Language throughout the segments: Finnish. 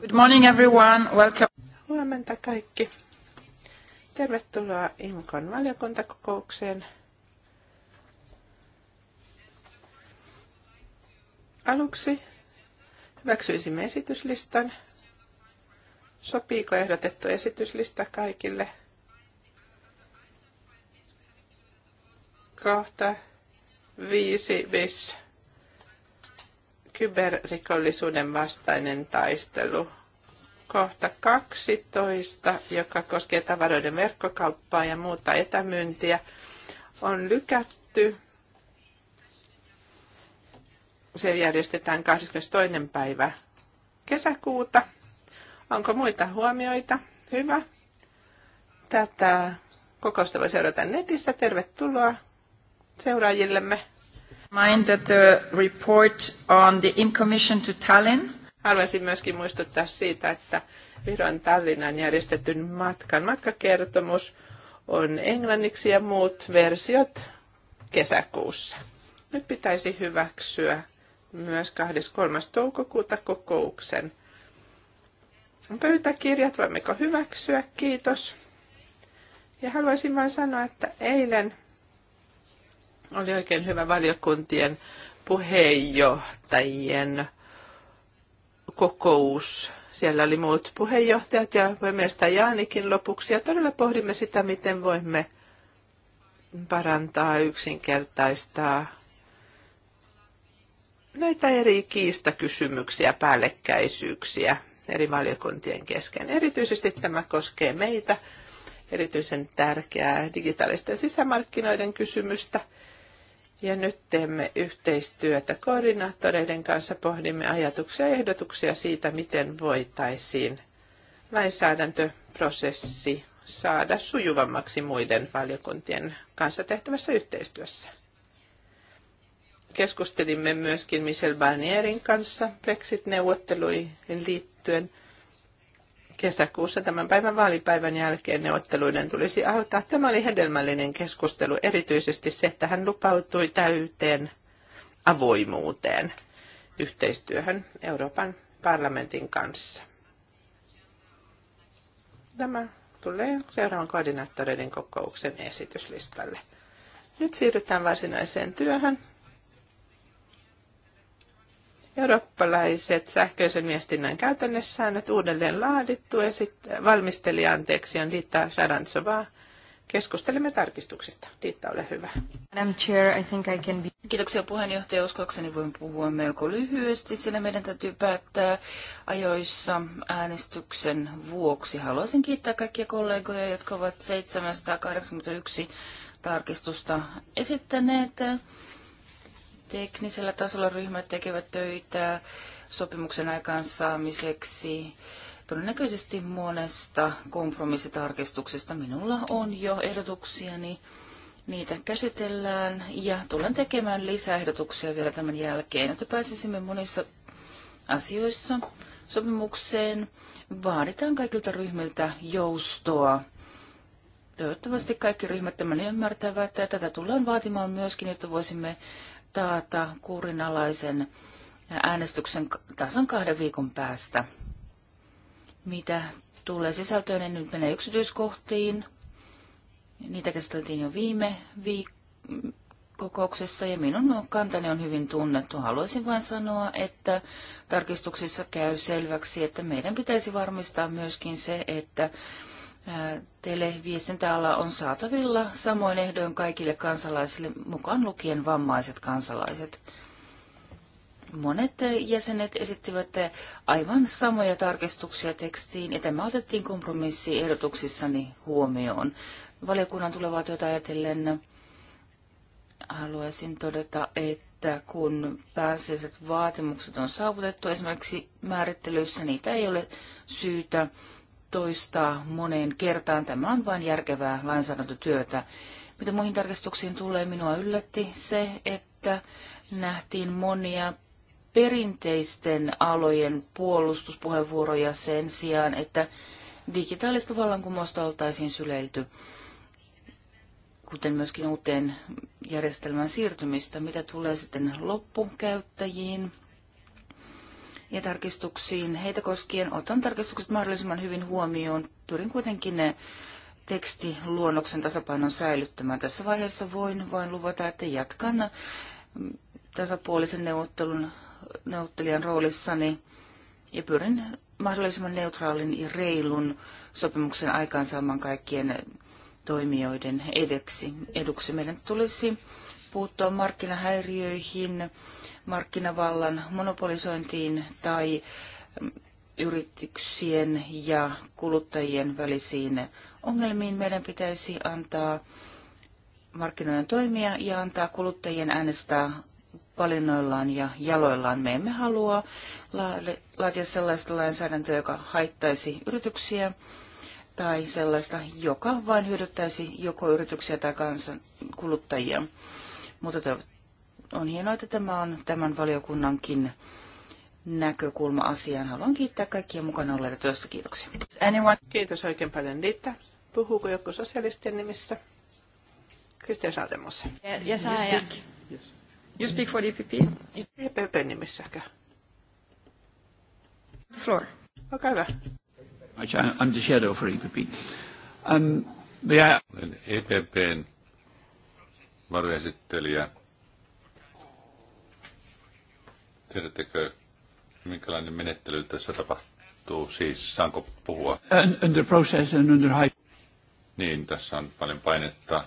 Good morning everyone. Welcome. Huomenta kaikki. Tervetuloa IMKON valiokuntakokoukseen. Aluksi hyväksyisimme esityslistan. Sopiiko ehdotettu esityslista kaikille? Kohta viisi bis kyberrikollisuuden vastainen taistelu. Kohta 12, joka koskee tavaroiden verkkokauppaa ja muuta etämyyntiä, on lykätty. Se järjestetään 22. päivä kesäkuuta. Onko muita huomioita? Hyvä. Tätä kokousta voi seurata netissä. Tervetuloa seuraajillemme. Mind that the report on the commission to Tallinn. Haluaisin myöskin muistuttaa siitä, että Viron Tallinnan järjestetyn matkan matkakertomus on englanniksi ja muut versiot kesäkuussa. Nyt pitäisi hyväksyä myös 23. toukokuuta kokouksen pöytäkirjat, voimmeko hyväksyä, kiitos. Ja haluaisin vain sanoa, että eilen oli oikein hyvä valiokuntien puheenjohtajien kokous. Siellä oli muut puheenjohtajat ja puhemiestä Jaanikin lopuksi. Ja todella pohdimme sitä, miten voimme parantaa, yksinkertaistaa näitä eri kiistakysymyksiä, päällekkäisyyksiä eri valiokuntien kesken. Erityisesti tämä koskee meitä, erityisen tärkeää digitaalisten sisämarkkinoiden kysymystä – ja nyt teemme yhteistyötä koordinaattoreiden kanssa, pohdimme ajatuksia ja ehdotuksia siitä, miten voitaisiin lainsäädäntöprosessi saada sujuvammaksi muiden valiokuntien kanssa tehtävässä yhteistyössä. Keskustelimme myöskin Michel Barnierin kanssa Brexit-neuvotteluihin liittyen – kesäkuussa tämän päivän vaalipäivän jälkeen neuvotteluiden tulisi alkaa. Tämä oli hedelmällinen keskustelu, erityisesti se, että hän lupautui täyteen avoimuuteen yhteistyöhön Euroopan parlamentin kanssa. Tämä tulee seuraavan koordinaattoreiden kokouksen esityslistalle. Nyt siirrytään varsinaiseen työhön. Eurooppalaiset sähköisen viestinnän käytännössäännöt uudelleen laadittu ja sitten valmisteli anteeksi on Dita Sarantsova. Keskustelemme tarkistuksista. Dita, ole hyvä. Chair, I think I can be... Kiitoksia puheenjohtaja. Uskokseni voin puhua melko lyhyesti, sillä meidän täytyy päättää ajoissa äänestyksen vuoksi. Haluaisin kiittää kaikkia kollegoja, jotka ovat 781 tarkistusta esittäneet. Teknisellä tasolla ryhmät tekevät töitä sopimuksen aikaansaamiseksi todennäköisesti monesta kompromissitarkistuksesta. Minulla on jo ehdotuksiani. Niitä käsitellään ja tulen tekemään lisäehdotuksia vielä tämän jälkeen, että pääsisimme monissa asioissa sopimukseen. Vaaditaan kaikilta ryhmiltä joustoa. Toivottavasti kaikki ryhmät tämän ymmärtävät, että tätä tullaan vaatimaan myöskin, että voisimme taata kurinalaisen äänestyksen tasan kahden viikon päästä. Mitä tulee sisältöön, en niin nyt menee yksityiskohtiin. Niitä käsiteltiin jo viime viik- kokouksessa ja minun kantani on hyvin tunnettu. Haluaisin vain sanoa, että tarkistuksissa käy selväksi, että meidän pitäisi varmistaa myöskin se, että televiestintäala on saatavilla samoin ehdoin kaikille kansalaisille, mukaan lukien vammaiset kansalaiset. Monet jäsenet esittivät aivan samoja tarkistuksia tekstiin, ja tämä otettiin ehdotuksissani huomioon. Valiokunnan tulevaa työtä ajatellen haluaisin todeta, että kun pääasialliset vaatimukset on saavutettu, esimerkiksi määrittelyissä niitä ei ole syytä toistaa moneen kertaan. Tämä on vain järkevää lainsäädäntötyötä. Mitä muihin tarkistuksiin tulee, minua yllätti se, että nähtiin monia perinteisten alojen puolustuspuheenvuoroja sen sijaan, että digitaalista vallankumousta oltaisiin syleilty, kuten myöskin uuteen järjestelmään siirtymistä. Mitä tulee sitten loppukäyttäjiin? ja tarkistuksiin heitä koskien. Otan tarkistukset mahdollisimman hyvin huomioon. Pyrin kuitenkin ne tekstiluonnoksen tasapainon säilyttämään. Tässä vaiheessa voin vain luvata, että jatkan mm, tasapuolisen neuvottelun neuvottelijan roolissani ja pyrin mahdollisimman neutraalin ja reilun sopimuksen aikaansaamaan kaikkien toimijoiden edeksi, eduksi. Meidän tulisi puuttua markkinahäiriöihin, markkinavallan monopolisointiin tai mm, yrityksien ja kuluttajien välisiin ongelmiin. Meidän pitäisi antaa markkinoiden toimia ja antaa kuluttajien äänestää valinnoillaan ja jaloillaan. Me emme halua laatia sellaista lainsäädäntöä, joka haittaisi yrityksiä tai sellaista, joka vain hyödyttäisi joko yrityksiä tai kansan kuluttajia. Mutta on hienoa, että tämä on tämän valiokunnankin näkökulma asiaan. Haluan kiittää kaikkia mukana olleita työstä. Kiitoksia. Anyone? Kiitos oikein paljon Dita. Puhuuko joku sosialistien nimissä? Kristian Saatemossa. Yes, I Yes. You speak for the EPP? EPP nimissä. The floor. Okay, hyvä. I'm the shadow for EPP. Um, yeah. EPPn varjoesittelijä. Tiedättekö, minkälainen menettely tässä tapahtuu? Siis saanko puhua? Under process and under high. Niin, tässä on paljon painetta.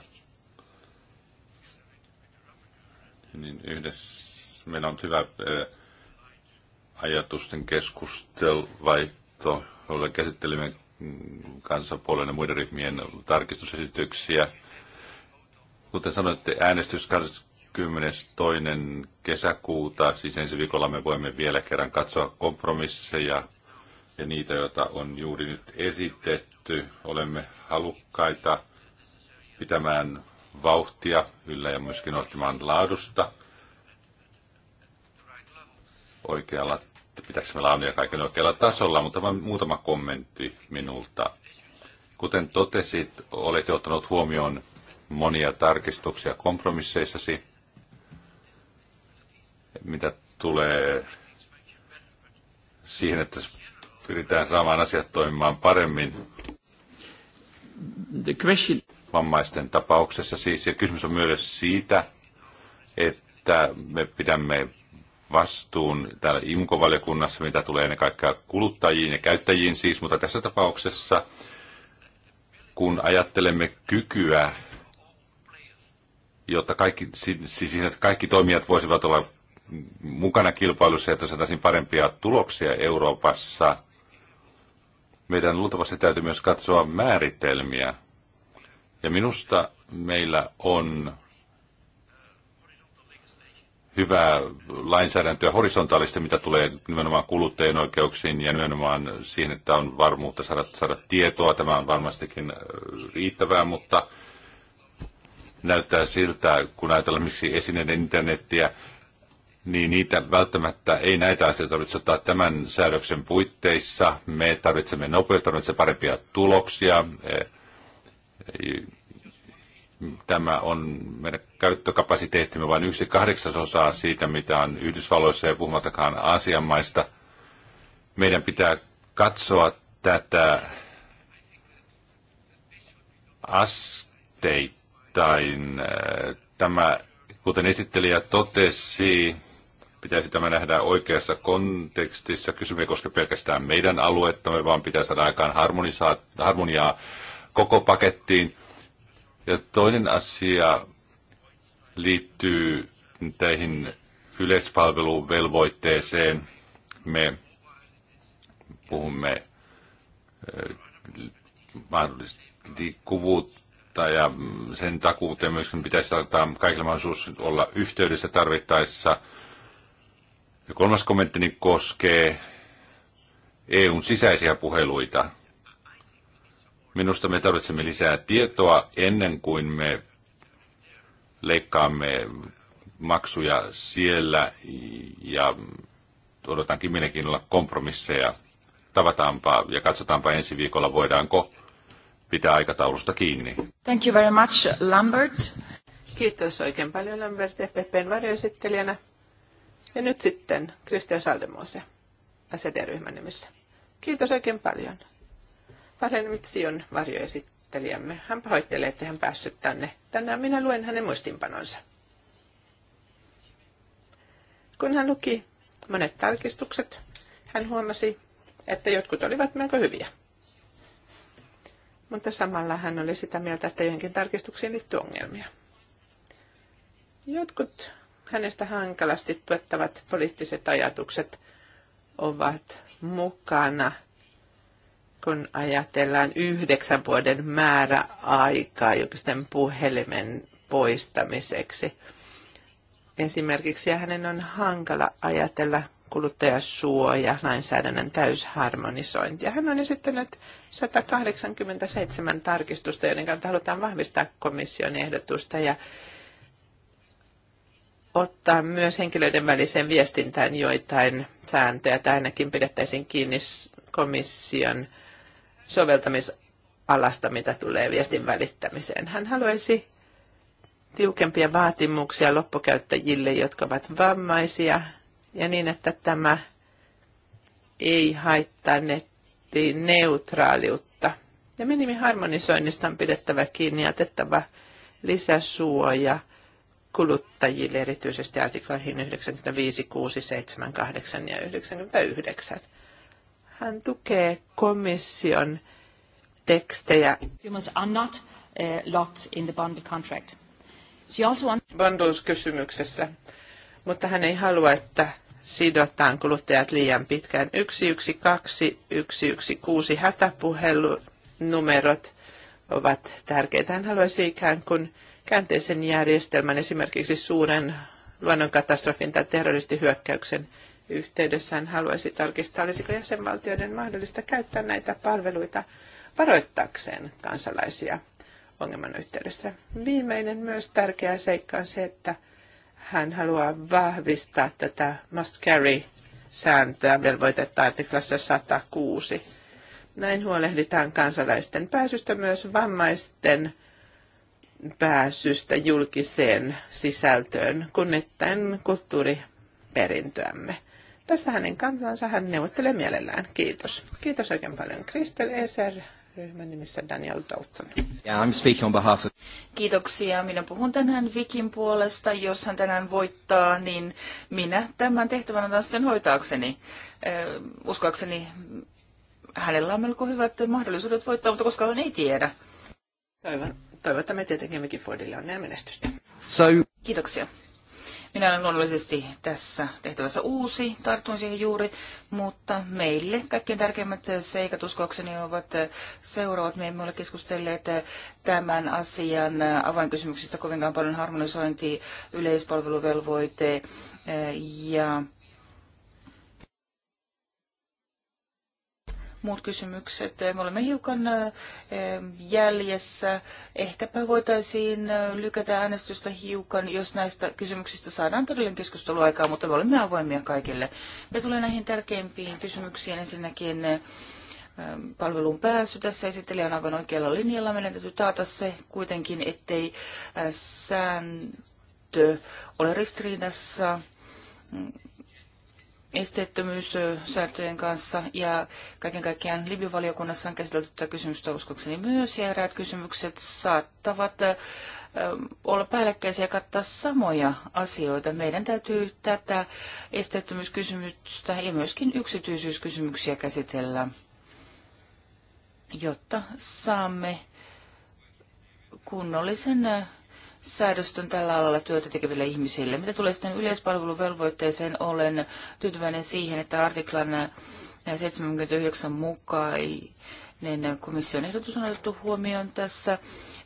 Niin yhdessä meillä on hyvä ajatusten keskustelvaihto, jolla käsittelimme kansanpuolen ja muiden ryhmien tarkistusesityksiä. Kuten sanoitte, äänestys 22. kesäkuuta, siis ensi viikolla me voimme vielä kerran katsoa kompromisseja ja niitä, joita on juuri nyt esitetty. Olemme halukkaita pitämään vauhtia yllä ja myöskin ottamaan laadusta oikealla, pitäisi meillä on kaiken oikealla tasolla, mutta vain muutama kommentti minulta. Kuten totesit, olet ottanut huomioon monia tarkistuksia kompromisseissasi, mitä tulee siihen, että pyritään saamaan asiat toimimaan paremmin. The question... Vammaisten tapauksessa siis, ja kysymys on myös siitä, että me pidämme vastuun täällä IMKO-valiokunnassa, mitä tulee ennen kaikkea kuluttajiin ja käyttäjiin siis, mutta tässä tapauksessa, kun ajattelemme kykyä jotta kaikki, siis kaikki toimijat voisivat olla mukana kilpailussa, että saataisiin parempia tuloksia Euroopassa. Meidän luultavasti täytyy myös katsoa määritelmiä. Ja minusta meillä on hyvää lainsäädäntöä horisontaalista, mitä tulee nimenomaan kuluttajien oikeuksiin ja nimenomaan siihen, että on varmuutta saada, saada tietoa. Tämä on varmastikin äh, riittävää, mutta näyttää siltä, kun ajatellaan miksi esineiden internettiä, niin niitä välttämättä ei näitä asioita tarvitse ottaa tämän säädöksen puitteissa. Me tarvitsemme nopeutta, tarvitsemme parempia tuloksia. E, e, tämä on meidän käyttökapasiteettimme vain yksi kahdeksasosaa siitä, mitä on Yhdysvalloissa ja puhumattakaan Aasian maista. Meidän pitää katsoa tätä asteita Nimittäin äh, tämä, kuten esittelijä totesi, pitäisi tämä nähdä oikeassa kontekstissa. Kysymme ei koske pelkästään meidän aluettamme, vaan pitää saada aikaan harmoniaa koko pakettiin. Ja toinen asia liittyy teihin yleispalveluvelvoitteeseen. Me puhumme äh, mahdollisesti liikkuvuutta tilannetta ja sen takuuteen myöskin pitäisi antaa kaikilla mahdollisuus olla yhteydessä tarvittaessa. Ja kolmas kommenttini koskee EUn sisäisiä puheluita. Minusta me tarvitsemme lisää tietoa ennen kuin me leikkaamme maksuja siellä ja odotankin mielenkiinnolla kompromisseja. Tavataanpa ja katsotaanpa ensi viikolla voidaanko pitää aikataulusta kiinni. Thank you very much, Lambert. Kiitos oikein paljon Lambert ja Peppeen varjoesittelijänä. Ja nyt sitten Christian Saldemose, SED-ryhmän nimissä. Kiitos oikein paljon. mitsi on varjoesittelijämme. Hän pahoittelee, että hän päässyt tänne. Tänään minä luen hänen muistinpanonsa. Kun hän luki monet tarkistukset, hän huomasi, että jotkut olivat melko hyviä mutta samalla hän oli sitä mieltä, että joihinkin tarkistuksiin liittyy ongelmia. Jotkut hänestä hankalasti tuettavat poliittiset ajatukset ovat mukana, kun ajatellaan yhdeksän vuoden määräaikaa julkisten puhelimen poistamiseksi. Esimerkiksi hänen on hankala ajatella kuluttajasuoja, lainsäädännön täysharmonisointi. Ja hän on esittänyt 187 tarkistusta, joiden kautta halutaan vahvistaa komission ehdotusta ja ottaa myös henkilöiden väliseen viestintään joitain sääntöjä, tai ainakin pidettäisiin kiinni komission soveltamisalasta, mitä tulee viestin välittämiseen. Hän haluaisi tiukempia vaatimuksia loppukäyttäjille, jotka ovat vammaisia, ja niin, että tämä ei haittaa nettiin neutraaliutta. Ja minimiharmonisoinnista on pidettävä kiinni ja otettava lisäsuoja kuluttajille, erityisesti artikloihin 95, 6, 7, 8 ja 99. Hän tukee komission tekstejä. Humans are not uh, locked in the bundle contract. She also on... Bundles-kysymyksessä, mutta hän ei halua, että sidotaan kuluttajat liian pitkään. 112, 116 hätäpuhelunumerot ovat tärkeitä. Hän haluaisi ikään kuin käänteisen järjestelmän esimerkiksi suuren luonnonkatastrofin tai terroristihyökkäyksen yhteydessä. Hän haluaisi tarkistaa, olisiko jäsenvaltioiden mahdollista käyttää näitä palveluita varoittaakseen kansalaisia ongelman yhteydessä. Viimeinen myös tärkeä seikka on se, että – hän haluaa vahvistaa tätä must carry-sääntöä velvoitetta artiklassa 106. Näin huolehditaan kansalaisten pääsystä myös vammaisten pääsystä julkiseen sisältöön, kunnittain kulttuuriperintöämme. Tässä hänen kansansa hän neuvottelee mielellään. Kiitos. Kiitos oikein paljon Kristel Eser ryhmän nimissä Daniel Dalton. Yeah, I'm speaking on behalf of... Kiitoksia. Minä puhun tänään Vikin puolesta. Jos hän tänään voittaa, niin minä tämän tehtävän otan sitten hoitaakseni. Eh, uskoakseni hänellä on melko hyvät mahdollisuudet voittaa, mutta koskaan ei tiedä. Toivon, toivotamme tietenkin Fordille onnea menestystä. So... Kiitoksia. Minä olen luonnollisesti tässä tehtävässä uusi, tartun siihen juuri, mutta meille kaikkein tärkeimmät seikat uskoakseni ovat eh, seuraavat. Me emme ole keskustelleet eh, tämän asian eh, avainkysymyksistä kovinkaan paljon harmonisointi, yleispalveluvelvoite ja muut kysymykset. Me olemme hiukan jäljessä. Ehkäpä voitaisiin lykätä äänestystä hiukan, jos näistä kysymyksistä saadaan todellinen keskustelu mutta me olemme avoimia kaikille. Me tulee näihin tärkeimpiin kysymyksiin ensinnäkin palveluun pääsy. Tässä esittelijä on aivan oikealla linjalla. Meidän täytyy taata se kuitenkin, ettei sääntö ole ristiriidassa mm, esteettömyyssääntöjen kanssa ja kaiken kaikkiaan Libyvaliokunnassa on käsitelty tätä kysymystä uskokseni myös ja eräät kysymykset saattavat olla päällekkäisiä ja kattaa samoja asioita. Meidän täytyy tätä esteettömyyskysymystä ja myöskin yksityisyyskysymyksiä käsitellä, jotta saamme kunnollisen säädöstön tällä alalla työtä tekeville ihmisille. Mitä tulee sitten yleispalveluvelvoitteeseen, olen tyytyväinen siihen, että artiklan 79 mukainen komission ehdotus on otettu huomioon tässä.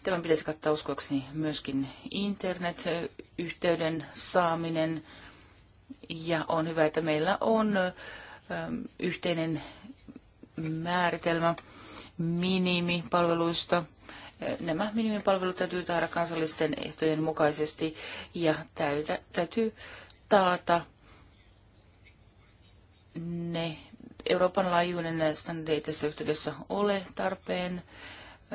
Tämän pitäisi kattaa uskoakseni myöskin internet-yhteyden saaminen. Ja on hyvä, että meillä on ähm, yhteinen määritelmä minimipalveluista. palveluista Nämä minimipalvelut täytyy taada kansallisten ehtojen mukaisesti ja täytyy taata ne Euroopan laajuinen standardi ei tässä yhteydessä ole tarpeen.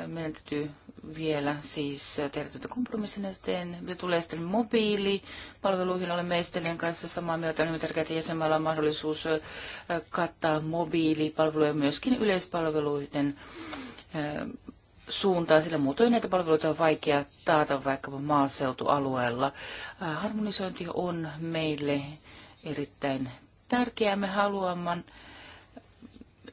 Meidän täytyy vielä siis tehdä tätä kompromissin eteen. Mitä tulee sitten mobiilipalveluihin, olemme Estelien kanssa samaa mieltä. On tärkeää, että jäsenmailla on mahdollisuus kattaa mobiilipalveluja myöskin yleispalveluiden suuntaan, sillä muutoin näitä palveluita on vaikea taata vaikkapa maaseutualueella. Äh, harmonisointi on meille erittäin tärkeää. Me haluamme,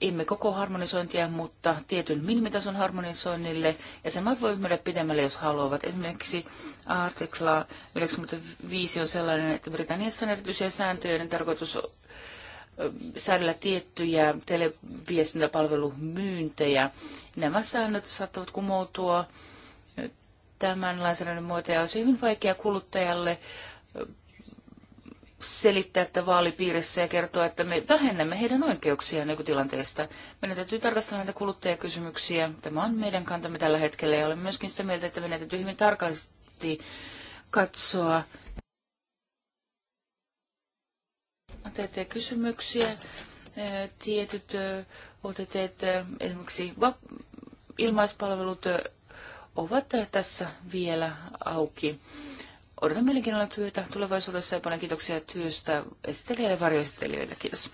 emme koko harmonisointia, mutta tietyn minimitason harmonisoinnille. Ja sen maat voivat mennä pidemmälle, jos haluavat. Esimerkiksi artikla 95 on sellainen, että Britanniassa on erityisiä sääntöjä, joiden tarkoitus säädellä tiettyjä televiestintäpalvelumyyntejä. Nämä säännöt saattavat kumoutua tämän lainsäädännön muuta ja olisi hyvin vaikea kuluttajalle selittää, että vaalipiirissä ja kertoa, että me vähennämme heidän oikeuksiaan nykytilanteesta. Meidän täytyy tarkastella näitä kuluttajakysymyksiä. Tämä on meidän kantamme tällä hetkellä ja olen myöskin sitä mieltä, että meidän täytyy hyvin tarkasti katsoa teette kysymyksiä. Eh, tietyt eh, OTT, eh, esimerkiksi ilmaispalvelut ovat tässä vielä auki. Odotan mielenkiinnolla työtä tulevaisuudessa ja paljon kiitoksia työstä esittelijöille ja varjoesittelijöille. Kiitos.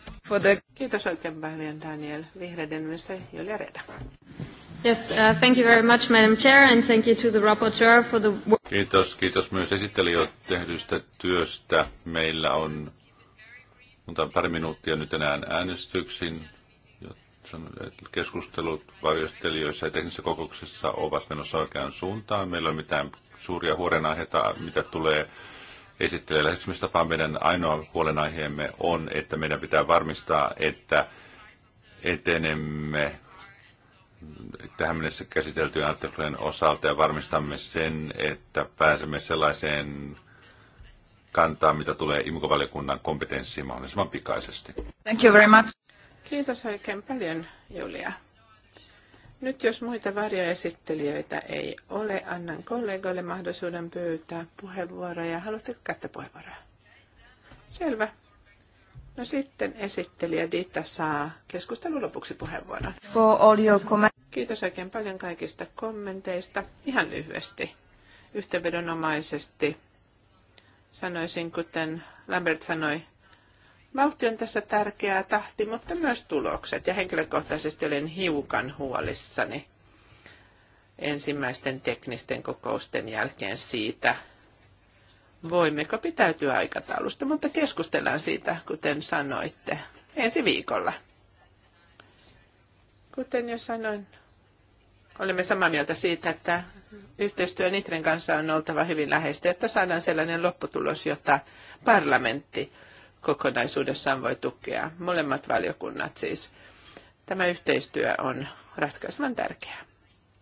Kiitos oikein paljon Daniel. Vihreiden myös Julia Reda. Yes, uh, thank you very much, Madam Chair, and thank you to the rapporteur for the... Kiitos, kiitos myös esittelijöille tehdystä työstä. Meillä on mutta on pari minuuttia nyt enää äänestyksiin. Keskustelut varjostelijoissa ja teknisissä kokouksissa ovat menossa oikeaan suuntaan. Meillä on mitään suuria huolenaiheita, mitä tulee esittelee lähestymistapaan. Meidän ainoa huolenaiheemme on, että meidän pitää varmistaa, että etenemme tähän mennessä käsiteltyjen artiklojen osalta ja varmistamme sen, että pääsemme sellaiseen kantaa, mitä tulee imkovaliokunnan kompetenssiin mahdollisimman pikaisesti. Thank you very much. Kiitos oikein paljon, Julia. Nyt jos muita varjoesittelijöitä ei ole, annan kollegoille mahdollisuuden pyytää puheenvuoroja. Haluatteko käyttää puheenvuoroja? Selvä. No sitten esittelijä Dita saa keskustelun lopuksi puheenvuoron. For all your Kiitos oikein paljon kaikista kommenteista. Ihan lyhyesti, yhteenvedonomaisesti Sanoisin, kuten Lambert sanoi, vauhti on tässä tärkeää tahti, mutta myös tulokset. Ja henkilökohtaisesti olen hiukan huolissani ensimmäisten teknisten kokousten jälkeen siitä, voimmeko pitäytyä aikataulusta, mutta keskustellaan siitä, kuten sanoitte, ensi viikolla. Kuten jo sanoin, olemme samaa mieltä siitä, että yhteistyö Nitren kanssa on oltava hyvin läheistä, että saadaan sellainen lopputulos, jota parlamentti kokonaisuudessaan voi tukea. Molemmat valiokunnat siis. Tämä yhteistyö on ratkaisevan tärkeää.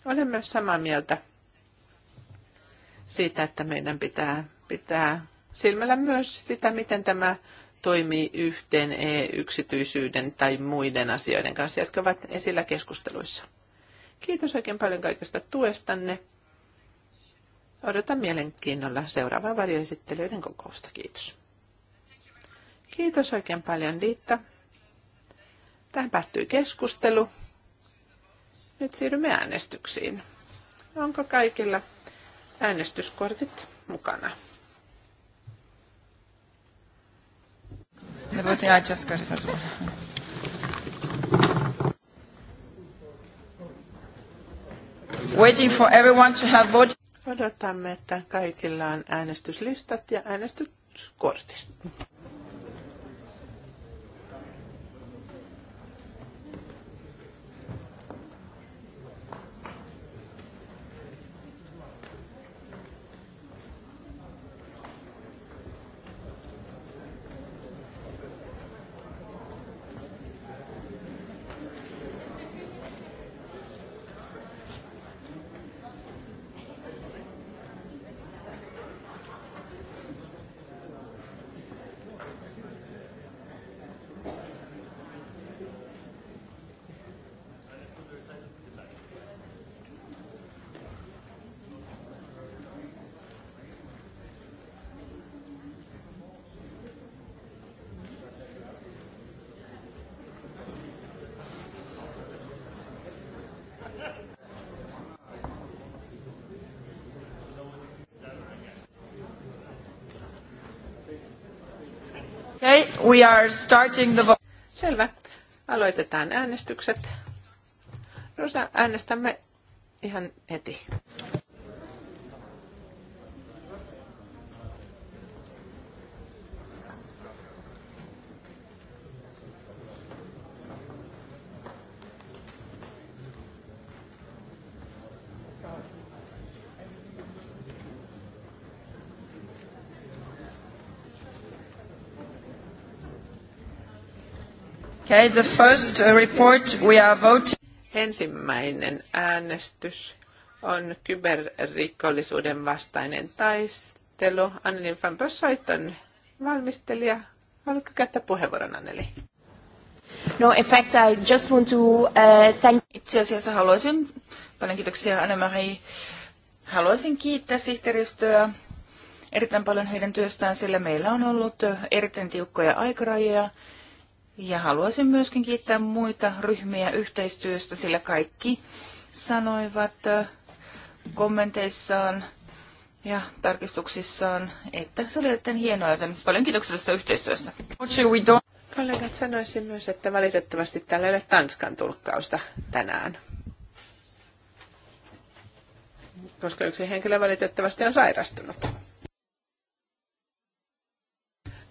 Olen myös samaa mieltä siitä, että meidän pitää pitää silmällä myös sitä, miten tämä toimii yhteen e-yksityisyyden tai muiden asioiden kanssa, jotka ovat esillä keskusteluissa. Kiitos oikein paljon kaikesta tuestanne. Odotan mielenkiinnolla seuraavaa varjoesittelyiden kokousta. Kiitos. Kiitos oikein paljon Liitta. Tähän päättyy keskustelu. Nyt siirrymme äänestyksiin. Onko kaikilla äänestyskortit mukana? The voting I Waiting for everyone to have voted. Odotamme, että kaikilla on äänestyslistat ja äänestyskortit. We are starting the Selvä. Aloitetaan äänestykset. Rosa, äänestämme ihan heti. Okay, the first uh, report we are voting. Ensimmäinen äänestys on kyberrikollisuuden vastainen taistelu. Annelin van Bössaiton valmistelija. Haluatko käyttää puheenvuoron, Anneli? No, in fact, I just want to uh, thank... Itse asiassa haluaisin, paljon kiitoksia Anne-Marie, haluaisin kiittää sihteeristöä erittäin paljon heidän työstään, sillä meillä on ollut uh, erittäin tiukkoja aikarajoja ja haluaisin myöskin kiittää muita ryhmiä yhteistyöstä, sillä kaikki sanoivat kommenteissaan ja tarkistuksissaan, että se oli erittäin hienoa, joten paljon kiitoksia tästä yhteistyöstä. Kollegat sanoisin myös, että valitettavasti täällä ei ole Tanskan tulkkausta tänään. Koska yksi henkilö valitettavasti on sairastunut.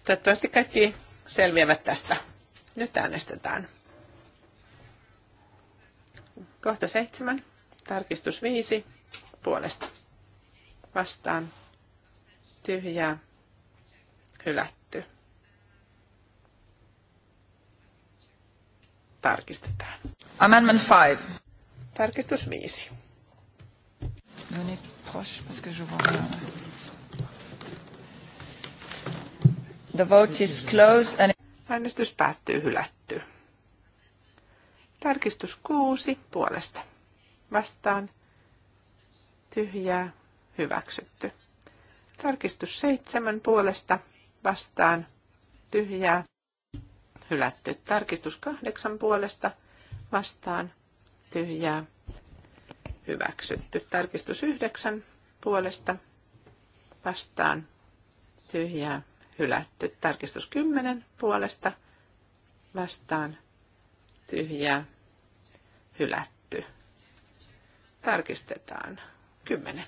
Toivottavasti kaikki selviävät tästä. Nyt äänestetään. Kohta seitsemän. Tarkistus viisi. Puolesta. Vastaan. Tyhjää. Hylätty. Tarkistetaan. Amendment 5. Tarkistus 5. No niin, The vote is closed and Äänestys päättyy hylätty. Tarkistus 6 puolesta. Vastaan tyhjää hyväksytty. Tarkistus 7 puolesta. Vastaan tyhjää hylätty. Tarkistus 8 puolesta. Vastaan tyhjää hyväksytty. Tarkistus 9 puolesta. Vastaan tyhjää hylätty. Tarkistus 10 puolesta vastaan tyhjää hylätty. Tarkistetaan 10.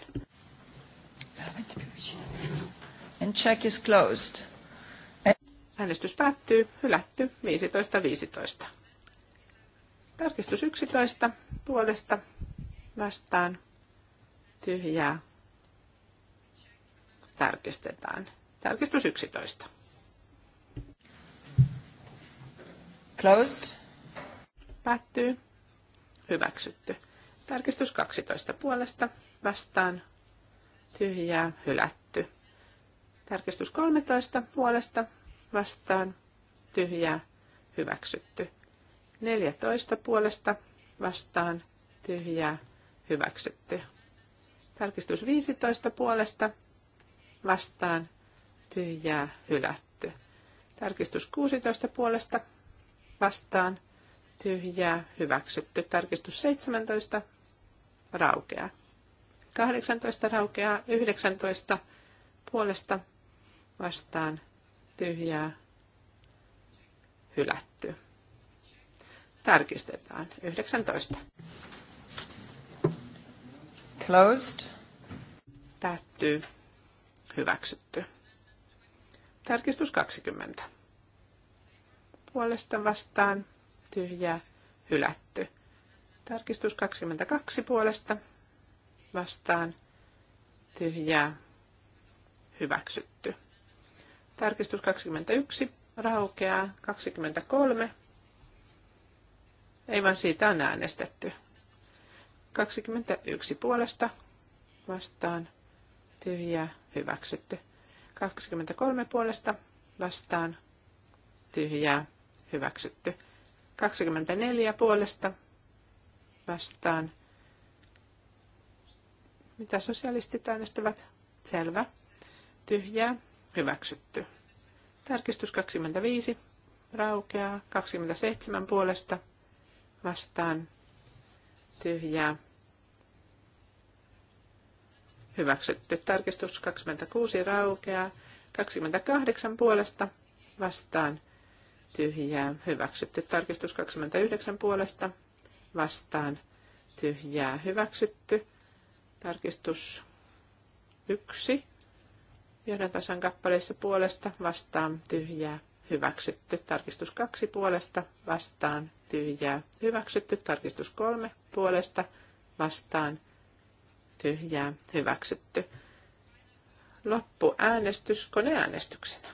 And check is closed. Äänestys päättyy. Hylätty 15.15. 15. Tarkistus 11 puolesta vastaan tyhjää tarkistetaan. Tarkistus 11. Closed. Päättyy. Hyväksytty. Tarkistus 12 puolesta. Vastaan. Tyhjää. Hylätty. Tarkistus 13 puolesta. Vastaan. Tyhjää. Hyväksytty. 14 puolesta. Vastaan. Tyhjää. Hyväksytty. Tarkistus 15 puolesta. Vastaan hyväksytty ja hylätty. Tarkistus 16 puolesta vastaan tyhjää hyväksytty. Tarkistus 17 raukeaa. 18 raukeaa 19 puolesta vastaan tyhjää hylätty. Tarkistetaan 19. Closed. Päättyy. Hyväksytty. Tarkistus 20. Puolesta vastaan tyhjää hylätty. Tarkistus 22 puolesta vastaan tyhjää hyväksytty. Tarkistus 21 raukeaa 23. Ei vaan siitä on äänestetty. 21 puolesta vastaan tyhjää hyväksytty. 23 puolesta vastaan tyhjää hyväksytty. 24 puolesta vastaan. Mitä sosialistit äänestävät? Selvä. Tyhjää hyväksytty. Tarkistus 25 raukeaa. 27 puolesta vastaan tyhjää Hyväksytty. Tarkistus 26 raukeaa. 28 puolesta vastaan tyhjää. Hyväksytty. Tarkistus 29 puolesta vastaan tyhjää. Hyväksytty. Tarkistus 1. tasan kappaleessa puolesta vastaan tyhjää hyväksytty. Tarkistus kaksi puolesta vastaan tyhjää hyväksytty. Tarkistus kolme puolesta vastaan tyhjää hyväksytty. äänestys koneäänestyksenä.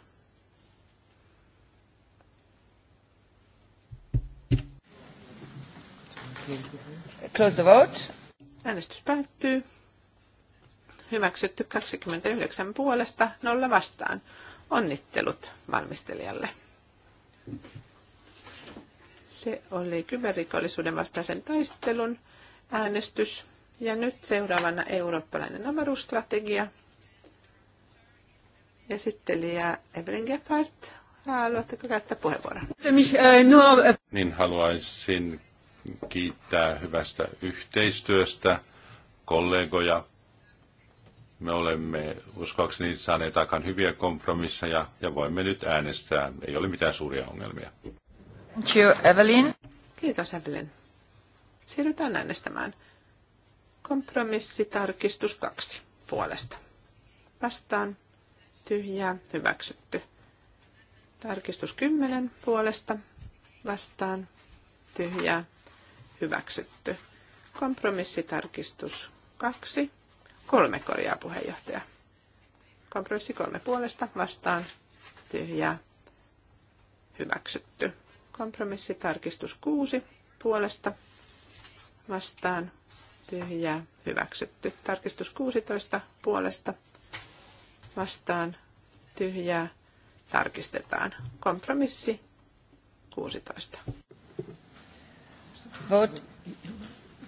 Close the vote. Äänestys päättyy. Hyväksytty 29 puolesta, nolla vastaan. Onnittelut valmistelijalle. Se oli kyberrikollisuuden vastaisen taistelun äänestys. Ja nyt seuraavana eurooppalainen avaruusstrategia. Esittelijä Evelyn Gephardt, haluatteko käyttää puheenvuoron? Niin haluaisin kiittää hyvästä yhteistyöstä kollegoja. Me olemme uskoakseni saaneet aika hyviä kompromisseja ja voimme nyt äänestää. Ei ole mitään suuria ongelmia. Thank you, Evelyn. Kiitos, Evelyn. Siirrytään äänestämään. Kompromissitarkistus kaksi puolesta. Vastaan tyhjää hyväksytty. Tarkistus 10 puolesta vastaan tyhjää hyväksytty. Kompromissitarkistus 2. Kolme korjaa puheenjohtaja. Kompromissi kolme puolesta vastaan tyhjää hyväksytty. Kompromissitarkistus 6 puolesta vastaan tyhjää hyväksytty. Tarkistus 16 puolesta vastaan tyhjää tarkistetaan. Kompromissi 16. Vote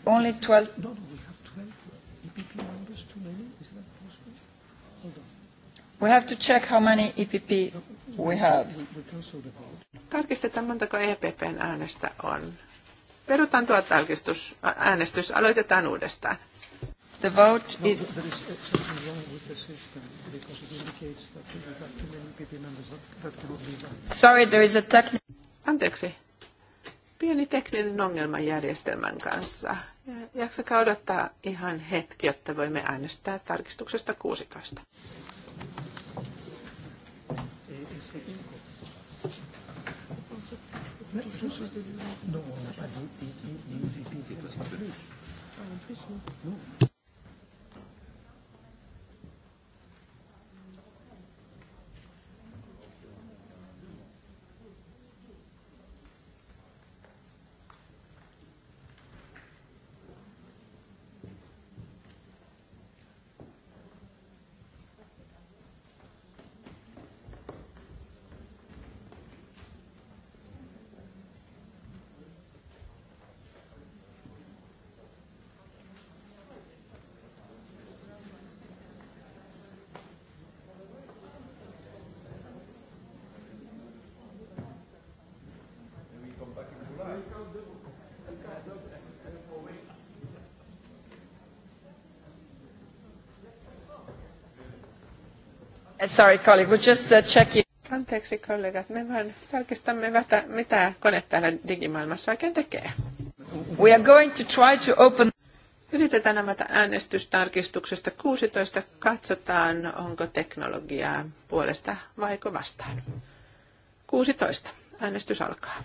only 12. No, no, e we have to check how many EPP we no, have. Tarkistetaan montako EPPn äänestä on. Perutaan tuo tarkistus, äänestys. Aloitetaan uudestaan. The vote is... No, Sorry, there is a techni- Anteeksi. Pieni tekninen ongelma järjestelmän kanssa. Jaksakaa odottaa ihan hetki, jotta voimme äänestää tarkistuksesta 16. Non, on n'a pas d'UCP, des UCP, des placements de ah, Non. Sorry, colleague, we're just uh, checking. Anteeksi kollegat, me vain tarkistamme, mitä kone täällä digimaailmassa oikein tekee. We are going to try to open... Yritetään avata äänestystarkistuksesta 16. Katsotaan, onko teknologiaa puolesta vaiko vastaan. 16. Äänestys alkaa.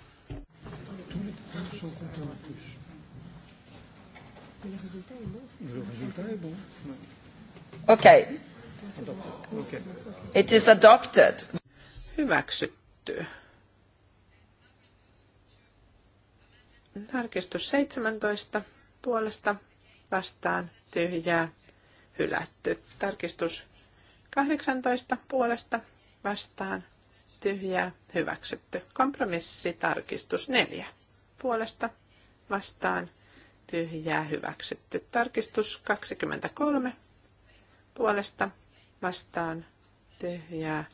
Okei. Okay. It is adopted. Hyväksytty. Tarkistus 17 puolesta vastaan tyhjää hylätty. Tarkistus 18 puolesta vastaan tyhjää hyväksytty. Kompromissitarkistus 4 puolesta vastaan tyhjää hyväksytty. Tarkistus 23 puolesta vastaan tyhjää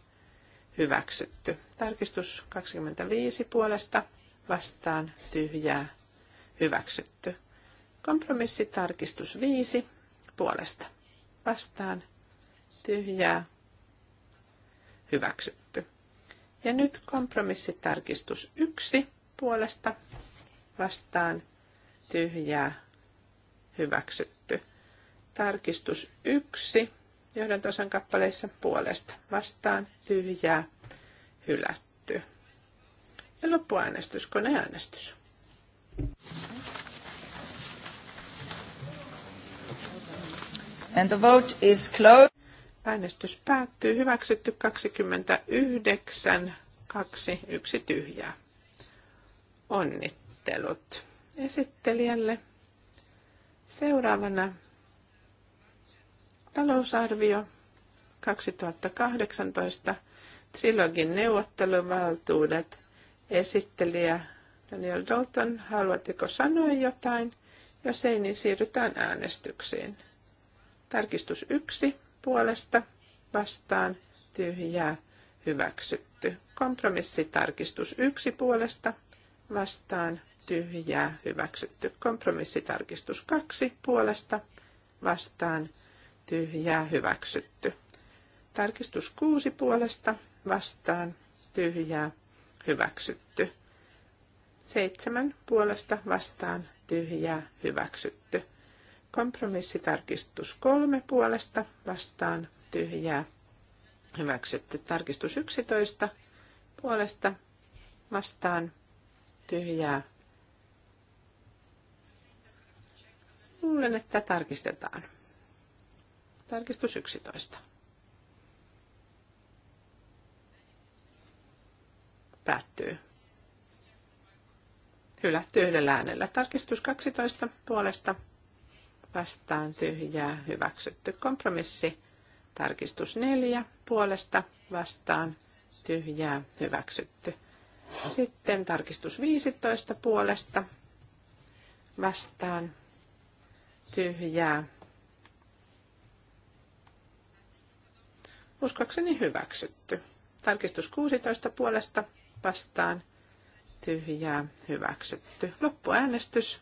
hyväksytty. Tarkistus 25 puolesta vastaan tyhjää hyväksytty. Kompromissitarkistus 5 puolesta vastaan tyhjää hyväksytty. Ja nyt kompromissitarkistus 1 puolesta vastaan tyhjää hyväksytty. Tarkistus 1 johdantosan kappaleissa puolesta vastaan tyhjää hylätty. Ja loppuäänestys, koneäänestys. And the vote is closed. Äänestys päättyy. Hyväksytty 29, 2, 1 tyhjää. Onnittelut esittelijälle. Seuraavana Talousarvio 2018, Trilogin neuvotteluvaltuudet, esittelijä Daniel Dalton, haluatteko sanoa jotain? Jos ei, niin siirrytään äänestyksiin. Tarkistus 1 puolesta vastaan tyhjää hyväksytty. Kompromissitarkistus 1 puolesta vastaan tyhjää hyväksytty. Kompromissitarkistus 2 puolesta vastaan tyhjää hyväksytty. Tarkistus kuusi puolesta vastaan tyhjää hyväksytty. Seitsemän puolesta vastaan tyhjää hyväksytty. Kompromissitarkistus kolme puolesta vastaan tyhjää hyväksytty. Tarkistus yksitoista puolesta vastaan tyhjää. Luulen, että tarkistetaan. Tarkistus 11. Päättyy. Hylätty yhdellä äänellä. Tarkistus 12 puolesta vastaan tyhjää hyväksytty. Kompromissi. Tarkistus 4 puolesta vastaan tyhjää hyväksytty. Sitten tarkistus 15 puolesta vastaan tyhjää Uskoakseni hyväksytty. Tarkistus 16 puolesta vastaan tyhjää hyväksytty. Loppuäänestys,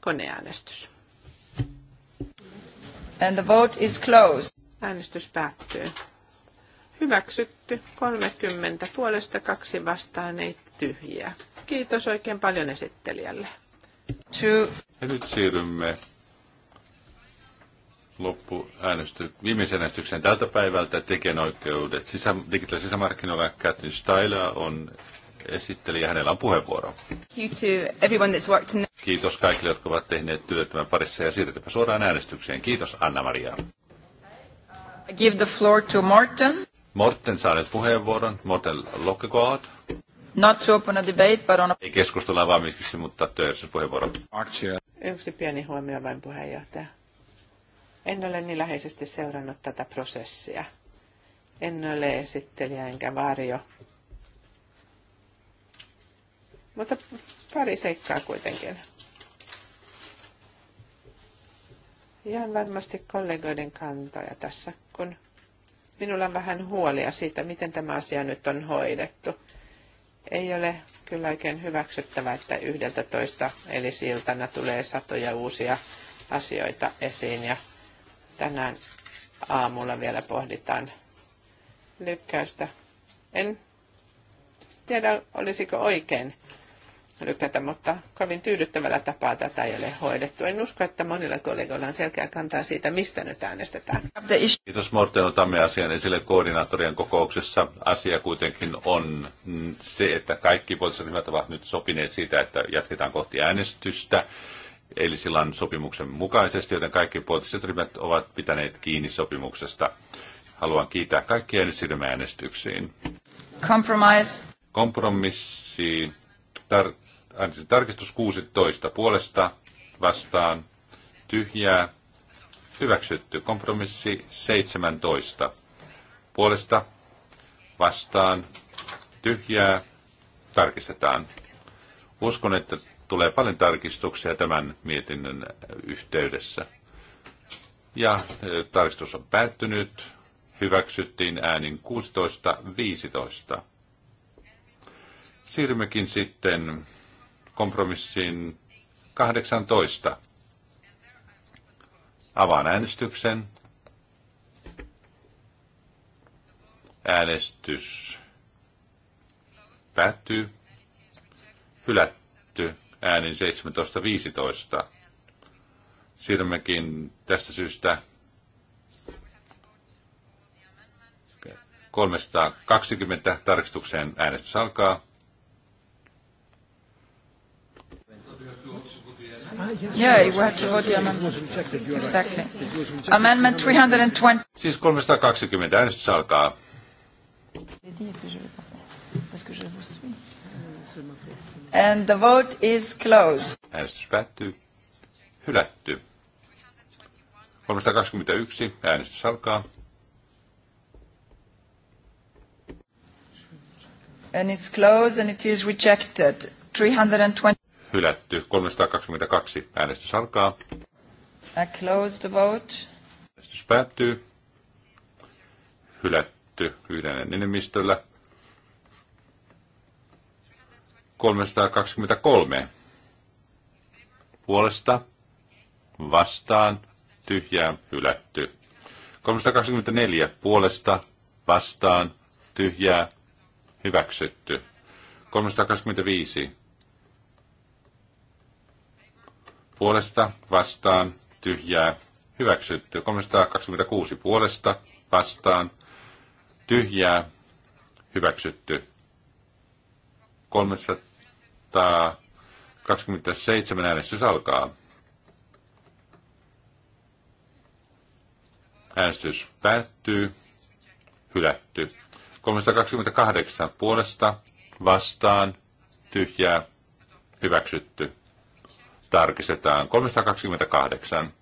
koneäänestys. And the vote is closed. Äänestys päättyy. Hyväksytty 30 puolesta kaksi vastaan ei tyhjää. Kiitos oikein paljon esittelijälle. Two. Ja nyt siirrymme Loppu loppuäänestys, viimeisen äänestyksen tältä päivältä tekijänoikeudet. Sisä, digitaalisilla sisämarkkinoilla Catherine Styler on esitteli ja hänellä on puheenvuoro. Kiitos kaikille, jotka ovat tehneet työttömän parissa ja siirrytäänpä suoraan äänestykseen. Kiitos Anna-Maria. give the floor to Morten. Morten saa nyt puheenvuoron. Morten Lokkegaard. Not to open a debate, but on a... Ei keskustella vaan miksi, mutta puheenvuoro. Yksi pieni huomio vain puheenjohtaja. En ole niin läheisesti seurannut tätä prosessia. En ole esittelijä enkä varjo. Mutta pari seikkaa kuitenkin. Ihan varmasti kollegoiden kantoja tässä, kun minulla on vähän huolia siitä, miten tämä asia nyt on hoidettu. Ei ole kyllä oikein hyväksyttävää, että yhdeltä toista eli siltana tulee satoja uusia asioita esiin ja tänään aamulla vielä pohditaan lykkäystä. En tiedä, olisiko oikein lykätä, mutta kovin tyydyttävällä tapaa tätä ei ole hoidettu. En usko, että monilla kollegoilla on selkeä kantaa siitä, mistä nyt äänestetään. Kiitos Morten, otamme asian esille koordinaattorien kokouksessa. Asia kuitenkin on se, että kaikki poliittiset ryhmät ovat nyt sopineet siitä, että jatketaan kohti äänestystä eilisillan sopimuksen mukaisesti, joten kaikki poliittiset ryhmät ovat pitäneet kiinni sopimuksesta. Haluan kiittää kaikkia nyt siirrymme äänestyksiin. Compromise. Kompromissi. Tar- tarkistus 16 puolesta vastaan. Tyhjää. Hyväksytty. Kompromissi 17 puolesta vastaan. Tyhjää. Tarkistetaan. Uskon, että tulee paljon tarkistuksia tämän mietinnön yhteydessä. Ja e, tarkistus on päättynyt. Hyväksyttiin äänin 16.15. Siirrymmekin sitten kompromissiin 18. Avaan äänestyksen. Äänestys päättyy. Hylätty äänin 17.15. Siirrymmekin tästä syystä 320 tarkistukseen äänestys alkaa. Yeah, you have to vote the amendment. Exactly. Amendment 320. Siis 320 äänestys alkaa. Parce que je vous suis. And the vote is closed. Äänestys päättyy. Hylätty. 321. Äänestys alkaa. And it's closed and it is rejected. 320. Hylätty. 322. Äänestys alkaa. I close the vote. Äänestys päättyy. Hylätty yhden enemmistöllä. 323 puolesta vastaan tyhjään hylätty. 324 puolesta vastaan tyhjää hyväksytty. 325 puolesta vastaan tyhjää hyväksytty. 326 puolesta vastaan tyhjää hyväksytty. 300 27 äänestys alkaa. Äänestys päättyy. Hylätty. 328 puolesta vastaan tyhjää hyväksytty. Tarkistetaan 328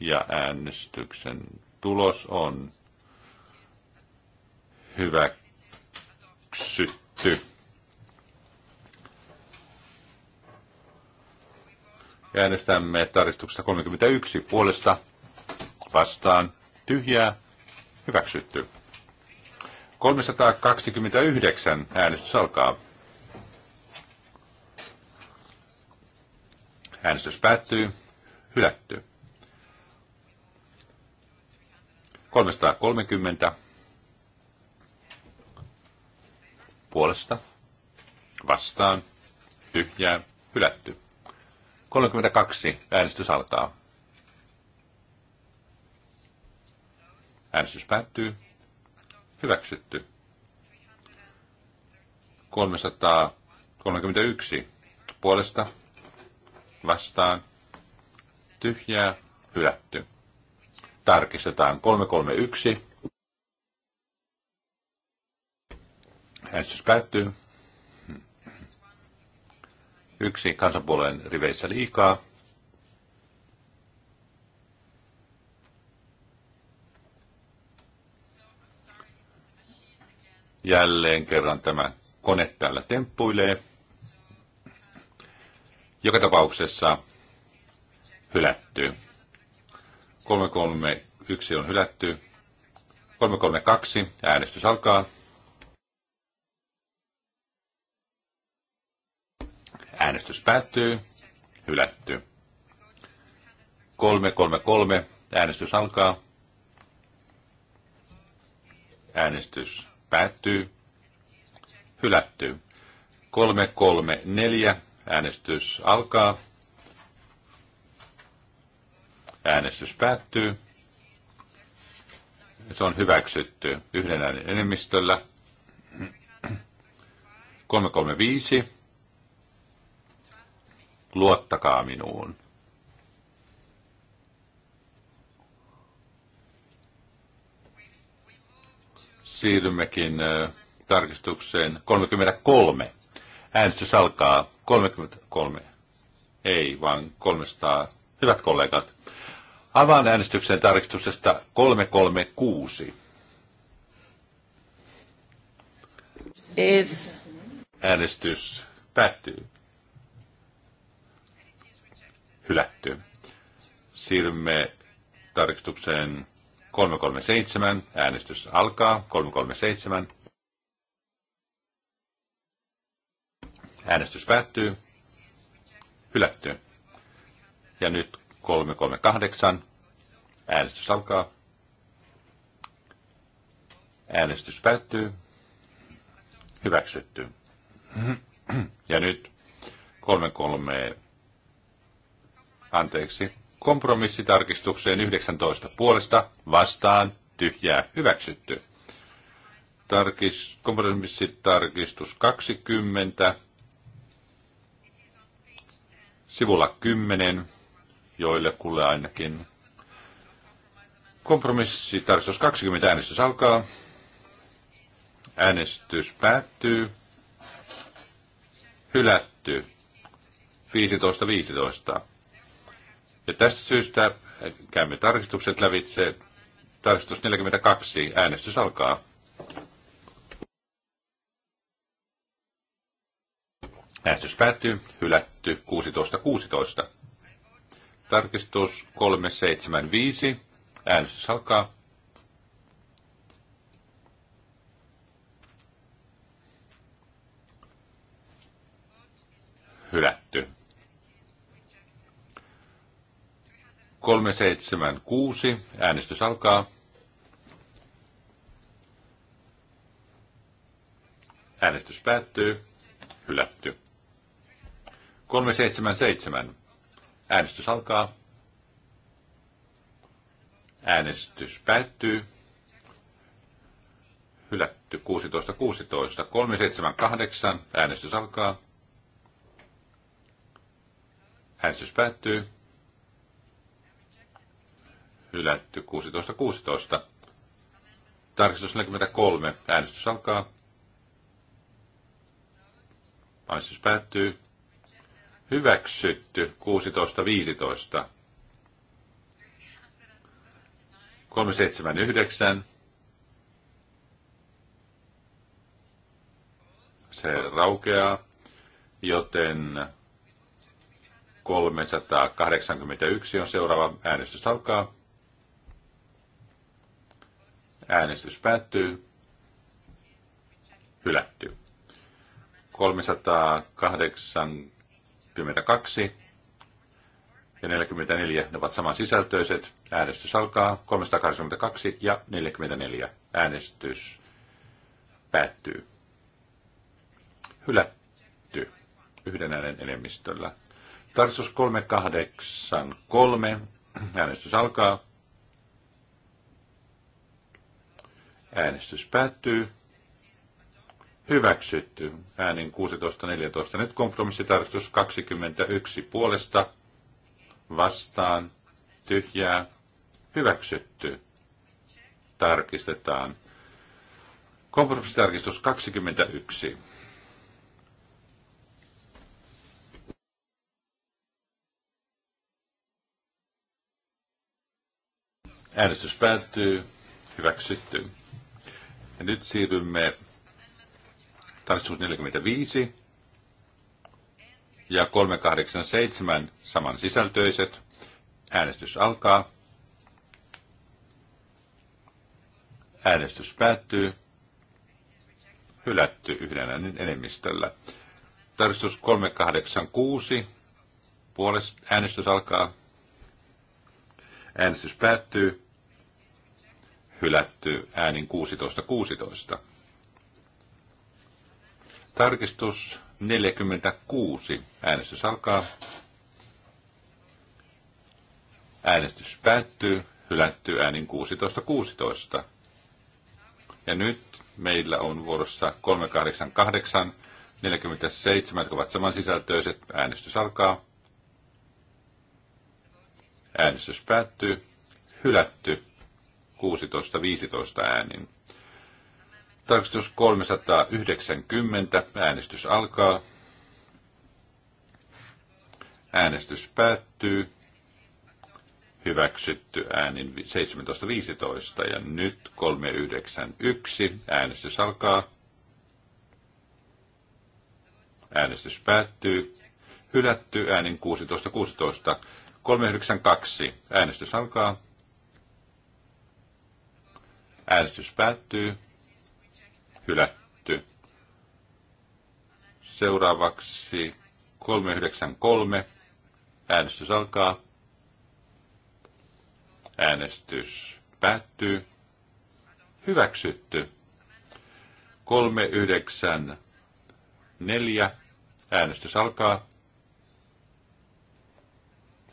ja äänestyksen tulos on hyväksytty. Äänestämme tarkistuksesta 31 puolesta vastaan tyhjää hyväksytty. 329 äänestys alkaa. Äänestys päättyy. Hylätty. 330 puolesta vastaan tyhjää hylätty. 32. Äänestys alkaa. Äänestys päättyy. Hyväksytty. 331. Puolesta. Vastaan. Tyhjää. Hylätty. Tarkistetaan. 331. Äänestys päättyy yksi kansanpuolueen riveissä liikaa. Jälleen kerran tämä kone täällä temppuilee. Joka tapauksessa hylätty. 331 on hylätty. 332 äänestys alkaa. Äänestys päättyy. Hylätty. 333. Äänestys alkaa. Äänestys päättyy. Hylätty. 334. Äänestys alkaa. Äänestys päättyy. Se on hyväksytty yhden äänen enemmistöllä. 335 luottakaa minuun. Siirrymmekin tarkistukseen 33. Äänestys alkaa 33. Ei, vaan 300. Hyvät kollegat, avaan äänestyksen tarkistuksesta 336. Is. Äänestys päättyy hylätty. Siirrymme tarkistukseen 337. Äänestys alkaa. 337. Äänestys päättyy. Hylätty. Ja nyt 338. Äänestys alkaa. Äänestys päättyy. Hyväksytty. Ja nyt 33 anteeksi, kompromissitarkistukseen 19 puolesta vastaan tyhjää hyväksytty. Tarkis, kompromissitarkistus 20, sivulla 10, joille kuule ainakin. Kompromissitarkistus 20 äänestys alkaa. Äänestys päättyy. Hylätty. 15.15. 15. 15. Ja tästä syystä käymme tarkistukset lävitse. Tarkistus 42. Äänestys alkaa. Äänestys päättyy. Hylätty 16.16. Tarkistus 375. Äänestys alkaa. hyvä. 376. Äänestys alkaa. Äänestys päättyy. Hylätty. 377. Äänestys alkaa. Äänestys päättyy. Hylätty 1616. 378. Äänestys alkaa. Äänestys päättyy hylätty 16.16. Tarkistus 43. Äänestys alkaa. Äänestys päättyy. Hyväksytty 16.15. 379. Se raukeaa, joten 381 on seuraava äänestys alkaa. Äänestys päättyy. Hylätty. 382 ja 44, ne ovat samansisältöiset. Äänestys alkaa 382 ja 44. Äänestys päättyy. Hylätty yhden äänen enemmistöllä. Tarkistus 383. Äänestys alkaa Äänestys päättyy. Hyväksytty. Äänin 16.14. Nyt kompromissitarkistus 21 puolesta. Vastaan. Tyhjää. Hyväksytty. Tarkistetaan. Kompromissitarkistus 21. Äänestys päättyy. Hyväksytty. Ja nyt siirrymme tarkistus 45 ja 387 saman sisältöiset. Äänestys alkaa. Äänestys päättyy. Hylätty yhden äänen enemmistöllä. Tarkistus 386. Puolest äänestys alkaa. Äänestys päättyy hylätty äänin 16-16. Tarkistus 46. Äänestys alkaa. Äänestys päättyy. Hylätty äänin 16-16. Ja nyt meillä on vuorossa 388, 47, jotka ovat samansisältöiset. Äänestys alkaa. Äänestys päättyy. Hylätty 16-15 äänin. Tarkistus 390. Äänestys alkaa. Äänestys päättyy. Hyväksytty äänin 17.15 ja nyt 391. Äänestys alkaa. Äänestys päättyy. Hylätty äänin 16.16. 16. 392. Äänestys alkaa. Äänestys päättyy. Hylätty. Seuraavaksi 393. Äänestys alkaa. Äänestys päättyy. Hyväksytty. 394. Äänestys alkaa.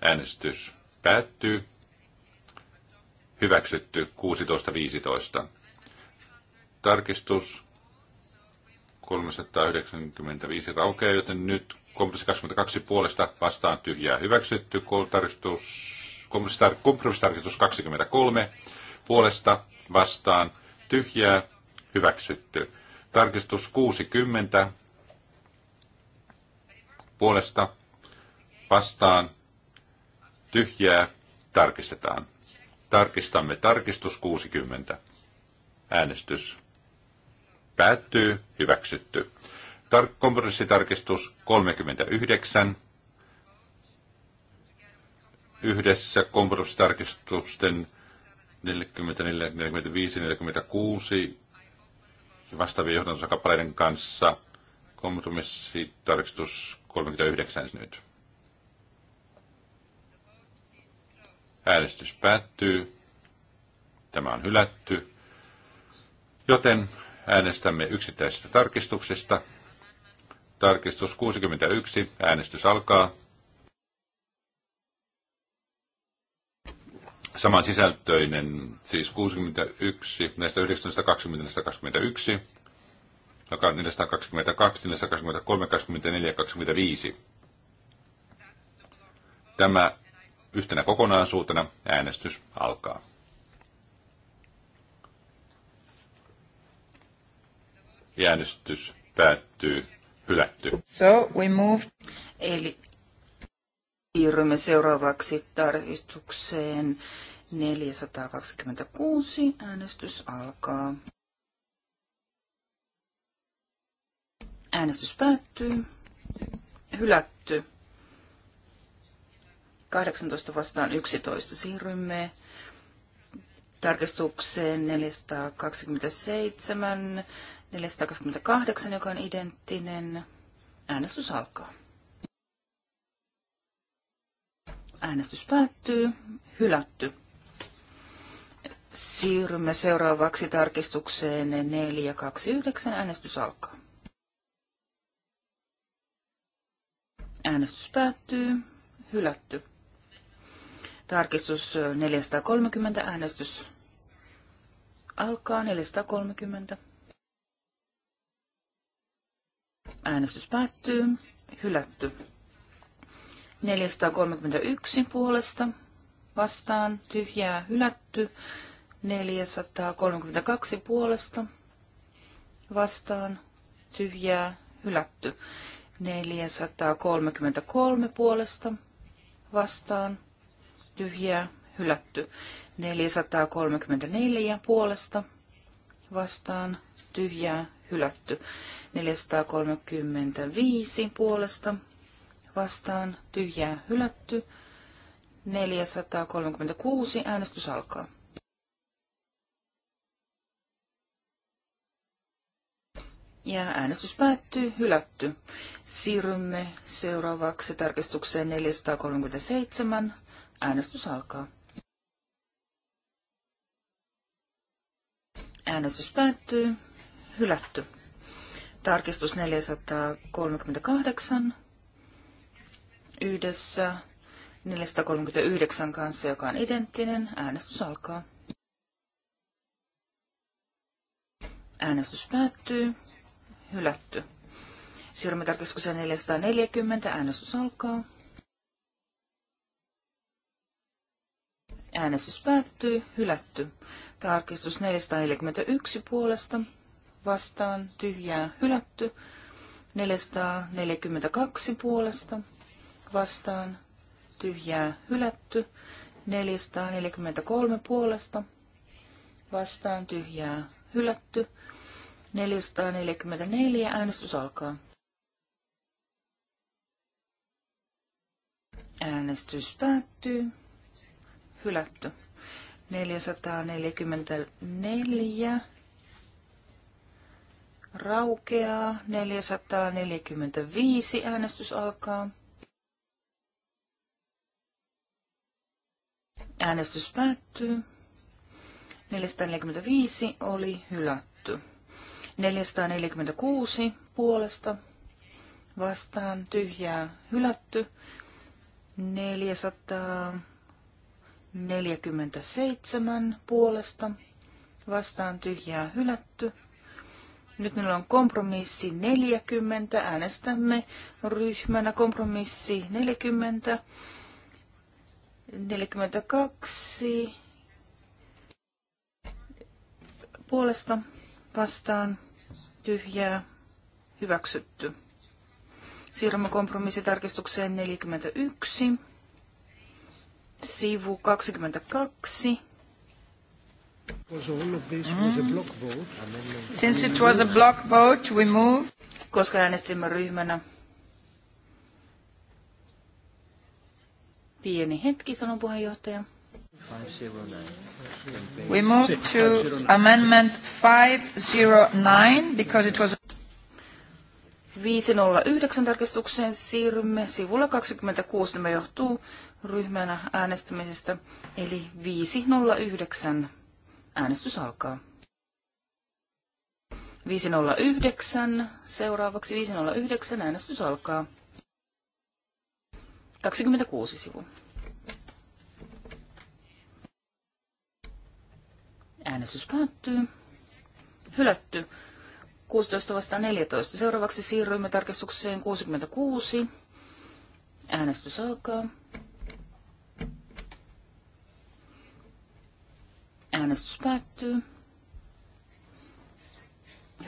Äänestys päättyy hyväksytty 16.15. Tarkistus 395 raukeaa, joten nyt kompromissi 22 puolesta vastaan tyhjää hyväksytty. Tarkistus, kompromissitarkistus 23 puolesta vastaan tyhjää hyväksytty. Tarkistus 60 puolesta vastaan tyhjää tarkistetaan. Tarkistamme tarkistus 60. Äänestys päättyy, hyväksytty. Tar- kompromissitarkistus 39. Yhdessä kompromissitarkistusten 44, 45, 46 ja vastaavien johdantosakapaleiden kanssa kompromissitarkistus 39 nyt. Äänestys päättyy. Tämä on hylätty. Joten äänestämme yksittäisistä tarkistuksista. Tarkistus 61. Äänestys alkaa. Saman sisältöinen, siis 61, näistä 19, 20, 21, 422, 423, 24, 25. Tämä yhtenä kokonaisuutena. Äänestys alkaa. äänestys päättyy hylätty. So we moved. Eli siirrymme seuraavaksi tarkistukseen 426. Äänestys alkaa. Äänestys päättyy. Hylätty. 18 vastaan 11. Siirrymme tarkistukseen 427, 428, joka on identtinen. Äänestys alkaa. Äänestys päättyy. Hylätty. Siirrymme seuraavaksi tarkistukseen 429. Äänestys alkaa. Äänestys päättyy. Hylätty. Tarkistus 430. Äänestys alkaa 430. Äänestys päättyy. Hylätty. 431 puolesta vastaan tyhjää hylätty. 432 puolesta vastaan tyhjää hylätty. 433 puolesta vastaan tyhjää hylätty. 434 puolesta vastaan tyhjää hylätty. 435 puolesta vastaan tyhjää hylätty. 436 äänestys alkaa. Ja äänestys päättyy, hylätty. Siirrymme seuraavaksi tarkistukseen 437 Äänestys alkaa. Äänestys päättyy. Hylätty. Tarkistus 438 yhdessä 439 kanssa, joka on identtinen. Äänestys alkaa. Äänestys päättyy. Hylätty. Siirrymme tarkistukseen 440. Äänestys alkaa. Äänestys päättyy, hylätty. Tarkistus 441 puolesta, vastaan, tyhjää, hylätty. 442 puolesta, vastaan, tyhjää, hylätty. 443 puolesta, vastaan, tyhjää, hylätty. 444 äänestys alkaa. Äänestys päättyy hylätty. 444 raukeaa. 445 äänestys alkaa. Äänestys päättyy. 445 oli hylätty. 446 puolesta vastaan tyhjää hylätty. 400 47 puolesta vastaan tyhjää hylätty. Nyt meillä on kompromissi 40. Äänestämme ryhmänä kompromissi 40, 42 puolesta vastaan tyhjää hyväksytty. Siirrymme kompromissitarkistukseen 41 sivu 22. Mm-hmm. Since it was a block vote, we move. Koska äänestimme ryhmänä. Pieni hetki, sanon puheenjohtaja. We move to amendment 509 because it was 509 tarkistukseen siirrymme sivulla 26. Tämä johtuu ryhmänä äänestämisestä, eli 509. Äänestys alkaa. 509, seuraavaksi 509, äänestys alkaa. 26 sivu. Äänestys päättyy. Hylätty. 16 vastaan 14. Seuraavaksi siirrymme tarkistukseen 66. Äänestys alkaa. Äänestys päättyy.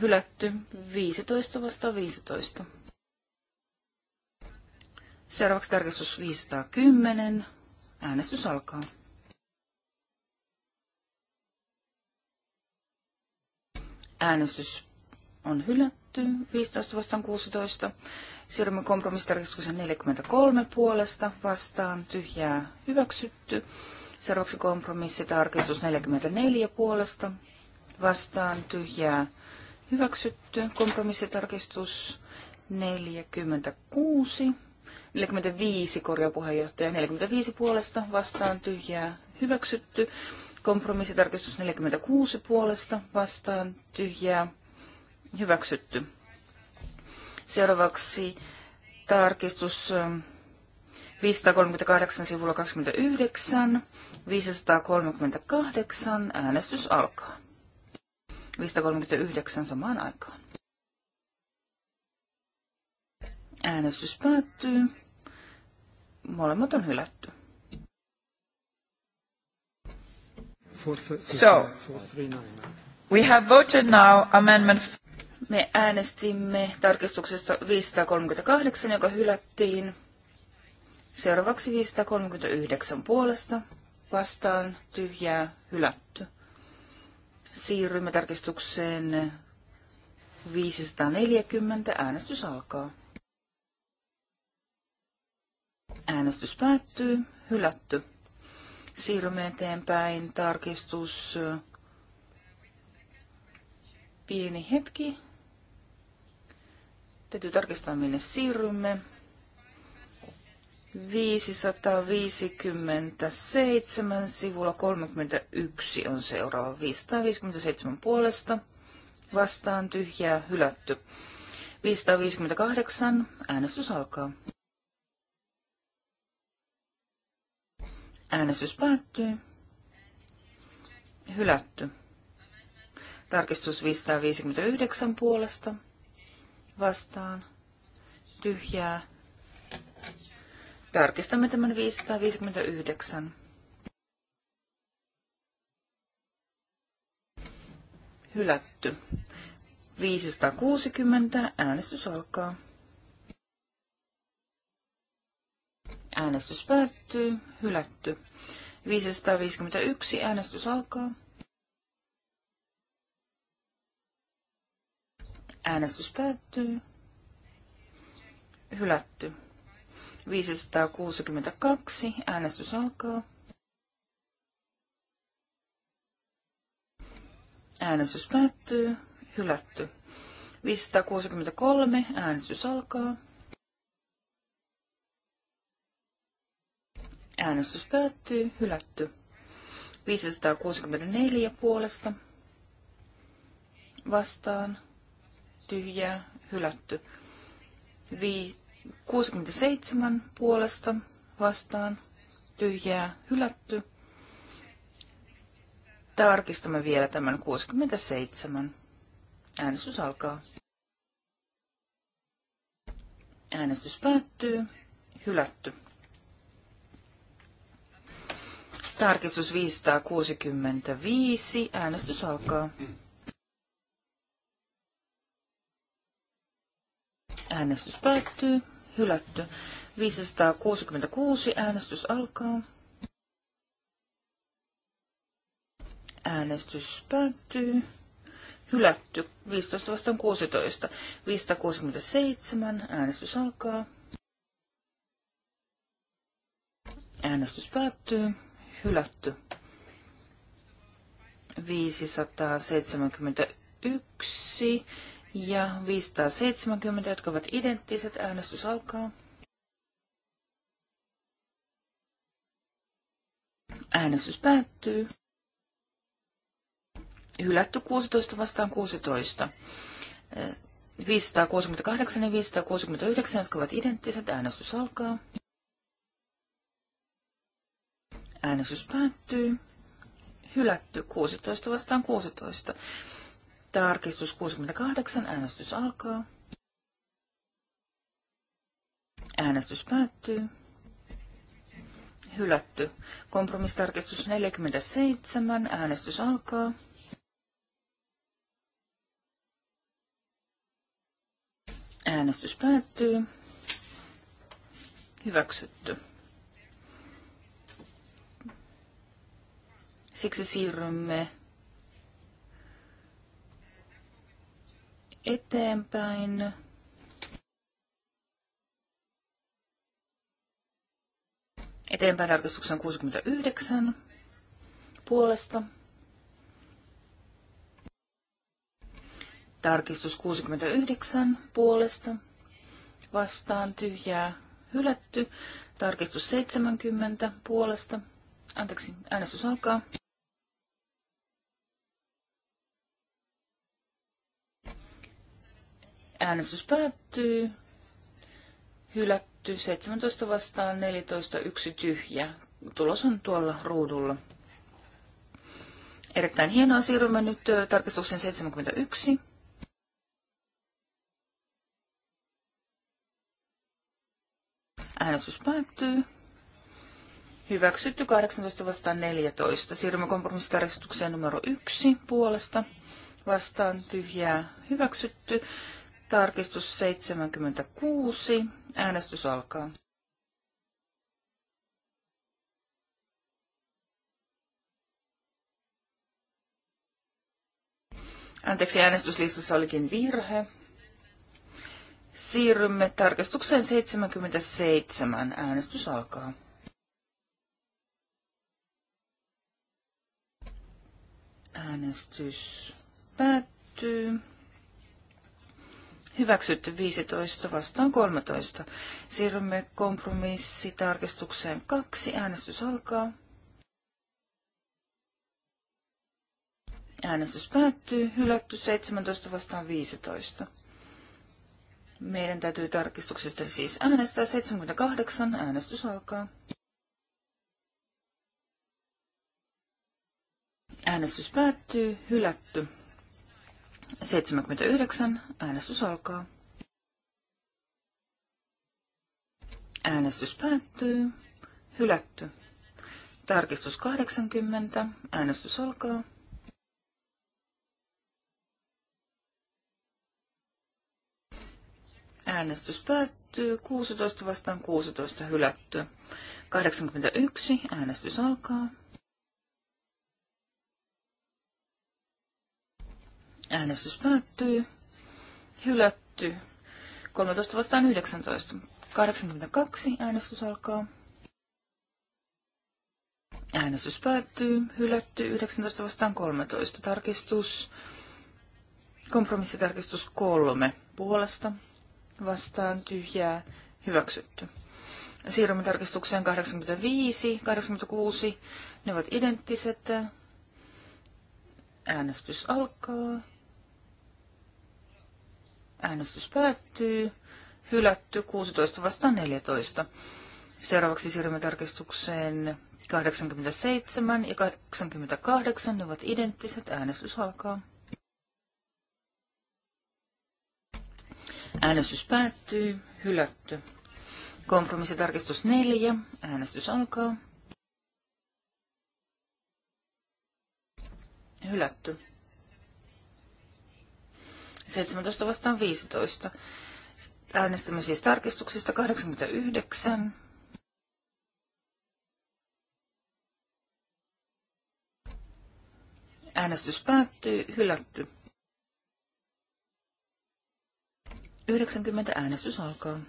Hylätty 15 vastaan 15. Seuraavaksi tarkistus 510. Äänestys alkaa. Äänestys on hylätty 15 vastaan 16. Siirrymme kompromissitarkistuksen 43 puolesta vastaan tyhjää hyväksytty. Seuraavaksi kompromissitarkistus 44 puolesta. Vastaan tyhjää hyväksytty. Kompromissitarkistus 46. 45 puheenjohtaja. 45 puolesta vastaan tyhjää hyväksytty. Kompromissitarkistus 46 puolesta vastaan tyhjää hyväksytty. Seuraavaksi tarkistus 538 sivulla 29, 538, äänestys alkaa. 539 samaan aikaan. Äänestys päättyy. Molemmat on hylätty. So, we have voted now amendment... Me äänestimme tarkistuksesta 538, joka hylättiin. Seuraavaksi 539 puolesta vastaan tyhjää hylätty. Siirrymme tarkistukseen 540. Äänestys alkaa. Äänestys päättyy. Hylätty. Siirrymme eteenpäin. Tarkistus. Pieni hetki. Täytyy tarkistaa, minne siirrymme. 557 sivulla 31 on seuraava 557 puolesta. Vastaan tyhjää hylätty. 558 äänestys alkaa. Äänestys päättyy. Hylätty. Tarkistus 559 puolesta. Vastaan. Tyhjää. Tarkistamme tämän 559. Hylätty. 560. Äänestys alkaa. Äänestys päättyy. Hylätty. 551. Äänestys alkaa. Äänestys päättyy. Hylätty. 562. Äänestys alkaa. Äänestys päättyy. Hylätty. 563. Äänestys alkaa. Äänestys päättyy. Hylätty. 564 puolesta. Vastaan. Tyhjää. Hylätty. 5 67 puolesta vastaan tyhjää hylätty. Tarkistamme vielä tämän 67. Äänestys alkaa. Äänestys päättyy. Hylätty. Tarkistus 565. Äänestys alkaa. Äänestys päättyy hylätty. 566 äänestys alkaa. Äänestys päättyy. Hylätty. 15 vastaan 16. 567. Äänestys alkaa. Äänestys päättyy. Hylätty. 571 ja 570, jotka ovat identtiset. Äänestys alkaa. Äänestys päättyy. Hylätty 16 vastaan 16. 568 ja 569, jotka ovat identtiset. Äänestys alkaa. Äänestys päättyy. Hylätty 16 vastaan 16. Tarkistus 68. Äänestys alkaa. Äänestys päättyy. Hylätty. Kompromistarkistus 47. Äänestys alkaa. Äänestys päättyy. Hyväksytty. Siksi siirrymme eteenpäin. Eteenpäin tarkastuksen 69 puolesta. Tarkistus 69 puolesta. Vastaan tyhjää hylätty. Tarkistus 70 puolesta. Anteeksi, äänestys alkaa. Äänestys päättyy. Hylätty 17 vastaan 14, yksi tyhjä. Tulos on tuolla ruudulla. Erittäin hienoa. Siirrymme nyt tarkistukseen 71. Äänestys päättyy. Hyväksytty 18 vastaan 14. Siirrymme kompromissitarkistukseen numero 1 puolesta. Vastaan tyhjää hyväksytty. Tarkistus 76. Äänestys alkaa. Anteeksi, äänestyslistassa olikin virhe. Siirrymme tarkistukseen 77. Äänestys alkaa. Äänestys päättyy hyväksytty 15 vastaan 13. Siirrymme kompromissitarkistukseen 2. Äänestys alkaa. Äänestys päättyy. Hylätty 17 vastaan 15. Meidän täytyy tarkistuksesta siis äänestää 78. Äänestys alkaa. Äänestys päättyy. Hylätty 79. Äänestys alkaa. Äänestys päättyy. Hylätty. Tarkistus 80. Äänestys alkaa. Äänestys päättyy. 16 vastaan 16 hylätty. 81. Äänestys alkaa. Äänestys päättyy. Hylätty. 13 vastaan 19. 82. Äänestys alkaa. Äänestys päättyy. Hylätty. 19 vastaan 13. Tarkistus. Kompromissitarkistus 3. Puolesta. Vastaan tyhjää. Hyväksytty. Siirrymme tarkistukseen 85, 86. Ne ovat identtiset. Äänestys alkaa. Äänestys päättyy. Hylätty 16 vastaan 14. Seuraavaksi siirrymme tarkistukseen 87 ja 88. Ne ovat identtiset. Äänestys alkaa. Äänestys päättyy. Hylätty. Kompromissitarkistus 4. Äänestys alkaa. Hylätty. 17 vastaan 15. Äänestämme siis tarkistuksesta 89. Äänestys päättyy. Hylätty. 90 äänestys alkaa.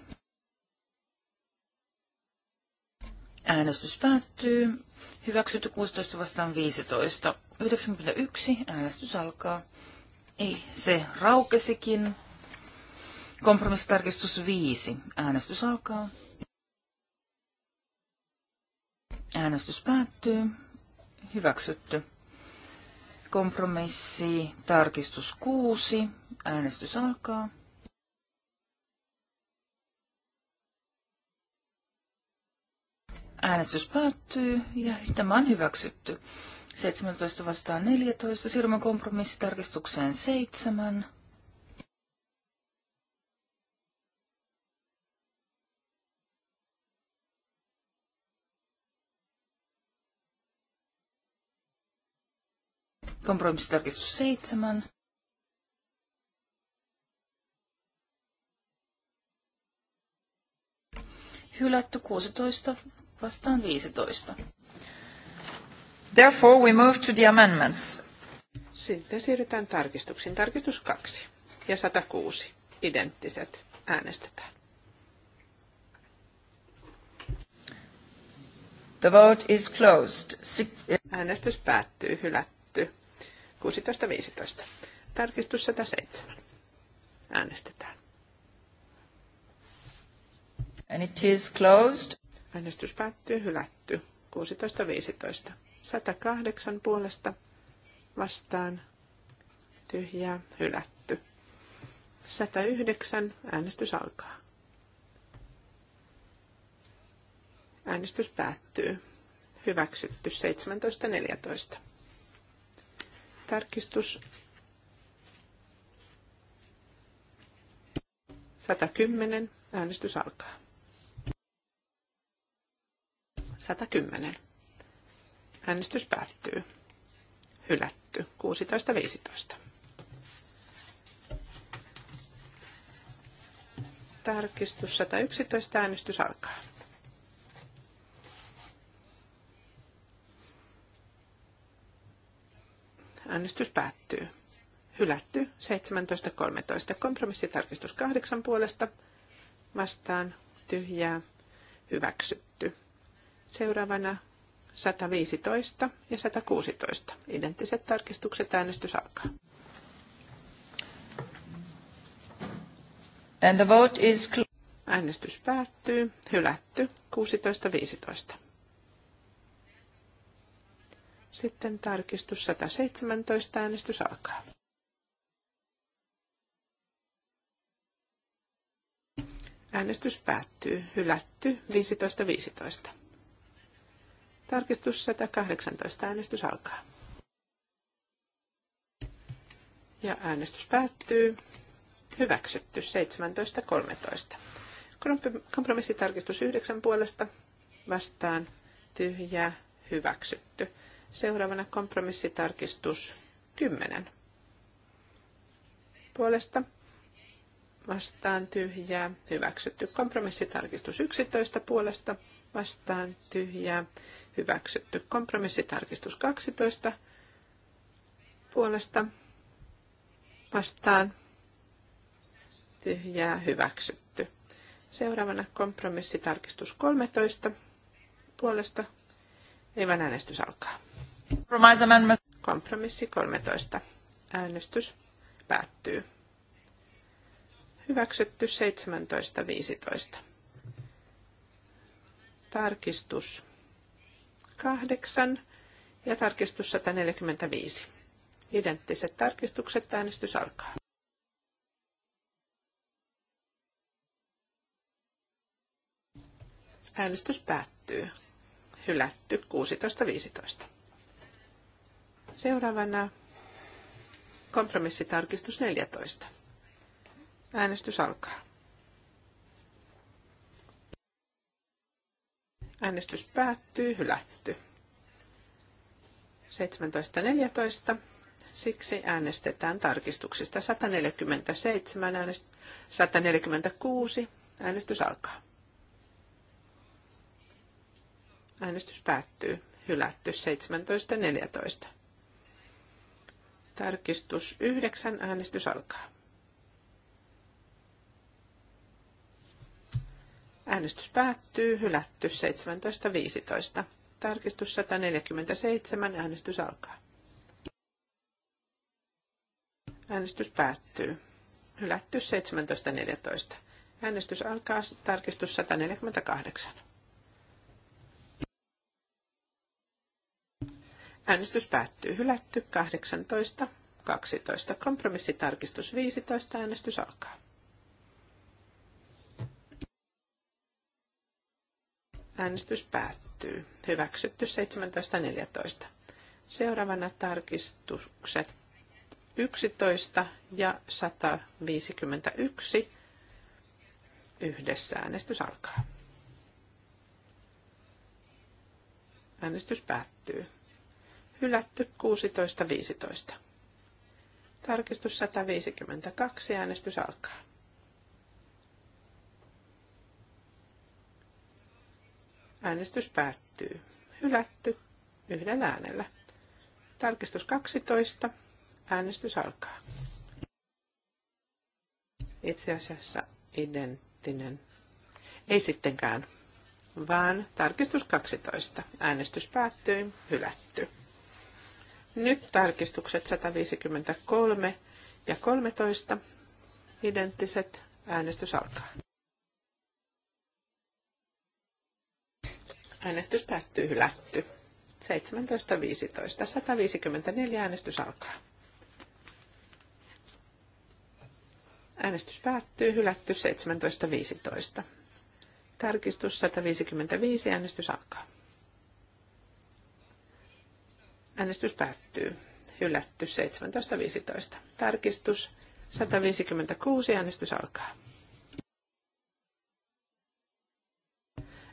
Äänestys päättyy. Hyväksytty 16 vastaan 15. 91 äänestys alkaa. Ei, se raukesikin. Kompromissitarkistus 5. Äänestys alkaa. Äänestys päättyy. Hyväksytty. Kompromissi tarkistus 6. Äänestys alkaa. Äänestys päättyy ja tämä on hyväksytty. 17 vastaan 14. Siirrymme kompromissitarkistukseen 7. Kompromissitarkistus 7. Hylätty 16 vastaan 15. Therefore we move to the amendments. Sitten siirrytään tarkistuksiin. Tarkistus 2 ja 106. Identtiset äänestetään. The vote is closed. Äänestys päättyy, hylätty. 16.15. Tarkistus 107. Äänestetään. And it is closed. Äänestys päättyy, hylätty. 16.15. 108 puolesta vastaan tyhjää hylätty. 109 äänestys alkaa. Äänestys päättyy. Hyväksytty 17.14. Tarkistus 110. Äänestys alkaa. 110. Äänestys päättyy. Hylätty. 16.15. Tarkistus 111. Äänestys alkaa. Äänestys päättyy. Hylätty 17.13. Kompromissitarkistus 8 puolesta. Vastaan tyhjää. Hyväksytty. Seuraavana 115 ja 116. Identtiset tarkistukset äänestys alkaa. And the vote is Äänestys päättyy. Hylätty. 16.15. Sitten tarkistus 117. Äänestys alkaa. Äänestys päättyy. Hylätty. 15.15. 15. Tarkistus 118. Äänestys alkaa. Ja äänestys päättyy. Hyväksytty 17.13. Kompromissitarkistus 9 puolesta vastaan tyhjä hyväksytty. Seuraavana kompromissitarkistus 10 puolesta vastaan tyhjää, hyväksytty. Kompromissitarkistus 11 puolesta vastaan tyhjää, hyväksytty. Kompromissitarkistus 12 puolesta vastaan tyhjää, hyväksytty. Seuraavana kompromissitarkistus 13 puolesta. Eivän äänestys alkaa. Kompromissi 13. Äänestys päättyy. Hyväksytty 17.15. Tarkistus 8 ja tarkistus 145. Identtiset tarkistukset äänestys alkaa. Äänestys päättyy. Hylätty 16.15. Seuraavana kompromissitarkistus 14. Äänestys alkaa. Äänestys päättyy, hylätty. 17.14. Siksi äänestetään tarkistuksista 147, äänest- 146. Äänestys alkaa. Äänestys päättyy. Hylätty 17.14. Tarkistus 9. Äänestys alkaa. Äänestys päättyy, hylätty 17.15. Tarkistus 147, äänestys alkaa. Äänestys päättyy. Hylätty 17.14. Äänestys alkaa, tarkistus 148. Äänestys päättyy, hylätty 18.12. Kompromissitarkistus 15, äänestys alkaa. Äänestys päättyy. Hyväksytty 17.14. Seuraavana tarkistukset 11 ja 151. Yhdessä äänestys alkaa. Äänestys päättyy. Hylätty 16.15. Tarkistus 152. Äänestys alkaa. Äänestys päättyy. Hylätty yhden äänellä. Tarkistus 12. Äänestys alkaa. Itse asiassa identtinen. Ei sittenkään, vaan tarkistus 12. Äänestys päättyi, hylätty. Nyt tarkistukset 153 ja 13. Identtiset. Äänestys alkaa. Äänestys päättyy hylätty. 17.15. 154 äänestys alkaa. Äänestys päättyy hylätty 17.15. Tarkistus 155. Äänestys alkaa. Äänestys päättyy. Hylätty 17.15. Tarkistus 156. Äänestys alkaa.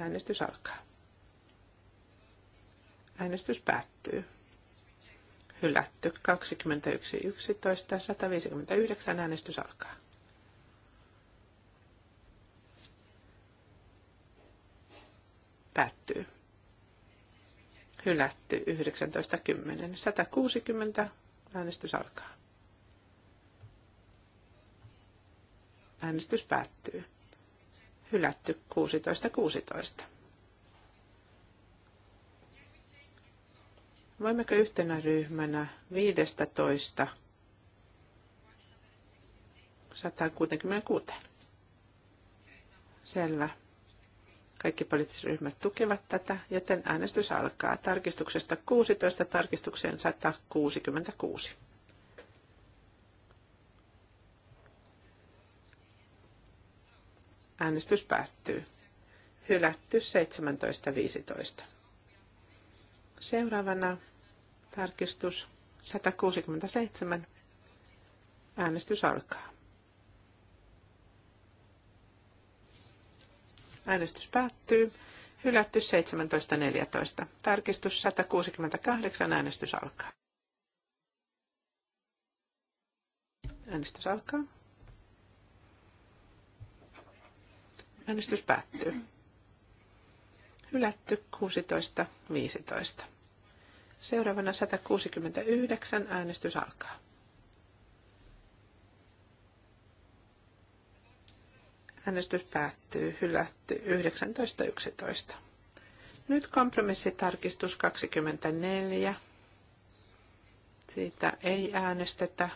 Äänestys alkaa. Äänestys päättyy. Hylätty 21 11 159 äänestys alkaa. Päättyy. Hylätty 19 10 160 äänestys alkaa. Äänestys päättyy hylätty 16.16. Voimmeko yhtenä ryhmänä 15 166? Selvä. Kaikki poliittiset ryhmät tukevat tätä, joten äänestys alkaa tarkistuksesta 16 tarkistukseen 166. Äänestys päättyy. Hylätty 17.15. Seuraavana tarkistus 167. Äänestys alkaa. Äänestys päättyy. Hylätty 17.14. Tarkistus 168. Äänestys alkaa. Äänestys alkaa. Äänestys päättyy. Hylätty 16.15. Seuraavana 169 äänestys alkaa. Äänestys päättyy. Hylätty 19.11. Nyt kompromissitarkistus 24. Siitä ei äänestetä.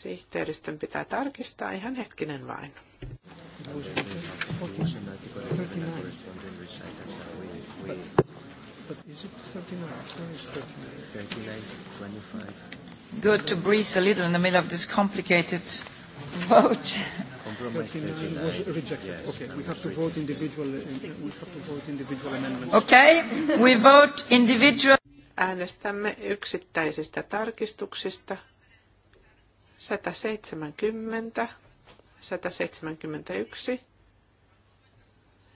Sihteeristön pitää tarkistaa ihan hetkinen vain. Good to breathe a little in the middle of this complicated vote. Uh, okay, we vote individual. Äänestämme yksittäisistä tarkistuksista 170, 171.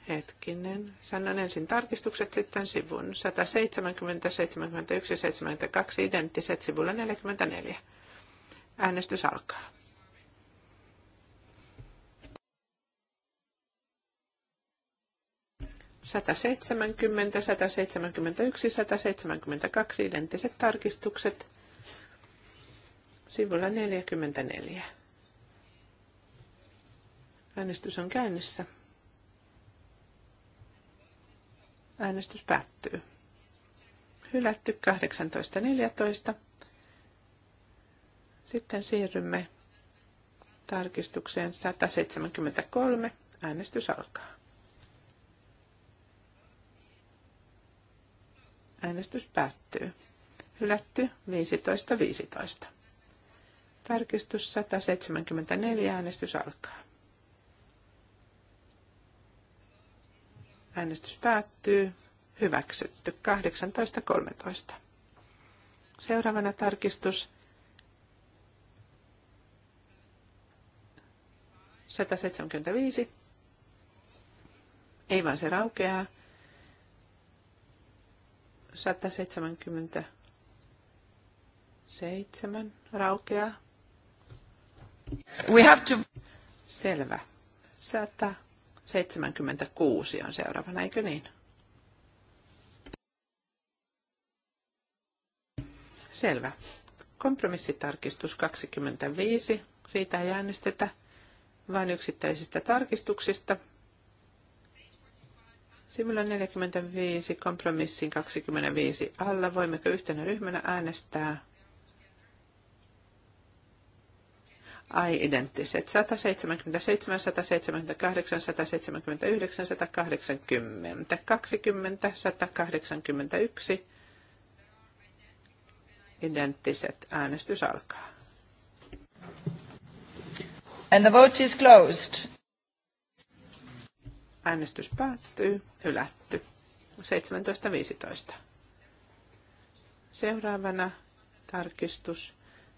Hetkinen. Sanon ensin tarkistukset, sitten sivun 170, 71, 72, identtiset sivulla 44. Äänestys alkaa. Sata seitsemänkymmentä, sata yksi, sata kaksi identtiset tarkistukset sivulla 44. Äänestys on käynnissä. Äänestys päättyy. Hylätty 18.14. Sitten siirrymme tarkistukseen 173. Äänestys alkaa. Äänestys päättyy. Hylätty 15.15. 15. Tarkistus 174. Äänestys alkaa. Äänestys päättyy. Hyväksytty. 18.13. Seuraavana tarkistus 175. Ei vaan se raukeaa. 177 raukeaa. We have to... Selvä. 176 on seuraavana, eikö niin? Selvä. Kompromissitarkistus 25. Siitä ei äänestetä, vain yksittäisistä tarkistuksista. Sivulla 45, kompromissin 25 alla. Voimmeko yhtenä ryhmänä äänestää ai identtiset 177, 178, 179, 180, 20, 181 identtiset äänestys alkaa. And the vote is closed. Äänestys päättyy, hylätty. 17.15. Seuraavana tarkistus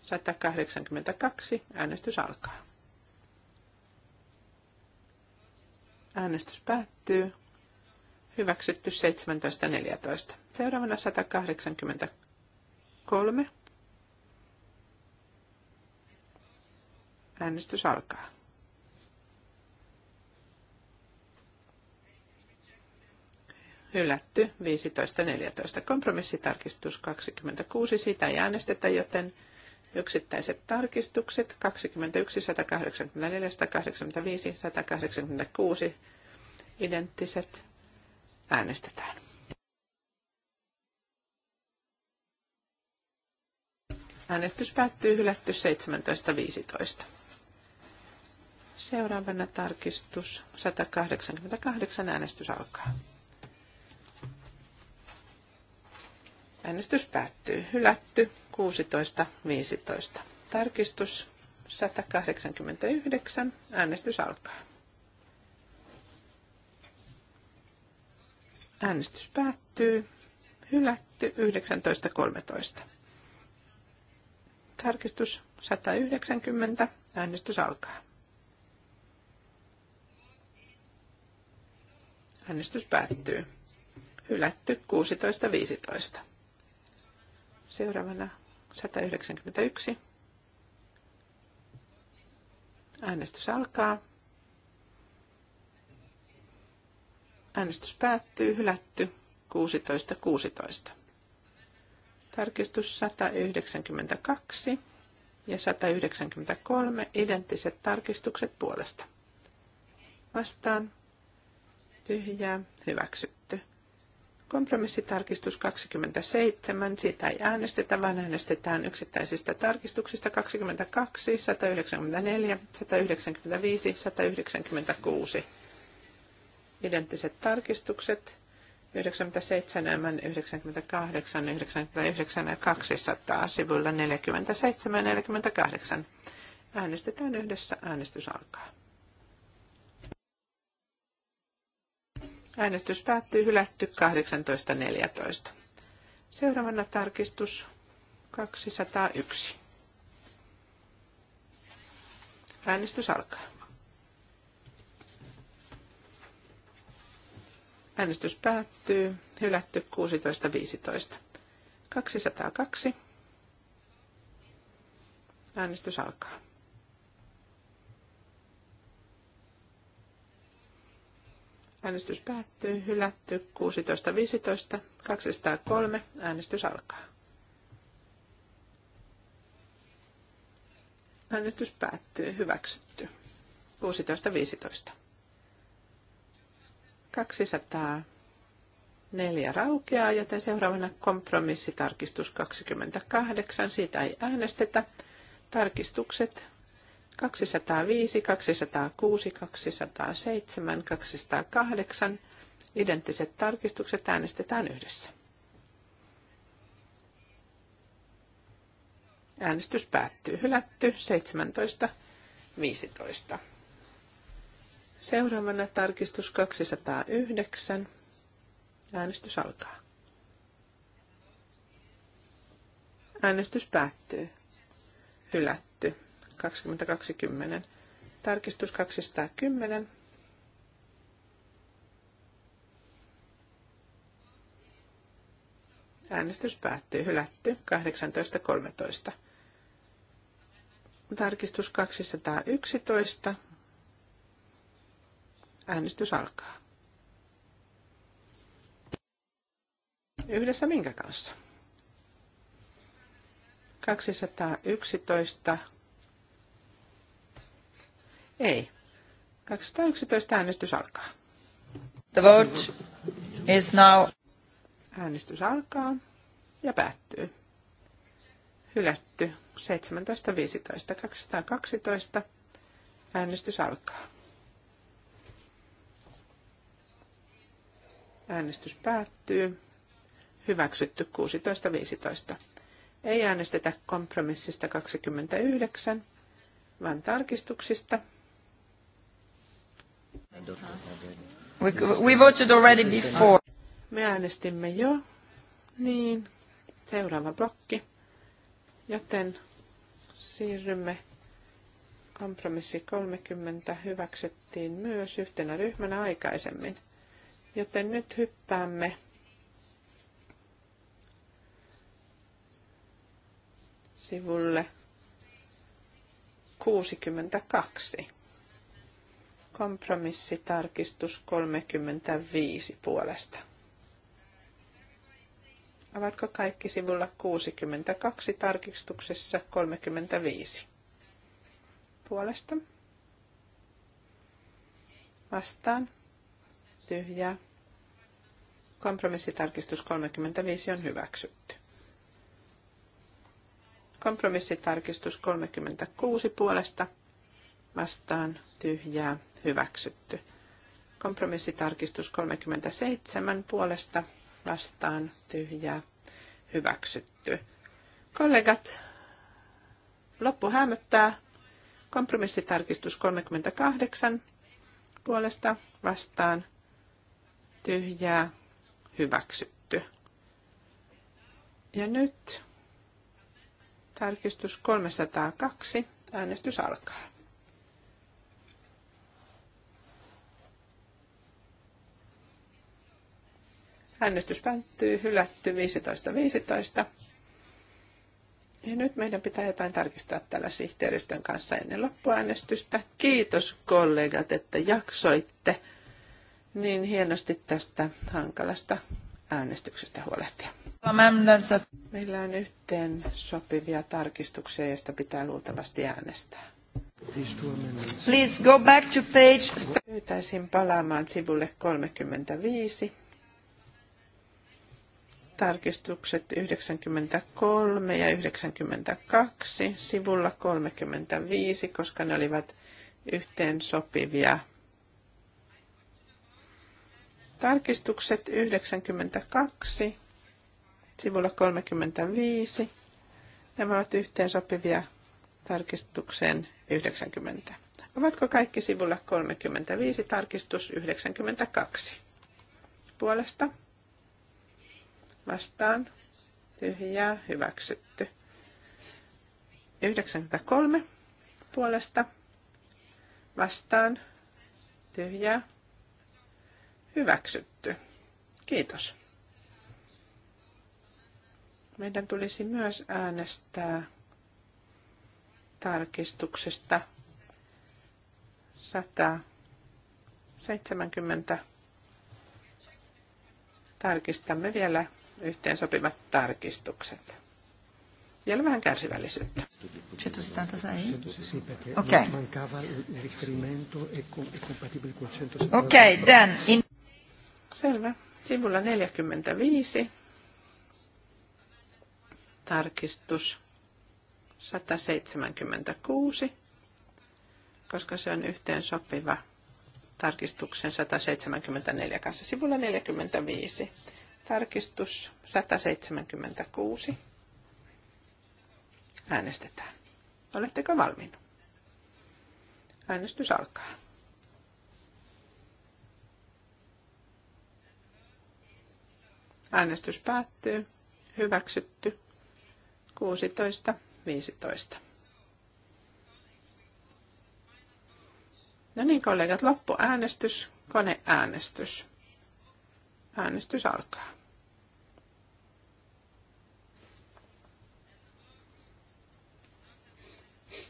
182. Äänestys alkaa. Äänestys päättyy. Hyväksytty 17.14. Seuraavana 183. Äänestys alkaa. Hylätty 15.14. Kompromissitarkistus 26. Sitä ei äänestetä, joten Yksittäiset tarkistukset 21, 184, 185, 186 identtiset äänestetään. Äänestys päättyy hylätty 17.15. Seuraavana tarkistus 188. Äänestys alkaa. Äänestys päättyy. Hylätty 16.15. Tarkistus 189. Äänestys alkaa. Äänestys päättyy. Hylätty 19.13. Tarkistus 190. Äänestys alkaa. Äänestys päättyy. Hylätty 16.15. Seuraavana 191. Äänestys alkaa. Äänestys päättyy, hylätty 16.16. 16. Tarkistus 192 ja 193, identtiset tarkistukset puolesta. Vastaan, tyhjää, hyväksy. Kompromissitarkistus 27, siitä ei äänestetä, vaan äänestetään yksittäisistä tarkistuksista 22, 194, 195, 196. Identtiset tarkistukset 97, 98, 99 ja 200 sivuilla 47 48. Äänestetään yhdessä, äänestys alkaa. Äänestys päättyy hylätty 18.14. Seuraavana tarkistus 201. Äänestys alkaa. Äänestys päättyy. Hylätty 16.15. 202. Äänestys alkaa. Äänestys päättyy. Hylätty 16.15. 203. Äänestys alkaa. Äänestys päättyy. Hyväksytty. 16.15. 204 raukeaa, joten seuraavana kompromissitarkistus 28. Siitä ei äänestetä. Tarkistukset 205, 206, 207, 208. Identtiset tarkistukset äänestetään yhdessä. Äänestys päättyy. Hylätty 15. Seuraavana tarkistus 209. Äänestys alkaa. Äänestys päättyy. Hylätty 2020. Tarkistus 210. Äänestys päättyy. Hylätty 18.13. Tarkistus 211. Äänestys alkaa. Yhdessä minkä kanssa? 211 ei. 211 äänestys alkaa. The vote is now... Äänestys alkaa ja päättyy. Hylätty 17.15. 212. Äänestys alkaa. Äänestys päättyy. Hyväksytty 16.15. Ei äänestetä kompromissista 29, vaan tarkistuksista We, we voted already before. Me äänestimme jo. Niin, seuraava blokki. Joten siirrymme kompromissi 30 hyväksyttiin myös yhtenä ryhmänä aikaisemmin. Joten nyt hyppäämme sivulle 62. Kompromissitarkistus 35 puolesta. Ovatko kaikki sivulla 62 tarkistuksessa 35? Puolesta. Vastaan. Tyhjää. Kompromissitarkistus 35 on hyväksytty. Kompromissitarkistus 36 puolesta vastaan tyhjää hyväksytty. Kompromissitarkistus 37 puolesta vastaan tyhjää hyväksytty. Kollegat, loppu hämöttää. Kompromissitarkistus 38 puolesta vastaan tyhjää hyväksytty. Ja nyt tarkistus 302. Äänestys alkaa. Äänestys päättyy, hylätty 15.15. Ja nyt meidän pitää jotain tarkistaa tällä sihteeristön kanssa ennen loppuäänestystä. Kiitos kollegat, että jaksoitte niin hienosti tästä hankalasta äänestyksestä huolehtia. Meillä on yhteen sopivia tarkistuksia, joista pitää luultavasti äänestää. Please go back to page... Pyytäisin palaamaan sivulle 35 tarkistukset 93 ja 92 sivulla 35, koska ne olivat yhteen sopivia. Tarkistukset 92 sivulla 35. Nämä ovat yhteen sopivia tarkistukseen 90. Ovatko kaikki sivulla 35 tarkistus 92? Puolesta vastaan tyhjää hyväksytty. 93 puolesta vastaan tyhjää hyväksytty. Kiitos. Meidän tulisi myös äänestää tarkistuksesta 170. Tarkistamme vielä yhteen sopivat tarkistukset. Vielä vähän kärsivällisyyttä. Okei. Okay. Okei, okay, in... Selvä. Sivulla 45. Tarkistus 176, koska se on yhteen sopiva tarkistuksen 174 kanssa sivulla 45. Tarkistus 176. Äänestetään. Oletteko valmiina? Äänestys alkaa. Äänestys päättyy. Hyväksytty. 16, 15. No niin, kollegat, loppuäänestys, koneäänestys. Äänestys alkaa.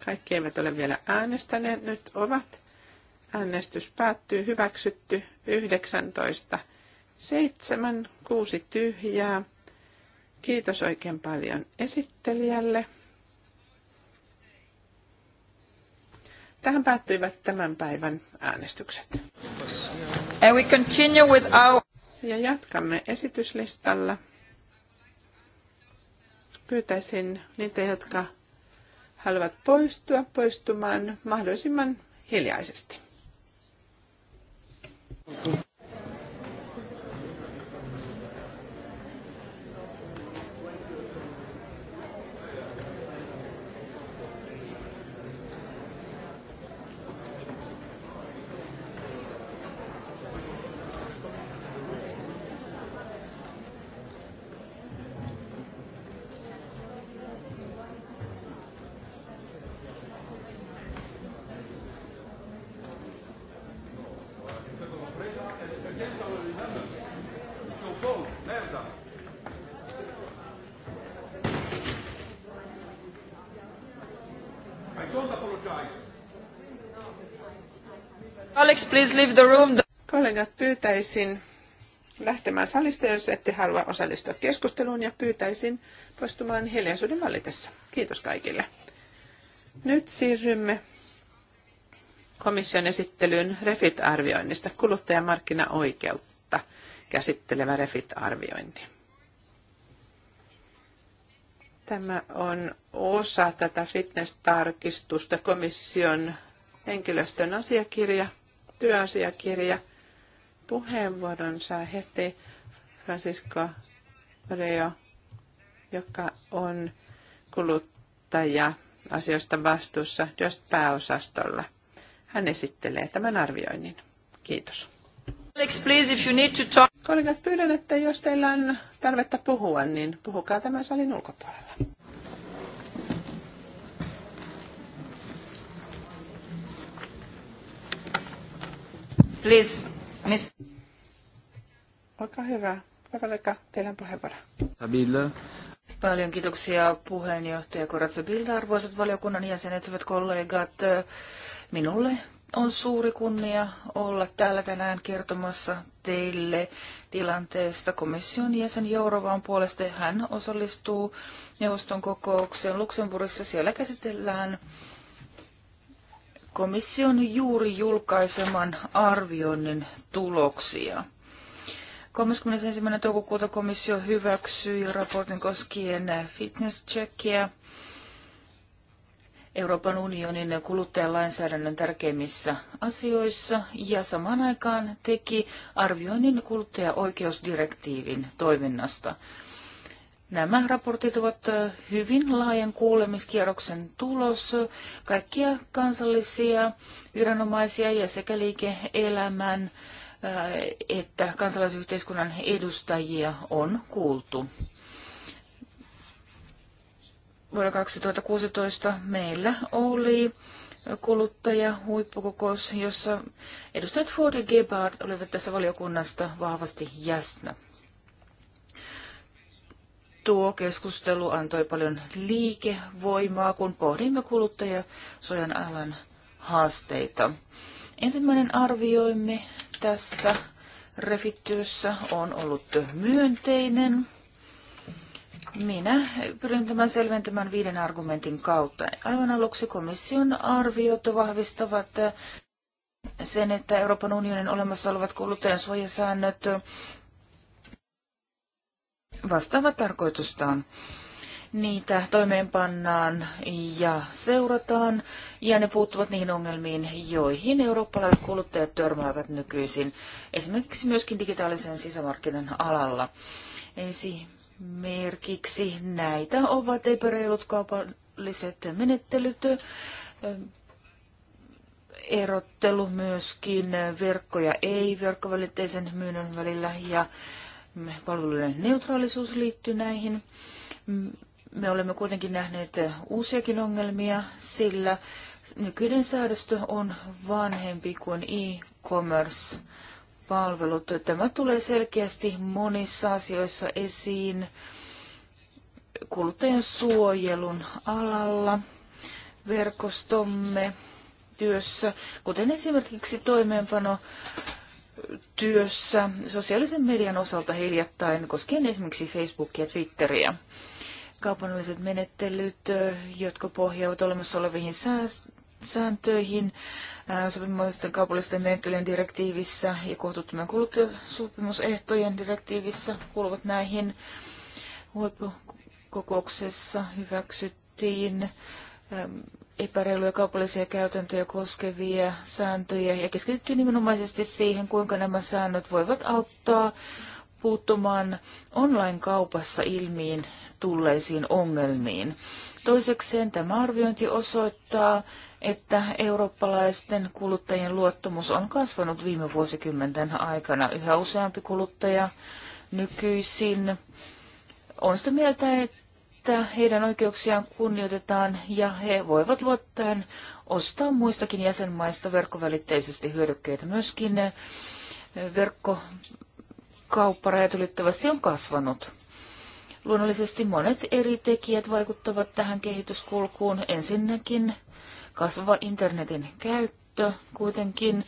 Kaikki eivät ole vielä äänestäneet, nyt ovat. Äänestys päättyy, hyväksytty 19. 7, 6 tyhjää. Kiitos oikein paljon esittelijälle. Tähän päättyivät tämän päivän äänestykset. And we continue with our... Ja jatkamme esityslistalla. Pyytäisin niitä, jotka haluavat poistua poistumaan mahdollisimman hiljaisesti. please leave the room. Kollegat, pyytäisin lähtemään salista, jos ette halua osallistua keskusteluun, ja pyytäisin poistumaan hiljaisuuden vallitessa. Kiitos kaikille. Nyt siirrymme komission esittelyyn REFIT-arvioinnista, kuluttajamarkkinaoikeutta käsittelevä REFIT-arviointi. Tämä on osa tätä fitness-tarkistusta komission henkilöstön asiakirja työasiakirja. Puheenvuoron saa heti Francisco Reo, joka on kuluttaja asioista vastuussa Just pääosastolla. Hän esittelee tämän arvioinnin. Kiitos. please, if you need to talk. Kollegat, pyydän, että jos teillä on tarvetta puhua, niin puhukaa tämän salin ulkopuolella. Please, miss. Olkaa hyvä. Pavelika, teillä on puheenvuoro. Sabilla. Paljon kiitoksia puheenjohtaja Koratsa Bilda, arvoisat valiokunnan jäsenet, hyvät kollegat. Minulle on suuri kunnia olla täällä tänään kertomassa teille tilanteesta. Komission jäsen Jourovan puolesta hän osallistuu neuvoston kokoukseen Luxemburgissa. Siellä käsitellään komission juuri julkaiseman arvioinnin tuloksia. 31. toukokuuta komissio hyväksyi raportin koskien fitness checkia Euroopan unionin kuluttajalainsäädännön tärkeimmissä asioissa ja samaan aikaan teki arvioinnin kuluttajaoikeusdirektiivin toiminnasta. Nämä raportit ovat hyvin laajan kuulemiskierroksen tulos kaikkia kansallisia viranomaisia ja sekä liike-elämän että kansalaisyhteiskunnan edustajia on kuultu. Vuonna 2016 meillä oli kuluttajahuippukokous, jossa edustajat Ford ja Gebhard olivat tässä valiokunnasta vahvasti jäsnä. Tuo keskustelu antoi paljon liikevoimaa, kun pohdimme kuluttajasuojan alan haasteita. Ensimmäinen arvioimme tässä refityössä on ollut myönteinen. Minä pyrin tämän selventämään viiden argumentin kautta. Aivan aluksi komission arviot vahvistavat sen, että Euroopan unionin olemassa olevat kuluttajansuojasäännöt vastaava tarkoitustaan. Niitä toimeenpannaan ja seurataan, ja ne puuttuvat niihin ongelmiin, joihin eurooppalaiset kuluttajat törmäävät nykyisin, esimerkiksi myöskin digitaalisen sisämarkkinan alalla. Esimerkiksi näitä ovat epäreilut kaupalliset menettelyt, erottelu myöskin verkkoja ei-verkkovälitteisen myynnön välillä ja palveluiden neutraalisuus liittyy näihin. Me olemme kuitenkin nähneet uusiakin ongelmia, sillä nykyinen säädöstö on vanhempi kuin e-commerce-palvelut. Tämä tulee selkeästi monissa asioissa esiin kuluttajan suojelun alalla verkostomme työssä, kuten esimerkiksi toimeenpano työssä sosiaalisen median osalta hiljattain koskien esimerkiksi Facebookia ja Twitteriä. Kaupalliset menettelyt, jotka pohjaavat olemassa oleviin sääntöihin, sopimusten kaupallisten menettelyjen direktiivissä ja kohtuuttomien kuluttajasopimusehtojen direktiivissä kuuluvat näihin. Huippukokouksessa hyväksyttiin Ähm, epäreiluja kaupallisia käytäntöjä koskevia sääntöjä ja keskittyy nimenomaisesti siihen, kuinka nämä säännöt voivat auttaa puuttumaan online-kaupassa ilmiin tulleisiin ongelmiin. Toisekseen tämä arviointi osoittaa, että eurooppalaisten kuluttajien luottamus on kasvanut viime vuosikymmenten aikana. Yhä useampi kuluttaja nykyisin on sitä mieltä, että että heidän oikeuksiaan kunnioitetaan ja he voivat luottaen ostaa muistakin jäsenmaista verkkovälitteisesti hyödykkeitä. Myöskin eh, verkkokaupparajat ylittävästi on kasvanut. Luonnollisesti monet eri tekijät vaikuttavat tähän kehityskulkuun. Ensinnäkin kasvava internetin käyttö kuitenkin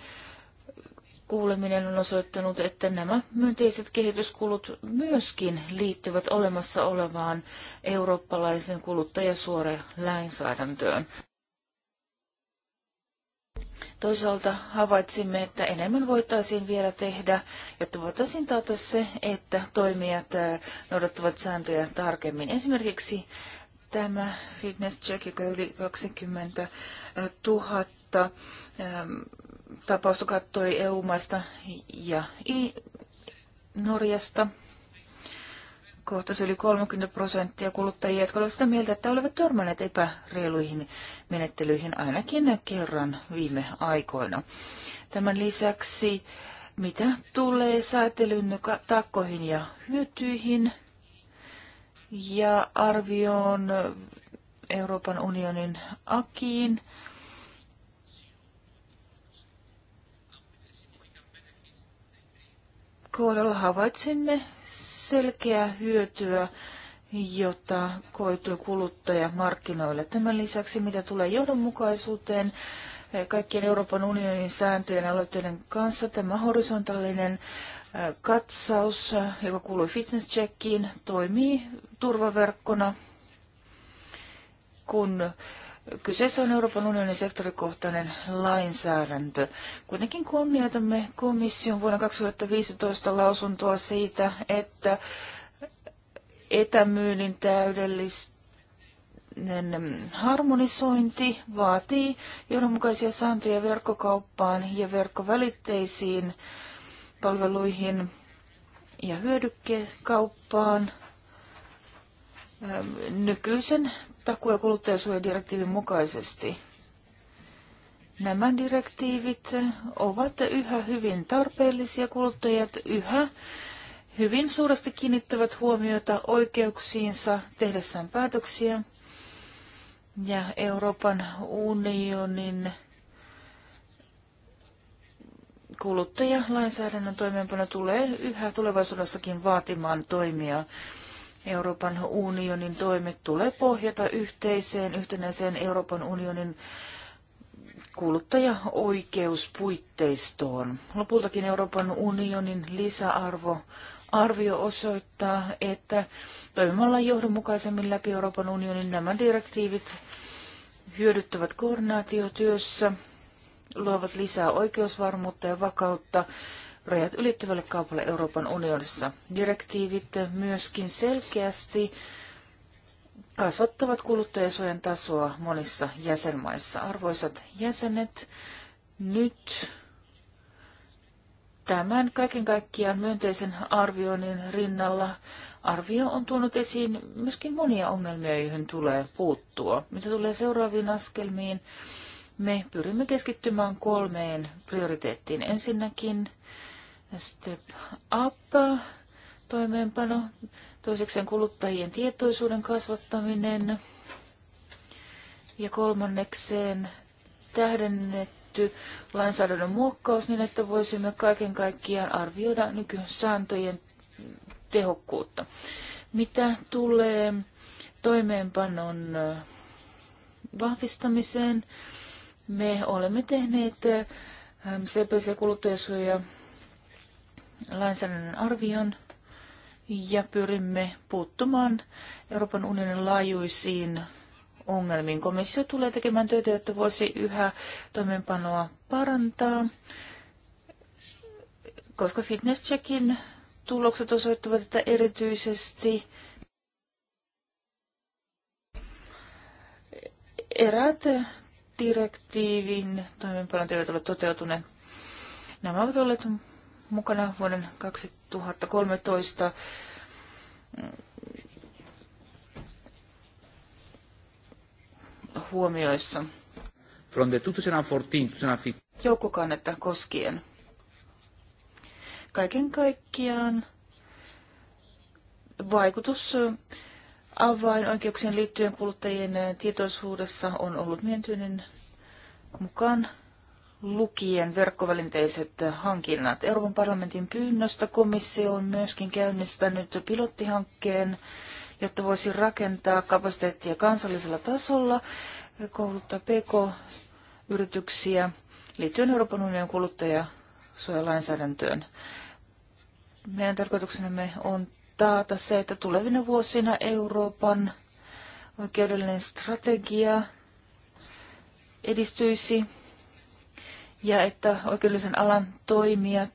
kuuleminen on osoittanut, että nämä myönteiset kehityskulut myöskin liittyvät olemassa olevaan eurooppalaisen kuluttajasuore lainsäädäntöön. Toisaalta havaitsimme, että enemmän voitaisiin vielä tehdä, jotta voitaisiin taata se, että toimijat noudattavat sääntöjä tarkemmin. Esimerkiksi tämä fitness check, joka yli 20 000 tapaus kattoi EU-maista ja I- Norjasta. Kohtasi yli 30 prosenttia kuluttajia, jotka olivat sitä mieltä, että olivat törmänneet epäreiluihin menettelyihin ainakin kerran viime aikoina. Tämän lisäksi, mitä tulee säätelyn takkoihin ja hyötyihin ja arvioon Euroopan unionin akiin, kohdalla havaitsemme selkeää hyötyä, jota koituu kuluttajamarkkinoille. Tämän lisäksi, mitä tulee johdonmukaisuuteen, eh, kaikkien Euroopan unionin sääntöjen ja aloitteiden kanssa tämä horisontaalinen eh, katsaus, eh, joka kuuluu fitness checkiin, toimii turvaverkkona, kun Kyseessä on Euroopan unionin sektorikohtainen lainsäädäntö. Kuitenkin kunnioitamme komission vuonna 2015 lausuntoa siitä, että etämyynnin täydellinen harmonisointi vaatii johdonmukaisia sääntöjä verkkokauppaan ja verkkovälitteisiin palveluihin ja hyödykkekauppaan. Nykyisen takuu- ja kuluttajasuojadirektiivin mukaisesti. Nämä direktiivit ovat yhä hyvin tarpeellisia. Kuluttajat yhä hyvin suuresti kiinnittävät huomiota oikeuksiinsa tehdessään päätöksiä. Ja Euroopan unionin kuluttajalainsäädännön toimeenpano tulee yhä tulevaisuudessakin vaatimaan toimia Euroopan unionin toimet tulee pohjata yhteiseen, yhtenäiseen Euroopan unionin kuluttajaoikeuspuitteistoon. Lopultakin Euroopan unionin lisäarvo Arvio osoittaa, että toimimalla johdonmukaisemmin läpi Euroopan unionin nämä direktiivit hyödyttävät koordinaatiotyössä, luovat lisää oikeusvarmuutta ja vakautta rajat ylittävälle kaupalle Euroopan unionissa. Direktiivit myöskin selkeästi kasvattavat kuluttajasuojan tasoa monissa jäsenmaissa. Arvoisat jäsenet, nyt tämän kaiken kaikkiaan myönteisen arvioinnin rinnalla arvio on tuonut esiin myöskin monia ongelmia, joihin tulee puuttua. Mitä tulee seuraaviin askelmiin, me pyrimme keskittymään kolmeen prioriteettiin. Ensinnäkin Step Up, toimeenpano, toisekseen kuluttajien tietoisuuden kasvattaminen ja kolmannekseen tähdennetty lainsäädännön muokkaus niin, että voisimme kaiken kaikkiaan arvioida nykysääntöjen tehokkuutta. Mitä tulee toimeenpanon vahvistamiseen, me olemme tehneet CPC-kuluttajasuoja lainsäädännön arvion ja pyrimme puuttumaan Euroopan unionin laajuisiin ongelmiin. Komissio tulee tekemään töitä, jotta voisi yhä toimeenpanoa parantaa, koska fitness checkin tulokset osoittavat, että erityisesti eräät direktiivin toimeenpanot eivät ole toteutuneet. Nämä ovat olleet mukana vuoden 2013 huomioissa. From the 2014 Joukkokannetta koskien. Kaiken kaikkiaan vaikutus avainoikeuksien liittyen kuluttajien tietoisuudessa on ollut myöntyinen mukaan lukien verkkovälinteiset hankinnat. Euroopan parlamentin pyynnöstä komissio on myöskin käynnistänyt pilottihankkeen, jotta voisi rakentaa kapasiteettia kansallisella tasolla, kouluttaa PK-yrityksiä liittyen Euroopan unionin kuluttajasuojalainsäädäntöön. Meidän tarkoituksenamme on taata se, että tulevina vuosina Euroopan oikeudellinen strategia edistyisi ja että oikeudellisen alan toimijat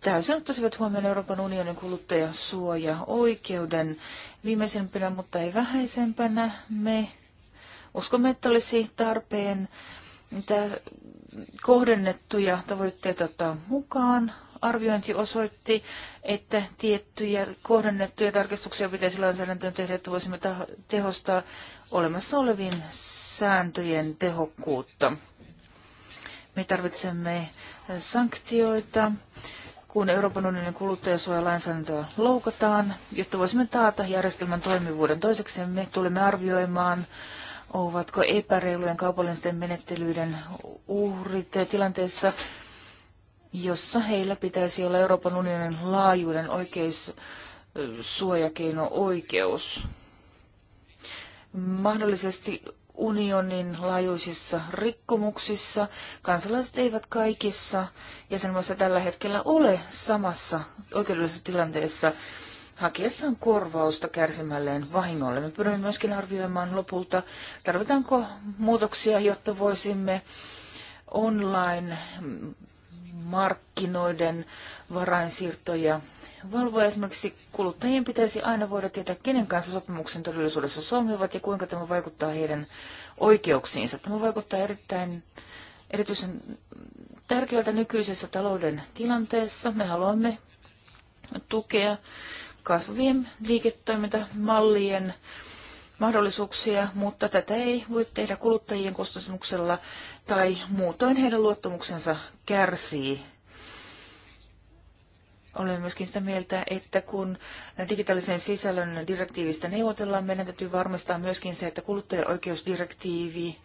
täysin ottaisivat huomioon Euroopan unionin kuluttajasuoja-oikeuden. Viimeisempänä, mutta ei vähäisempänä, me uskomme, että olisi tarpeen niitä kohdennettuja tavoitteita ottaa mukaan. Arviointi osoitti, että tiettyjä kohdennettuja tarkistuksia pitäisi lainsäädäntöön tehdä, että voisimme tehostaa olemassa olevien sääntöjen tehokkuutta. Me tarvitsemme sanktioita, kun Euroopan unionin kuluttajasuojalainsäädäntöä loukataan, jotta voisimme taata järjestelmän toimivuuden. Toiseksi me tulemme arvioimaan, ovatko epäreilujen kaupallisten menettelyiden uhrit tilanteessa, jossa heillä pitäisi olla Euroopan unionin laajuuden oikeussuojakeino oikeus. Mahdollisesti unionin laajuisissa rikkomuksissa. Kansalaiset eivät kaikissa jäsenmaissa tällä hetkellä ole samassa oikeudellisessa tilanteessa hakiessaan korvausta kärsimälleen vahingolle. Me pyrimme myöskin arvioimaan lopulta, tarvitaanko muutoksia, jotta voisimme online-markkinoiden varainsiirtoja valvoa. Esimerkiksi kuluttajien pitäisi aina voida tietää, kenen kanssa sopimuksen todellisuudessa solmivat ja kuinka tämä vaikuttaa heidän oikeuksiinsa. Tämä vaikuttaa erittäin erityisen tärkeältä nykyisessä talouden tilanteessa. Me haluamme tukea kasvavien liiketoimintamallien mahdollisuuksia, mutta tätä ei voi tehdä kuluttajien kustannuksella tai muutoin heidän luottamuksensa kärsii olen myöskin sitä mieltä, että kun digitaalisen sisällön direktiivistä neuvotellaan, meidän täytyy varmistaa myöskin se, että kuluttajaoikeusdirektiivi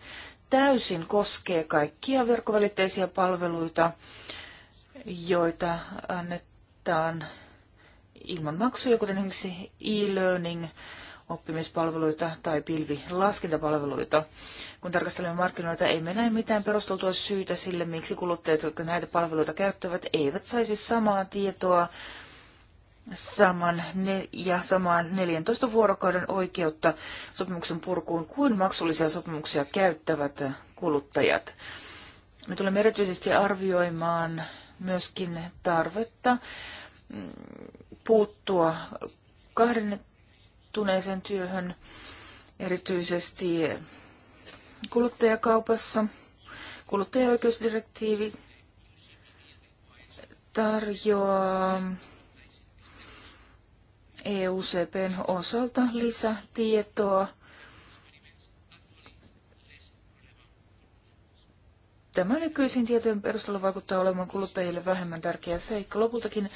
täysin koskee kaikkia verkkovälitteisiä palveluita, joita annetaan ilman maksuja, kuten esimerkiksi e-learning, oppimispalveluita tai pilvilaskentapalveluita. Kun tarkastelemme markkinoita, emme näe mitään perusteltua syytä sille, miksi kuluttajat, jotka näitä palveluita käyttävät, eivät saisi samaa tietoa saman ne, ja samaan 14 vuorokauden oikeutta sopimuksen purkuun kuin maksullisia sopimuksia käyttävät kuluttajat. Me tulemme erityisesti arvioimaan myöskin tarvetta mm, puuttua kahden onnistuneeseen työhön, erityisesti kuluttajakaupassa. Kuluttajaoikeusdirektiivi tarjoaa EUCPn osalta lisätietoa. Tämä nykyisin tietojen perusteella vaikuttaa olemaan kuluttajille vähemmän tärkeä seikka. Lopultakin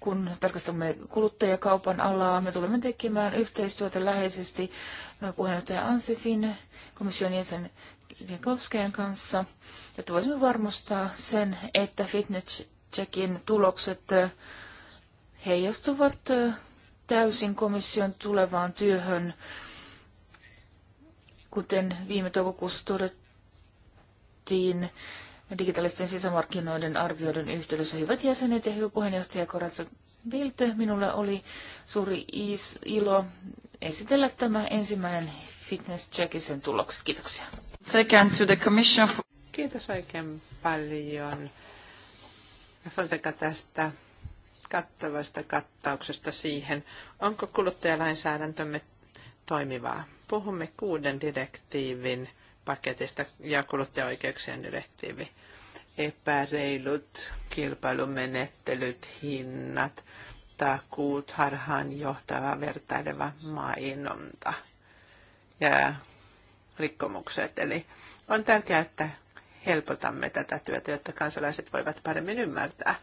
kun tarkastamme kuluttajakaupan alaa, me tulemme tekemään yhteistyötä läheisesti puheenjohtaja Ansifin, komission jäsen Vienkovskajan kanssa, jotta voisimme varmistaa sen, että fitness checkin tulokset heijastuvat täysin komission tulevaan työhön. Kuten viime toukokuussa todettiin, digitaalisten sisämarkkinoiden arvioiden yhteydessä. Hyvät jäsenet ja hyvä puheenjohtaja Koratsa Bilte, minulle oli suuri is, ilo esitellä tämä ensimmäinen Fitness Checkisen tulokset. Kiitoksia. Kiitos oikein paljon Fonseca tästä kattavasta kattauksesta siihen, onko kuluttajalainsäädäntömme toimivaa. Puhumme kuuden direktiivin paketista ja kuluttajaoikeuksien direktiivi. Epäreilut kilpailumenettelyt, hinnat, takuut, harhaan johtava vertaileva mainonta ja rikkomukset. Eli on tärkeää, että helpotamme tätä työtä, jotta kansalaiset voivat paremmin ymmärtää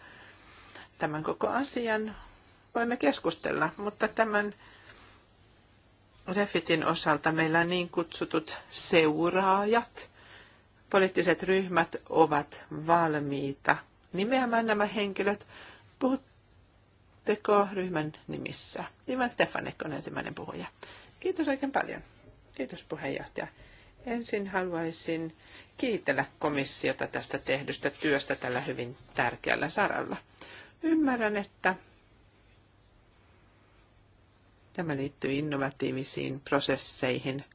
tämän koko asian. Voimme keskustella, mutta tämän Refitin osalta meillä niin kutsutut seuraajat, poliittiset ryhmät ovat valmiita nimeämään nämä henkilöt. Puhutteko ryhmän nimissä? Ivan Stefanek on ensimmäinen puhuja. Kiitos oikein paljon. Kiitos puheenjohtaja. Ensin haluaisin kiitellä komissiota tästä tehdystä työstä tällä hyvin tärkeällä saralla. Ymmärrän, että Tämä liittyy innovatiivisiin prosesseihin,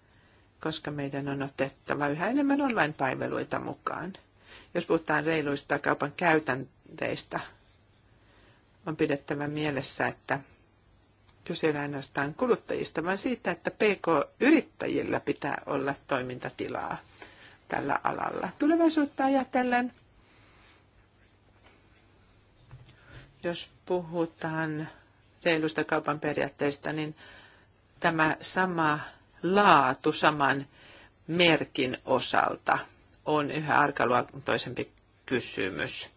koska meidän on otettava yhä enemmän online-palveluita mukaan. Jos puhutaan reiluista kaupan käytänteistä, on pidettävä mielessä, että kyse ei ainoastaan kuluttajista, vaan siitä, että PK-yrittäjillä pitää olla toimintatilaa tällä alalla. Tulevaisuutta ajatellen, jos puhutaan reilusta kaupan periaatteista, niin tämä sama laatu saman merkin osalta on yhä arkaluontoisempi kysymys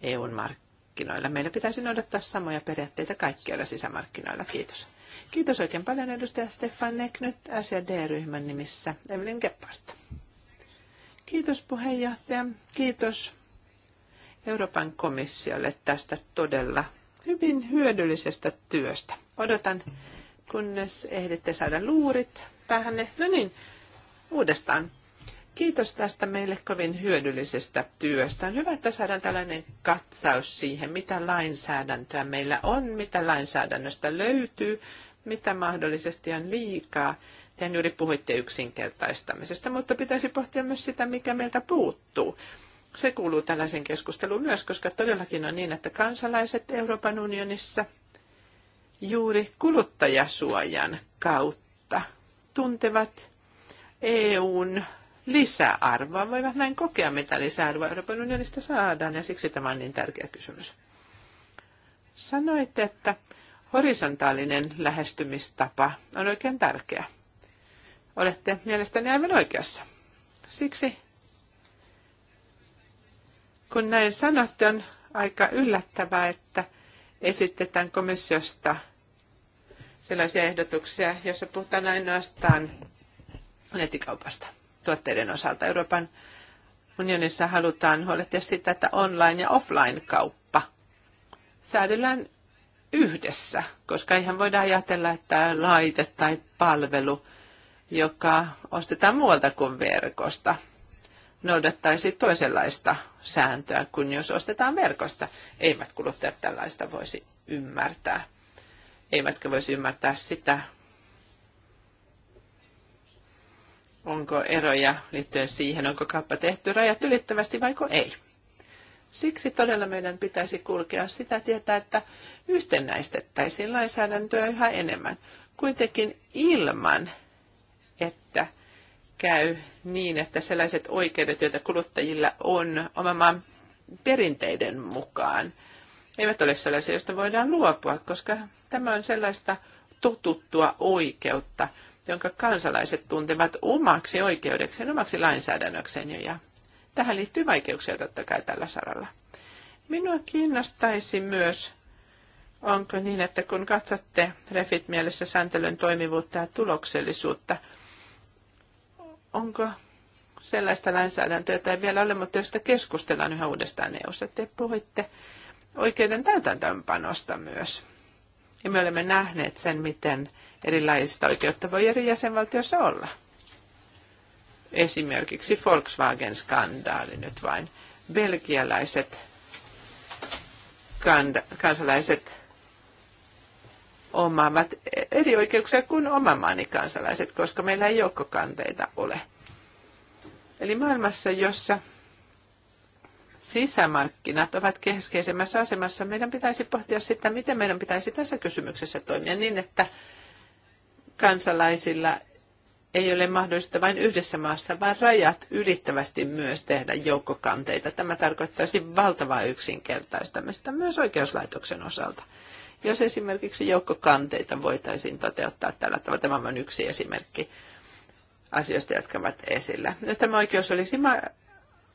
EUn markkinoilla. Meillä pitäisi noudattaa samoja periaatteita kaikkialla sisämarkkinoilla. Kiitos. Kiitos oikein paljon edustaja Stefan Neck nyt ryhmän nimissä. Evelyn Gebhardt. Kiitos puheenjohtaja. Kiitos Euroopan komissiolle tästä todella hyvin hyödyllisestä työstä. Odotan, kunnes ehditte saada luurit päähänne. No niin, uudestaan. Kiitos tästä meille kovin hyödyllisestä työstä. On hyvä, että saadaan tällainen katsaus siihen, mitä lainsäädäntöä meillä on, mitä lainsäädännöstä löytyy, mitä mahdollisesti on liikaa. Tehän juuri puhuitte yksinkertaistamisesta, mutta pitäisi pohtia myös sitä, mikä meiltä puuttuu se kuuluu tällaisen keskusteluun myös, koska todellakin on niin, että kansalaiset Euroopan unionissa juuri kuluttajasuojan kautta tuntevat EUn lisäarvoa, voivat näin kokea, mitä lisäarvoa Euroopan unionista saadaan, ja siksi tämä on niin tärkeä kysymys. Sanoit, että horisontaalinen lähestymistapa on oikein tärkeä. Olette mielestäni aivan oikeassa. Siksi kun näin sanotte, on aika yllättävää, että esitetään komissiosta sellaisia ehdotuksia, joissa puhutaan ainoastaan netikaupasta tuotteiden osalta. Euroopan unionissa halutaan huolehtia sitä, että online- ja offline-kauppa säädellään yhdessä, koska ihan voidaan ajatella, että laite tai palvelu, joka ostetaan muualta kuin verkosta, noudattaisi toisenlaista sääntöä kuin jos ostetaan verkosta. Eivät kuluttajat tällaista voisi ymmärtää. Eivätkä voisi ymmärtää sitä, onko eroja liittyen siihen, onko kauppa tehty rajat ylittävästi vaiko ei. Siksi todella meidän pitäisi kulkea sitä tietää, että yhtenäistettäisiin lainsäädäntöä yhä enemmän, kuitenkin ilman, että – käy niin, että sellaiset oikeudet, joita kuluttajilla on oman maan perinteiden mukaan, eivät ole sellaisia, joista voidaan luopua, koska tämä on sellaista totuttua oikeutta, jonka kansalaiset tuntevat omaksi oikeudekseen, omaksi lainsäädännökseen. Ja tähän liittyy vaikeuksia totta kai tällä saralla. Minua kiinnostaisi myös, onko niin, että kun katsotte refit mielessä sääntelyn toimivuutta ja tuloksellisuutta, onko sellaista lainsäädäntöä, jota ei vielä ole, mutta josta keskustellaan yhä uudestaan eu Te puhuitte oikeuden täytäntöönpanosta myös. Ja me olemme nähneet sen, miten erilaista oikeutta voi eri jäsenvaltiossa olla. Esimerkiksi Volkswagen-skandaali nyt vain. Belgialaiset kansalaiset omaavat eri oikeuksia kuin oman maani kansalaiset, koska meillä ei joukkokanteita ole. Eli maailmassa, jossa sisämarkkinat ovat keskeisemmässä asemassa, meidän pitäisi pohtia sitä, miten meidän pitäisi tässä kysymyksessä toimia niin, että kansalaisilla ei ole mahdollista vain yhdessä maassa, vaan rajat ylittävästi myös tehdä joukkokanteita. Tämä tarkoittaisi valtavaa yksinkertaistamista myös oikeuslaitoksen osalta. Jos esimerkiksi joukkokanteita voitaisiin toteuttaa tällä tavalla, tämä on yksi esimerkki asioista, jotka ovat esillä. Jos tämä oikeus olisi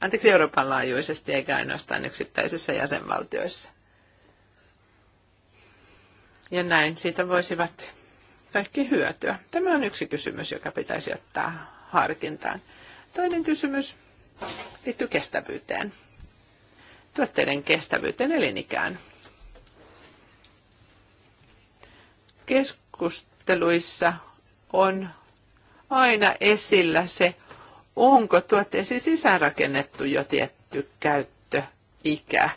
anteeksi, Euroopan laajuisesti eikä ainoastaan yksittäisissä jäsenvaltioissa. Ja näin siitä voisivat kaikki hyötyä. Tämä on yksi kysymys, joka pitäisi ottaa harkintaan. Toinen kysymys liittyy kestävyyteen. Tuotteiden kestävyyteen elinikään. keskusteluissa on aina esillä se, onko tuotteisiin sisäänrakennettu jo tietty käyttöikä.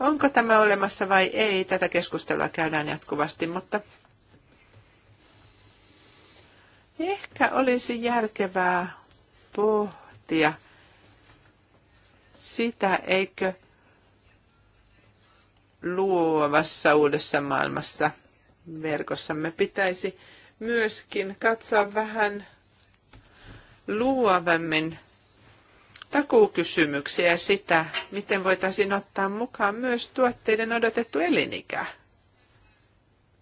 Onko tämä olemassa vai ei, tätä keskustelua käydään jatkuvasti, mutta ehkä olisi järkevää pohtia sitä, eikö luovassa uudessa maailmassa verkossamme. Pitäisi myöskin katsoa vähän luovemmin takuukysymyksiä ja sitä, miten voitaisiin ottaa mukaan myös tuotteiden odotettu elinikä.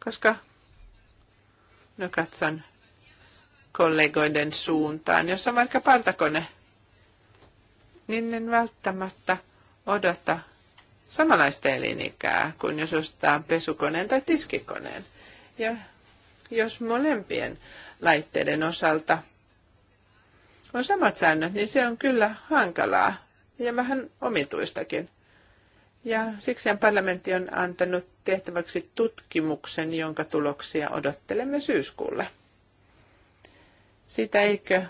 Koska, no katson kollegoiden suuntaan, jos on vaikka partakone, niin en välttämättä odota samanlaista elinikää kuin jos ostaa pesukoneen tai tiskikoneen – ja jos molempien laitteiden osalta on samat säännöt, niin se on kyllä hankalaa ja vähän omituistakin. Ja siksi parlamentti on antanut tehtäväksi tutkimuksen, jonka tuloksia odottelemme syyskuulle. Sitä eikö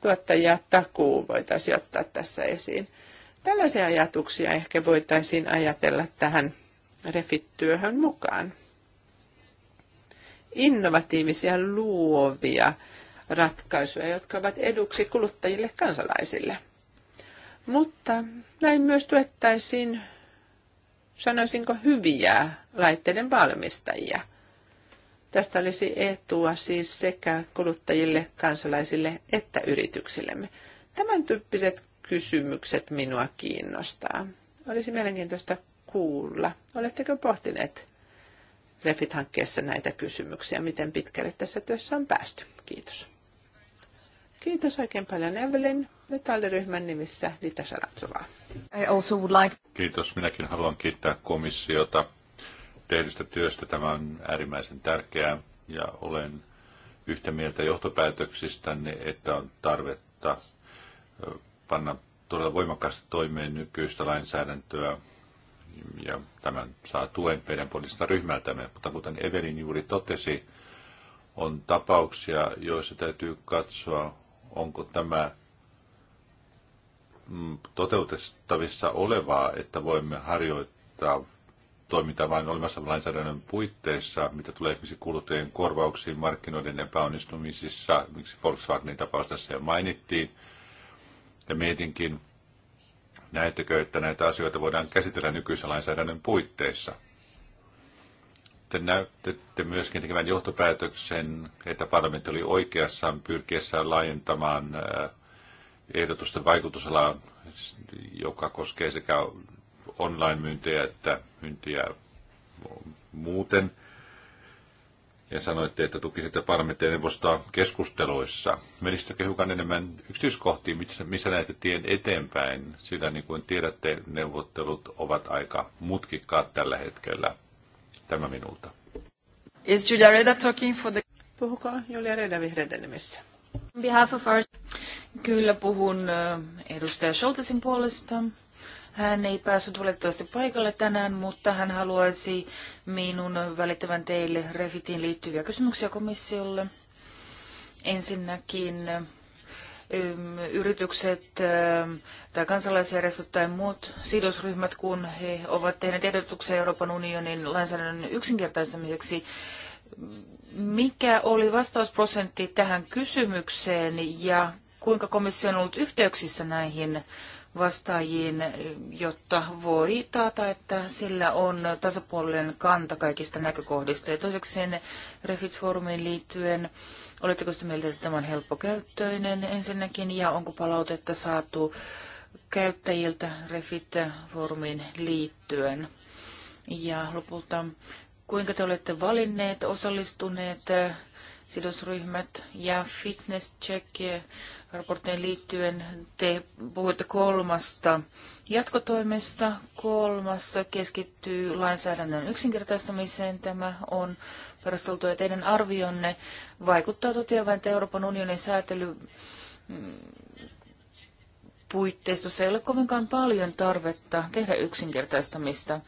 tuottaja takuu voitaisiin ottaa tässä esiin. Tällaisia ajatuksia ehkä voitaisiin ajatella tähän refittyöhön mukaan innovatiivisia, luovia ratkaisuja, jotka ovat eduksi kuluttajille kansalaisille. Mutta näin myös tuettaisiin, sanoisinko, hyviä laitteiden valmistajia. Tästä olisi etua siis sekä kuluttajille, kansalaisille että yrityksillemme. Tämän tyyppiset kysymykset minua kiinnostaa. Olisi mielenkiintoista kuulla. Oletteko pohtineet REFIT-hankkeessa näitä kysymyksiä, miten pitkälle tässä työssä on päästy. Kiitos. Kiitos oikein paljon Evelyn. Nyt ryhmän nimissä Lita Sarantsovaa. like... Kiitos. Minäkin haluan kiittää komissiota tehdystä työstä. Tämä on äärimmäisen tärkeää ja olen yhtä mieltä johtopäätöksistänne, että on tarvetta panna todella voimakkaasti toimeen nykyistä lainsäädäntöä ja tämän saa tuen meidän poliittisesta ryhmältämme. Mutta kuten Evelin juuri totesi, on tapauksia, joissa täytyy katsoa, onko tämä mm, toteutettavissa olevaa, että voimme harjoittaa toimintaa vain olemassa lainsäädännön puitteissa, mitä tulee esimerkiksi kulutujen korvauksiin markkinoiden epäonnistumisissa, miksi Volkswagenin tapaus tässä jo mainittiin. Ja mietinkin, Näettekö, että näitä asioita voidaan käsitellä nykyisen lainsäädännön puitteissa? Te näytette myöskin tekemään johtopäätöksen, että parlamentti oli oikeassaan pyrkiessään laajentamaan äh, ehdotusten vaikutusalaa, joka koskee sekä online-myyntiä että myyntiä muuten – ja sanoitte, että tukisitte parlamentin neuvostoa keskusteluissa. Menisittekö hiukan enemmän yksityiskohtiin, missä, missä näette tien eteenpäin, sillä niin kuin tiedätte, neuvottelut ovat aika mutkikkaat tällä hetkellä. Tämä minulta. Is Julia Reda talking for the... Puhukaa Julia Reda vihreiden nimissä. On behalf of our... Kyllä puhun edustaja Scholtesin puolesta. Hän ei päässyt valitettavasti paikalle tänään, mutta hän haluaisi minun välittävän teille Refitiin liittyviä kysymyksiä komissiolle. Ensinnäkin ehm, yritykset ehm, tai kansalaisjärjestöt tai muut sidosryhmät, kun he ovat tehneet ehdotuksia Euroopan unionin lainsäädännön yksinkertaistamiseksi, mikä oli vastausprosentti tähän kysymykseen ja kuinka komissio on ollut yhteyksissä näihin vastaajiin, jotta voi taata, että sillä on tasapuolinen kanta kaikista näkökohdista. Ja toiseksi sen Refit-foorumiin liittyen, oletteko sitä mieltä, että tämä on helppokäyttöinen ensinnäkin, ja onko palautetta saatu käyttäjiltä Refit-foorumiin liittyen? Ja lopulta, kuinka te olette valinneet, osallistuneet sidosryhmät ja fitness check raporttiin liittyen. Te puhuitte kolmasta jatkotoimesta. Kolmas keskittyy lainsäädännön yksinkertaistamiseen. Tämä on perusteltu ja teidän arvionne vaikuttaa totiaan että Euroopan unionin säätely mm, puitteistossa ei ole kovinkaan paljon tarvetta tehdä yksinkertaistamista.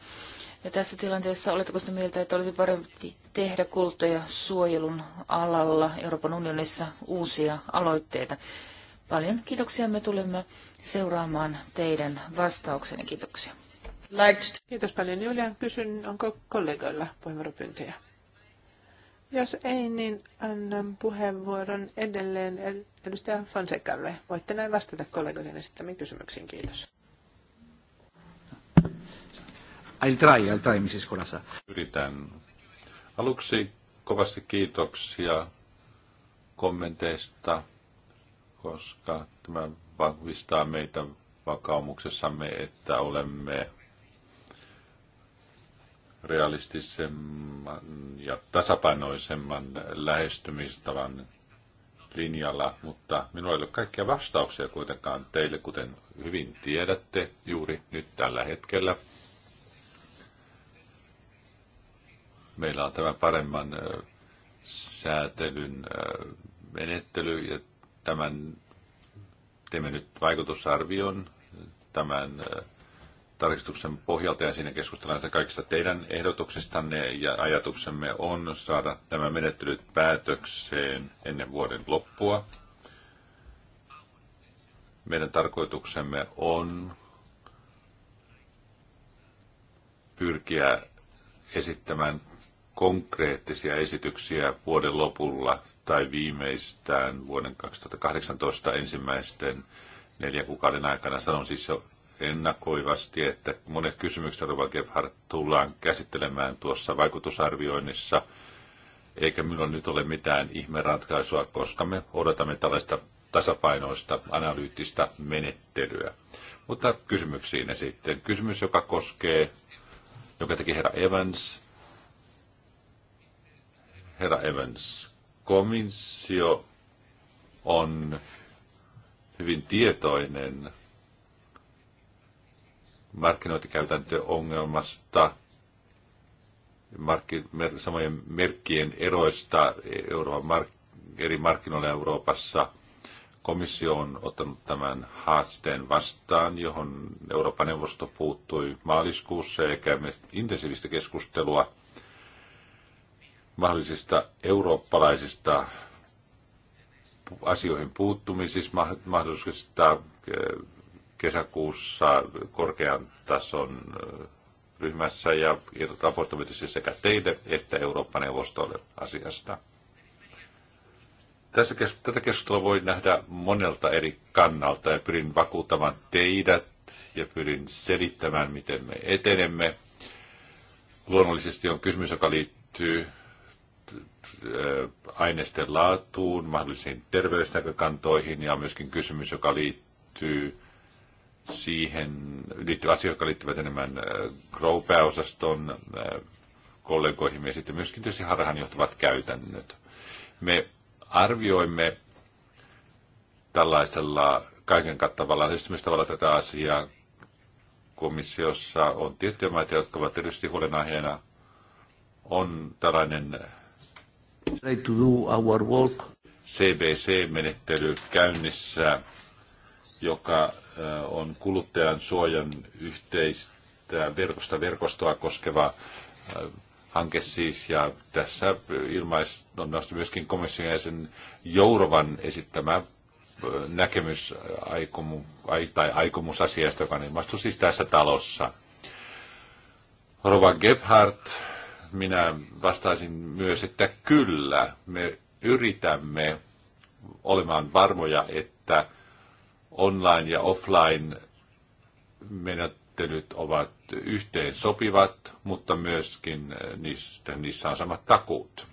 Ja tässä tilanteessa oletteko sitä mieltä, että olisi parempi tehdä kuluttajasuojelun alalla Euroopan unionissa uusia aloitteita? Paljon kiitoksia. Me tulemme seuraamaan teidän vastauksenne. Kiitoksia. Kiitos paljon Julia. Kysyn, onko kollegoilla puheenvuoropyyntöjä? Jos ei, niin annan puheenvuoron edelleen edustaja Fonsekalle. Voitte näin vastata kollegoiden esittämiin kysymyksiin. Kiitos. I'll try, I'll try, Mrs. Yritän. Aluksi kovasti kiitoksia kommenteista koska tämä vahvistaa meitä vakaumuksessamme, että olemme realistisemman ja tasapainoisemman lähestymistavan linjalla, mutta minulla ei ole kaikkia vastauksia kuitenkaan teille, kuten hyvin tiedätte juuri nyt tällä hetkellä. Meillä on tämä paremman säätelyn menettely ja tämän, teemme nyt vaikutusarvion tämän tarkistuksen pohjalta ja siinä keskustellaan sitä kaikista teidän ehdotuksistanne ja ajatuksemme on saada tämä menettely päätökseen ennen vuoden loppua. Meidän tarkoituksemme on pyrkiä esittämään konkreettisia esityksiä vuoden lopulla tai viimeistään vuoden 2018 ensimmäisten neljän kuukauden aikana. Sanon siis jo ennakoivasti, että monet kysymykset, Rova Gebhardt, tullaan käsittelemään tuossa vaikutusarvioinnissa, eikä minulla nyt ole mitään ratkaisua koska me odotamme tällaista tasapainoista analyyttistä menettelyä. Mutta kysymyksiin sitten. Kysymys, joka koskee, joka teki herra Evans. Herra Evans, komissio on hyvin tietoinen markkinointikäytäntöongelmasta, markki, mer, samojen merkkien eroista Euroopan mark, eri markkinoilla Euroopassa. Komissio on ottanut tämän haasteen vastaan, johon Euroopan neuvosto puuttui maaliskuussa ja käymme intensiivistä keskustelua – mahdollisista eurooppalaisista asioihin puuttumisista, mahdollisista eh, kesäkuussa korkean tason eh, ryhmässä ja raportoimisessa sekä teille että Eurooppa-neuvostolle asiasta. Tässä, tätä keskustelua voi nähdä monelta eri kannalta ja pyrin vakuuttamaan teidät ja pyrin selittämään, miten me etenemme. Luonnollisesti on kysymys, joka liittyy Äh, aineisten laatuun, mahdollisiin terveysnäkökantoihin ja myöskin kysymys, joka liittyy siihen, liittyy asioihin, jotka liittyvät enemmän äh, grow pääosaston äh, kollegoihin ja sitten myöskin tietysti harhaanjohtavat käytännöt. Me arvioimme tällaisella kaiken kattavalla lähestymistavalla tätä asiaa. Komissiossa on tiettyjä maita, jotka ovat erityisesti huolenaiheena on tällainen Try to do our work. CBC-menettely käynnissä, joka äh, on kuluttajan suojan yhteistä verkosta verkostoa koskeva äh, hanke siis, ja tässä ilmais, on myöskin komission jäsen Jourovan esittämä äh, näkemys aikomu, ai, tai aikomusasiasta, joka on ilmastu siis tässä talossa. Rova Gebhardt minä vastaisin myös, että kyllä, me yritämme olemaan varmoja, että online ja offline menettelyt ovat yhteen sopivat, mutta myöskin eh, niistä, niissä on samat takuut.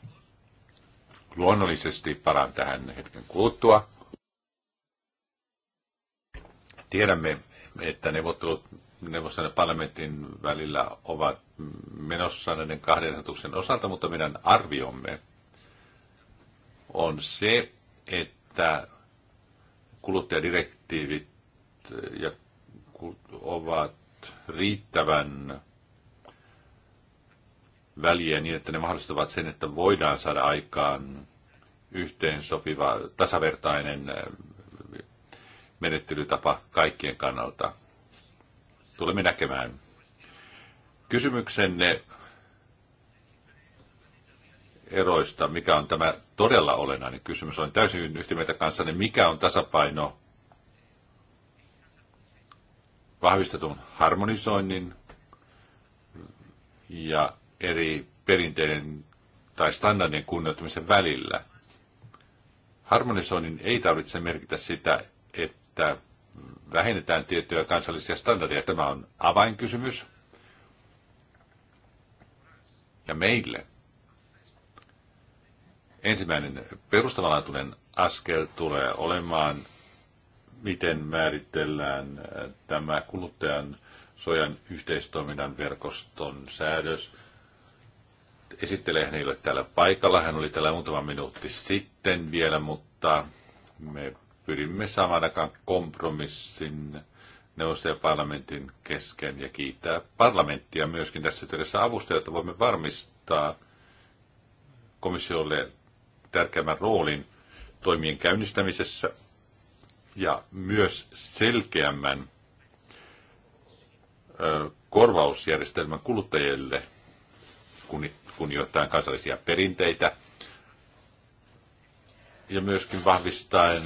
Luonnollisesti paran tähän hetken kuluttua. Tiedämme, että neuvottelut neuvoston parlamentin välillä ovat menossa näiden kahden ehdotuksen osalta, mutta meidän arviomme on se, että kuluttajadirektiivit ja ovat riittävän väliä niin, että ne mahdollistavat sen, että voidaan saada aikaan yhteensopiva, tasavertainen äh, menettelytapa kaikkien kannalta. Tulemme näkemään, Kysymyksenne eroista, mikä on tämä todella olennainen kysymys, on täysin yhtä mieltä kanssanne, mikä on tasapaino vahvistetun harmonisoinnin ja eri perinteiden tai standardien kunnioittamisen välillä. Harmonisoinnin ei tarvitse merkitä sitä, että vähennetään tiettyjä kansallisia standardeja. Tämä on avainkysymys. Ja meille ensimmäinen perustavanlaatuinen askel tulee olemaan, miten määritellään äh, tämä kuluttajan sojan yhteistoiminnan verkoston säädös. Esittelee hän ole täällä paikalla, hän oli täällä muutama minuutti sitten vielä, mutta me pyrimme saamaan aikaan kompromissin neuvoston ja parlamentin kesken ja kiittää parlamenttia myöskin tässä yhteydessä avusta, jotta voimme varmistaa komissiolle tärkeimmän roolin toimien käynnistämisessä ja myös selkeämmän korvausjärjestelmän kuluttajille kunnioittain kansallisia perinteitä ja myöskin vahvistaen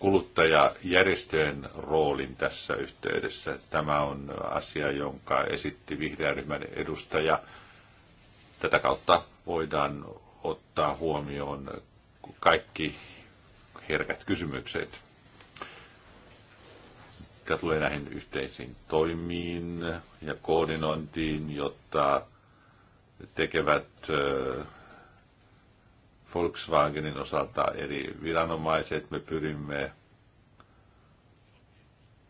kuluttajajärjestöjen roolin tässä yhteydessä. Tämä on asia, jonka esitti vihreän ryhmän edustaja. Tätä kautta voidaan ottaa huomioon kaikki herkät kysymykset. Tämä tulee näihin yhteisiin toimiin ja koordinointiin, jotta tekevät Volkswagenin osalta eri viranomaiset, me pyrimme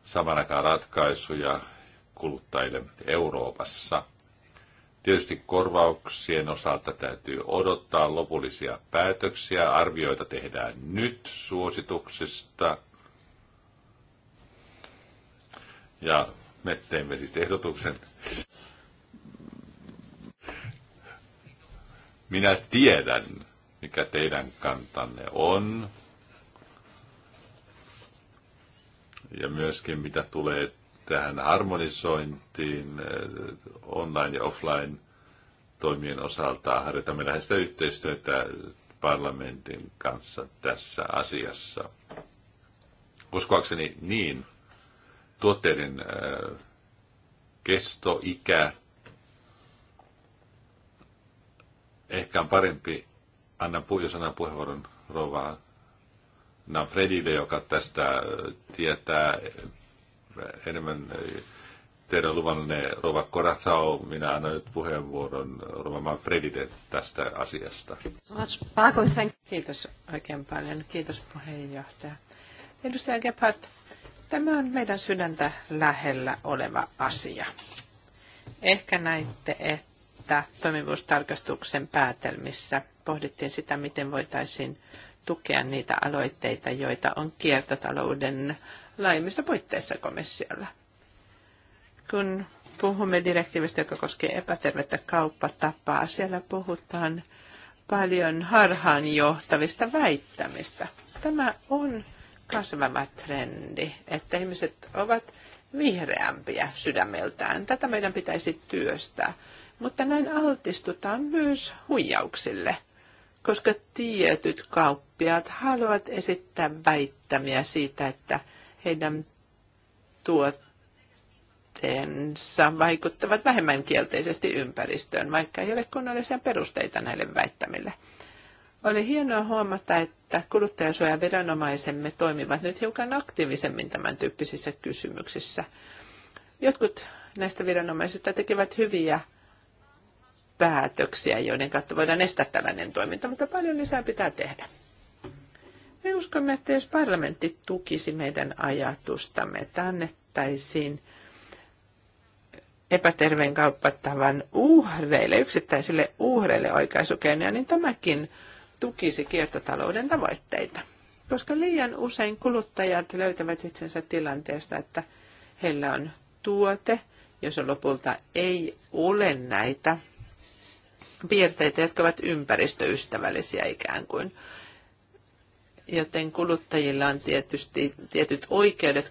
saman aikaan ratkaisuja kuluttajille Euroopassa. Tietysti korvauksien osalta täytyy odottaa lopullisia päätöksiä. Arvioita tehdään nyt suosituksista. Ja me teimme siis ehdotuksen. Minä tiedän, mikä teidän kantanne on. Ja myöskin mitä tulee tähän harmonisointiin eh, online ja offline toimien osalta harjoitamme läheistä yhteistyötä parlamentin kanssa tässä asiassa. Uskoakseni niin, tuotteiden eh, kesto, ikä, ehkä on parempi annan puhujasanan puheenvuoron rouva Nafredille, joka tästä äh, tietää äh, enemmän äh, teidän luvanne Rova Korathau, Minä annan nyt puheenvuoron Rova Manfredille tästä asiasta. Kiitos oikein paljon. Kiitos puheenjohtaja. Edustaja Gebhardt, tämä on meidän sydäntä lähellä oleva asia. Ehkä näitte, että että toimivuustarkastuksen päätelmissä pohdittiin sitä, miten voitaisiin tukea niitä aloitteita, joita on kiertotalouden laajemmissa puitteissa komissiolla. Kun puhumme direktiivistä, joka koskee epätervettä kauppatapaa, siellä puhutaan paljon harhaanjohtavista väittämistä. Tämä on kasvava trendi, että ihmiset ovat vihreämpiä sydämeltään. Tätä meidän pitäisi työstää. Mutta näin altistutaan myös huijauksille, koska tietyt kauppiaat haluavat esittää väittämiä siitä, että heidän tuotteensa vaikuttavat vähemmän kielteisesti ympäristöön, vaikka ei ole kunnollisia perusteita näille väittämille. Oli hienoa huomata, että kuluttajasuojaviranomaisemme toimivat nyt hiukan aktiivisemmin tämän tyyppisissä kysymyksissä. Jotkut näistä viranomaisista tekevät hyviä päätöksiä, joiden kautta voidaan estää tällainen toiminta, mutta paljon lisää pitää tehdä. Me uskomme, että jos parlamentti tukisi meidän ajatustamme, että annettaisiin epäterveen kauppattavan uhreille, yksittäisille uhreille oikaisukeinoja, niin tämäkin tukisi kiertotalouden tavoitteita. Koska liian usein kuluttajat löytävät itsensä tilanteesta, että heillä on tuote, jos lopulta ei ole näitä piirteitä, jotka ovat ympäristöystävällisiä ikään kuin. Joten kuluttajilla on tietysti tietyt oikeudet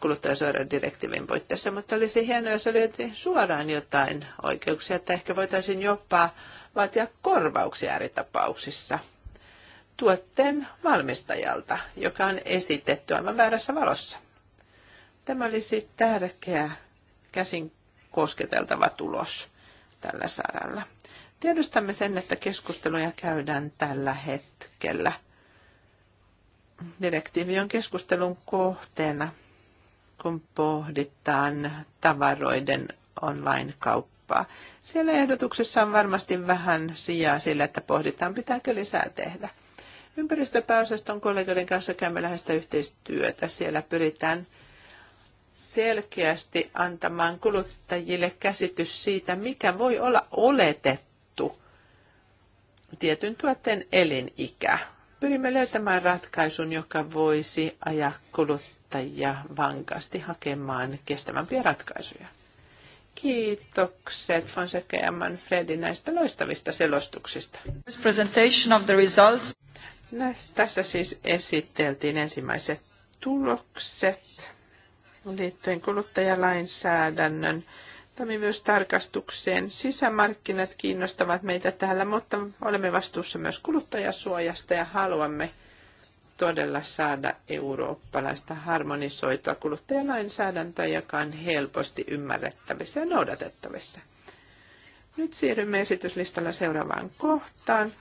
direktiivin puitteissa, mutta olisi hienoa, jos olisi suoraan jotain oikeuksia, että ehkä voitaisiin jopa vaatia korvauksia eri tapauksissa tuotteen valmistajalta, joka on esitetty aivan väärässä valossa. Tämä olisi tärkeä käsin kosketeltava tulos tällä saralla. Tiedostamme sen, että keskusteluja käydään tällä hetkellä. Direktiivi on keskustelun kohteena, kun pohditaan tavaroiden online-kauppaa. Siellä ehdotuksessa on varmasti vähän sijaa sillä, että pohditaan, pitääkö lisää tehdä. Ympäristöpääosaston kollegoiden kanssa käymme läheistä yhteistyötä. Siellä pyritään selkeästi antamaan kuluttajille käsitys siitä, mikä voi olla oletettu sidottu tietyn tuotteen elinikä. Pyrimme löytämään ratkaisun, joka voisi ajaa kuluttajia vankasti hakemaan kestävämpiä ratkaisuja. Kiitokset Fonseca ja Manfredi näistä loistavista selostuksista. Presentation of the results. Tässä siis esiteltiin ensimmäiset tulokset liittyen kuluttajalainsäädännön toimii myös tarkastukseen. Sisämarkkinat kiinnostavat meitä täällä, mutta olemme vastuussa myös kuluttajasuojasta ja haluamme todella saada eurooppalaista harmonisoitua kuluttajalainsäädäntöä, joka on helposti ymmärrettävissä ja noudatettavissa. Nyt siirrymme esityslistalla seuraavaan kohtaan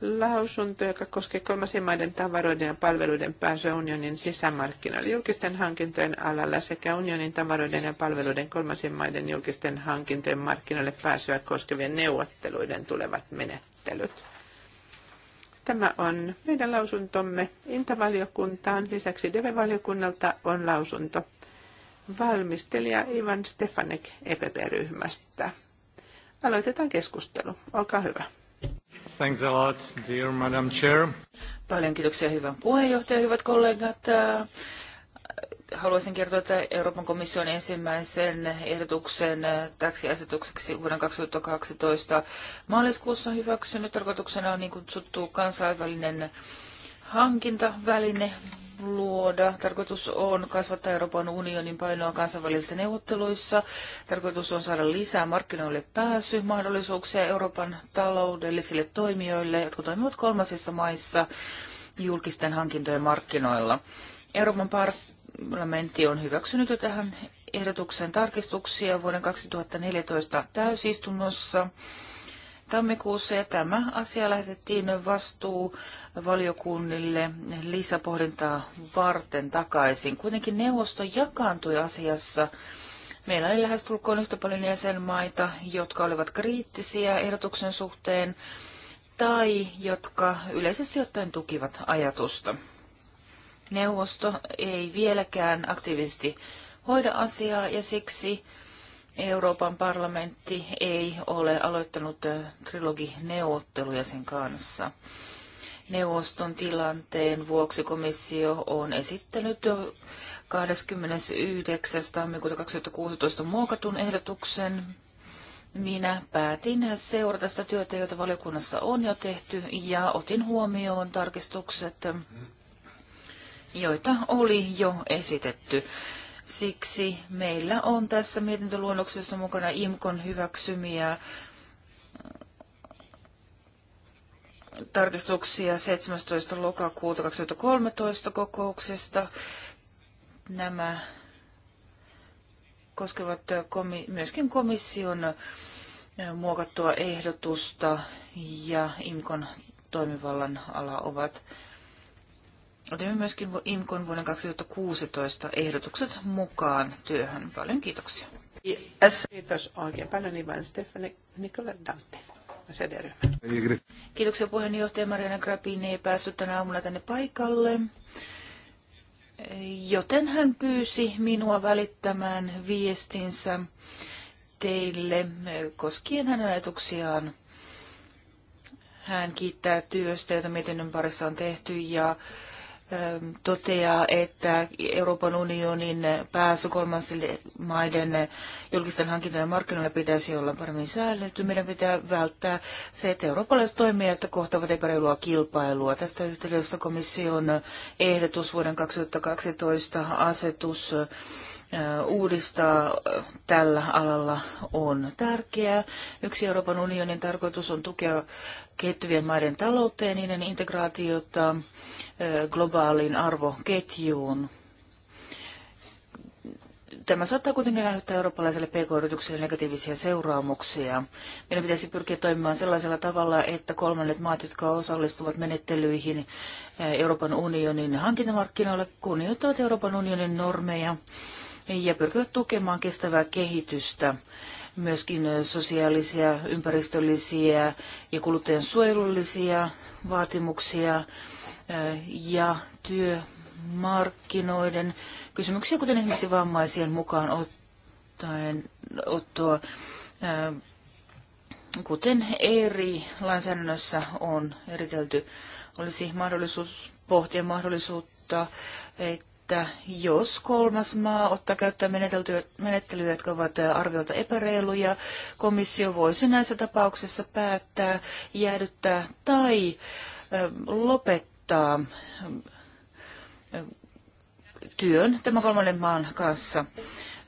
lausuntoja, joka koskee kolmasien maiden tavaroiden ja palveluiden pääsyä unionin sisämarkkinoille julkisten hankintojen alalla sekä unionin tavaroiden ja palveluiden kolmasien maiden julkisten hankintojen markkinoille pääsyä koskevien neuvotteluiden tulevat menettelyt. Tämä on meidän lausuntomme Intavaliokuntaan. Lisäksi DEVE-valiokunnalta on lausunto valmistelija Ivan Stefanek EPP-ryhmästä. Aloitetaan keskustelu. Olkaa hyvä. Thanks a lot, dear Madam Chair. Paljon kiitoksia hyvän puheenjohtaja, hyvät kollegat. Äh, haluaisin kertoa, että Euroopan komission ensimmäisen ehdotuksen äh, taksiasetukseksi vuoden 2012 maaliskuussa hyväksynyt. Tarkoituksena on niin kutsuttu kansainvälinen hankintaväline luoda. Tarkoitus on kasvattaa Euroopan unionin painoa kansainvälisissä neuvotteluissa. Tarkoitus on saada lisää markkinoille mahdollisuuksia Euroopan taloudellisille toimijoille, jotka toimivat kolmasissa maissa julkisten hankintojen markkinoilla. Euroopan parlamentti on hyväksynyt jo tähän ehdotuksen tarkistuksia vuoden 2014 täysistunnossa tammikuussa ja tämä asia lähetettiin vastuu valiokunnille lisäpohdintaa varten takaisin. Kuitenkin neuvosto jakaantui asiassa. Meillä oli lähestulkoon yhtä paljon jäsenmaita, jotka olivat kriittisiä ehdotuksen suhteen tai jotka yleisesti ottaen tukivat ajatusta. Neuvosto ei vieläkään aktiivisesti hoida asiaa ja siksi Euroopan parlamentti ei ole aloittanut trilogineuvotteluja sen kanssa. Neuvoston tilanteen vuoksi komissio on esittänyt 29. tammikuuta 2016 muokatun ehdotuksen. Minä päätin seurata sitä työtä, jota valiokunnassa on jo tehty, ja otin huomioon tarkistukset, joita oli jo esitetty. Siksi meillä on tässä mietintöluonnoksessa mukana IMKON hyväksymiä äh, tarkistuksia 17. lokakuuta 2013 kokouksesta. Nämä koskevat komi- myöskin komission äh, muokattua ehdotusta ja IMKON toimivallan ala ovat Otimme myöskin IMKON vuoden 2016 ehdotukset mukaan työhön. Paljon kiitoksia. Yes. Kiitos oikein paljon Ivan niin Stefani Nikola Dante. Kiitoksia puheenjohtaja Mariana Grappin ei päässyt tänä aamuna tänne paikalle, joten hän pyysi minua välittämään viestinsä teille koskien hänen ajatuksiaan. Hän kiittää työstä, jota mietinnön parissa on tehty ja toteaa, että Euroopan unionin pääsy kolmansille maiden julkisten hankintojen markkinoille pitäisi olla paremmin säännelty. Meidän pitää välttää se, että eurooppalaiset toimijat kohtavat epäreilua kilpailua. Tästä yhteydessä komission ehdotus vuoden 2012 asetus uudistaa tällä alalla on tärkeää. Yksi Euroopan unionin tarkoitus on tukea kehittyvien maiden taloutta ja niiden integraatiota globaaliin arvoketjuun. Tämä saattaa kuitenkin aiheuttaa eurooppalaiselle pk-yritykselle negatiivisia seuraamuksia. Meidän pitäisi pyrkiä toimimaan sellaisella tavalla, että kolmannet maat, jotka osallistuvat menettelyihin Euroopan unionin hankintamarkkinoille, kunnioittavat Euroopan unionin normeja ja pyrkivät tukemaan kestävää kehitystä myöskin sosiaalisia, ympäristöllisiä ja kuluttajan suojelullisia vaatimuksia eh, ja työmarkkinoiden kysymyksiä, kuten esimerkiksi vammaisien mukaan ottaen, ottoa, eh, kuten eri lainsäädännössä on eritelty, olisi mahdollisuus pohtia mahdollisuutta, että että jos kolmas maa ottaa käyttöön menettelyjä, jotka ovat arviolta epäreiluja, komissio voisi näissä tapauksissa päättää jäädyttää tai lopettaa työn tämän kolmannen maan kanssa.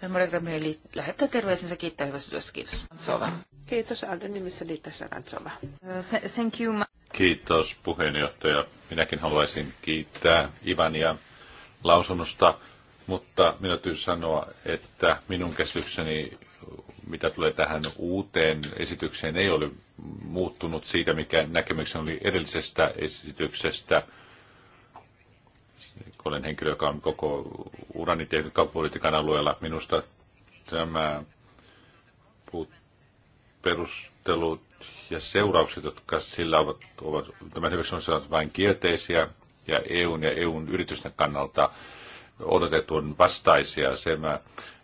Marika Mieli lähettää terveisensä kiittää hyvästä työstä. Kiitos. Antsova. Kiitos Alden nimissä Liitta Sarantsova. Uh, thank you. Kiitos puheenjohtaja. Minäkin haluaisin kiittää Ivania lausunnosta, mutta minä täytyy sanoa, että minun käsitykseni, mitä tulee tähän uuteen esitykseen, ei ole muuttunut siitä, mikä näkemykseni oli edellisestä esityksestä. Olen henkilö, joka on koko urani tehnyt kauppapolitiikan alueella. Minusta tämä perustelut ja seuraukset, jotka sillä ovat, ovat tämän hyväksi vain kielteisiä ja EUn ja EUn yritysten kannalta odotetun vastaisia. Se,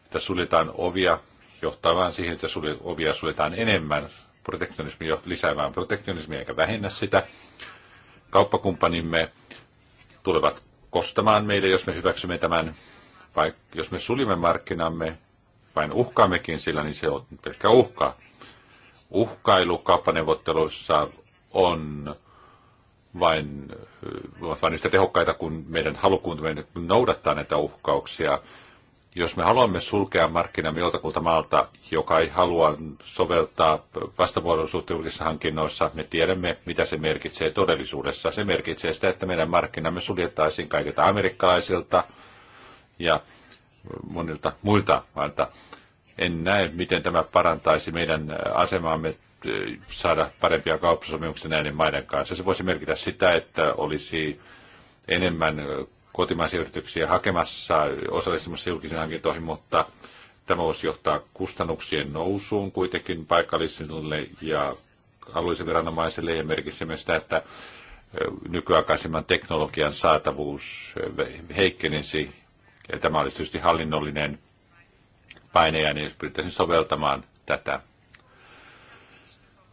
että suljetaan ovia, johtaa vain siihen, että ovia suljetaan enemmän. Protektionismi jo lisäävään protektionismia eikä vähennä sitä. Kauppakumppanimme tulevat kostamaan meille, jos me hyväksymme tämän, vai jos me suljemme markkinamme, vain uhkaammekin sillä, niin se on pelkkä uhka. Uhkailu kauppaneuvotteluissa on vain, ovat vain yhtä tehokkaita kuin meidän halukuntamme noudattaa näitä uhkauksia. Jos me haluamme sulkea markkinamme joltakulta maalta, joka ei halua soveltaa vastavuoroisuutta julkisissa hankinnoissa, me tiedämme, mitä se merkitsee todellisuudessa. Se merkitsee sitä, että meidän markkinamme suljettaisiin kaikilta amerikkalaisilta ja monilta muilta mailta en näe, miten tämä parantaisi meidän asemaamme Eh, saada parempia kauppasopimuksia näiden maiden kanssa. Se voisi merkitä sitä, että olisi enemmän eh, kotimaisia yrityksiä hakemassa, osallistumassa julkisiin hankintoihin, mutta tämä voisi johtaa kustannuksien nousuun kuitenkin paikallisille ja alueellisille viranomaisille ja merkitsee myös sitä, että eh, nykyaikaisemman teknologian saatavuus heikkenisi. Ja tämä olisi tietysti hallinnollinen paine ja niin jos pyrittäisiin soveltamaan tätä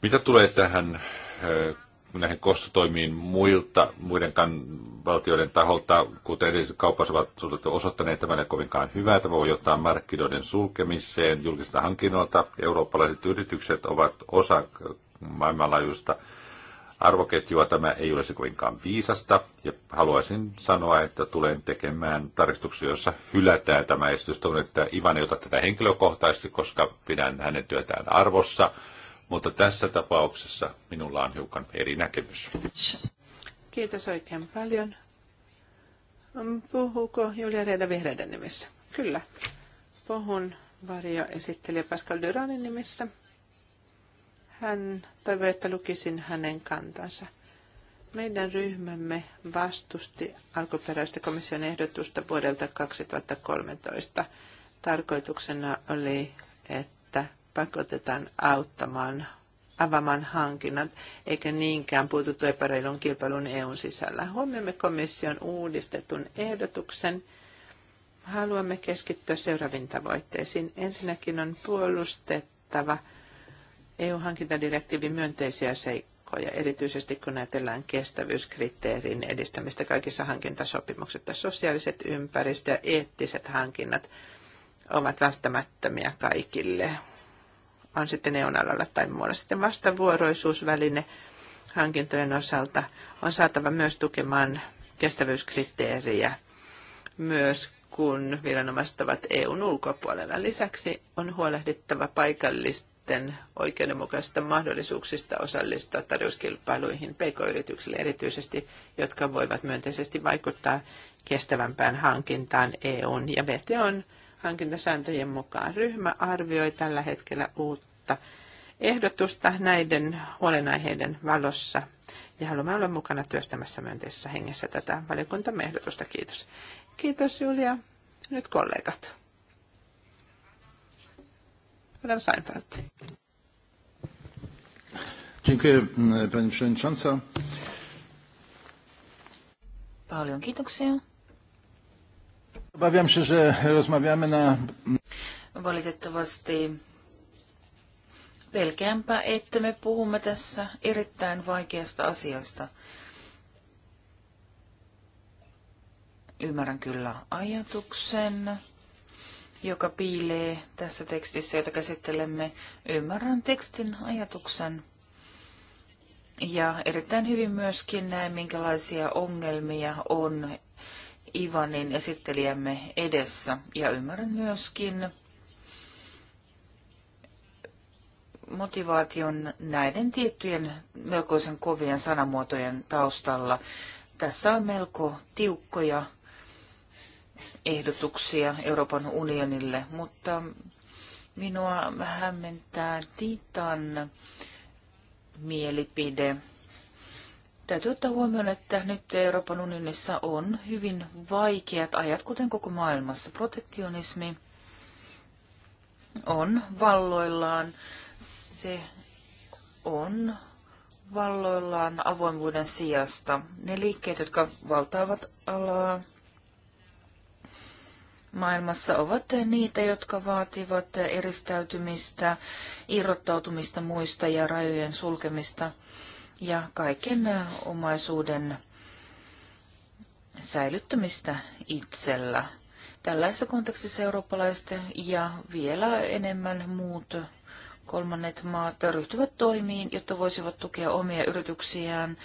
mitä tulee tähän äh, näihin kostotoimiin muilta, muiden valtioiden taholta, kuten edelliset kauppasuhteet ovat osoittaneet, tämä ei kovinkaan hyvää. Tämä voi johtaa markkinoiden sulkemiseen julkista hankinnoilta. Eurooppalaiset yritykset ovat osa maailmanlaajuista arvoketjua. Tämä ei ole se kovinkaan viisasta. Ja haluaisin sanoa, että tulen tekemään tarkistuksia, jossa hylätään tämä esitys. Toivon, että Ivan ei ota tätä henkilökohtaisesti, koska pidän hänen työtään arvossa mutta tässä tapauksessa minulla on hiukan eri näkemys. Kiitos oikein paljon. Puhuuko Julia Reda vihreiden nimissä? Kyllä. Puhun esittelijä Pascal Duranin nimissä. Hän toivoi, että lukisin hänen kantansa. Meidän ryhmämme vastusti alkuperäistä komission ehdotusta vuodelta 2013. Tarkoituksena oli, että pakotetaan auttamaan avaamaan hankinnat, eikä niinkään puututtu epäreilun kilpailun EUn sisällä. Huomioimme komission uudistetun ehdotuksen. Haluamme keskittyä seuraaviin tavoitteisiin. Ensinnäkin on puolustettava EU-hankintadirektiivin myönteisiä seikkoja, erityisesti kun ajatellaan kestävyyskriteerin edistämistä kaikissa hankintasopimuksissa. Sosiaaliset ympäristö- ja eettiset hankinnat ovat välttämättömiä kaikille on sitten EUn alalla tai muualla. Sitten vastavuoroisuusväline hankintojen osalta on saatava myös tukemaan kestävyyskriteeriä, myös kun viranomaiset ovat EUn ulkopuolella. Lisäksi on huolehdittava paikallisten oikeudenmukaisista mahdollisuuksista osallistua tarjouskilpailuihin pk-yrityksille erityisesti, jotka voivat myönteisesti vaikuttaa kestävämpään hankintaan EUn ja VTOn hankintasääntöjen mukaan. Ryhmä arvioi tällä hetkellä uutta ehdotusta näiden huolenaiheiden valossa ja haluamme olla mukana työstämässä myönteisessä hengessä tätä valiokuntamme ehdotusta. Kiitos. Kiitos Julia. Nyt kollegat. Madam Seinfeld. Dziękuję, mm, pani przewodnicząca. Paljon kiitoksia. Obawiam się, że rozmawiamy na... Valitettavasti pelkeämpää, että me puhumme tässä erittäin vaikeasta asiasta. Ymmärrän kyllä ajatuksen, joka piilee tässä tekstissä, jota käsittelemme. Ymmärrän tekstin ajatuksen. Ja erittäin hyvin myöskin näen, minkälaisia ongelmia on Ivanin esittelijämme edessä. Ja ymmärrän myöskin motivaation näiden tiettyjen melkoisen kovien sanamuotojen taustalla. Tässä on melko tiukkoja ehdotuksia Euroopan unionille, mutta minua hämmentää Titan mielipide Täytyy ottaa huomioon, että nyt Euroopan unionissa on hyvin vaikeat ajat, kuten koko maailmassa. Protektionismi on valloillaan. Se on valloillaan avoimuuden sijasta. Ne liikkeet, jotka valtaavat alaa maailmassa, ovat niitä, jotka vaativat eristäytymistä, irrottautumista muista ja rajojen sulkemista – ja kaiken omaisuuden säilyttämistä itsellä. Tällaisessa kontekstissa eurooppalaiset ja vielä enemmän muut kolmannet maat ryhtyvät toimiin, jotta voisivat tukea omia yrityksiään,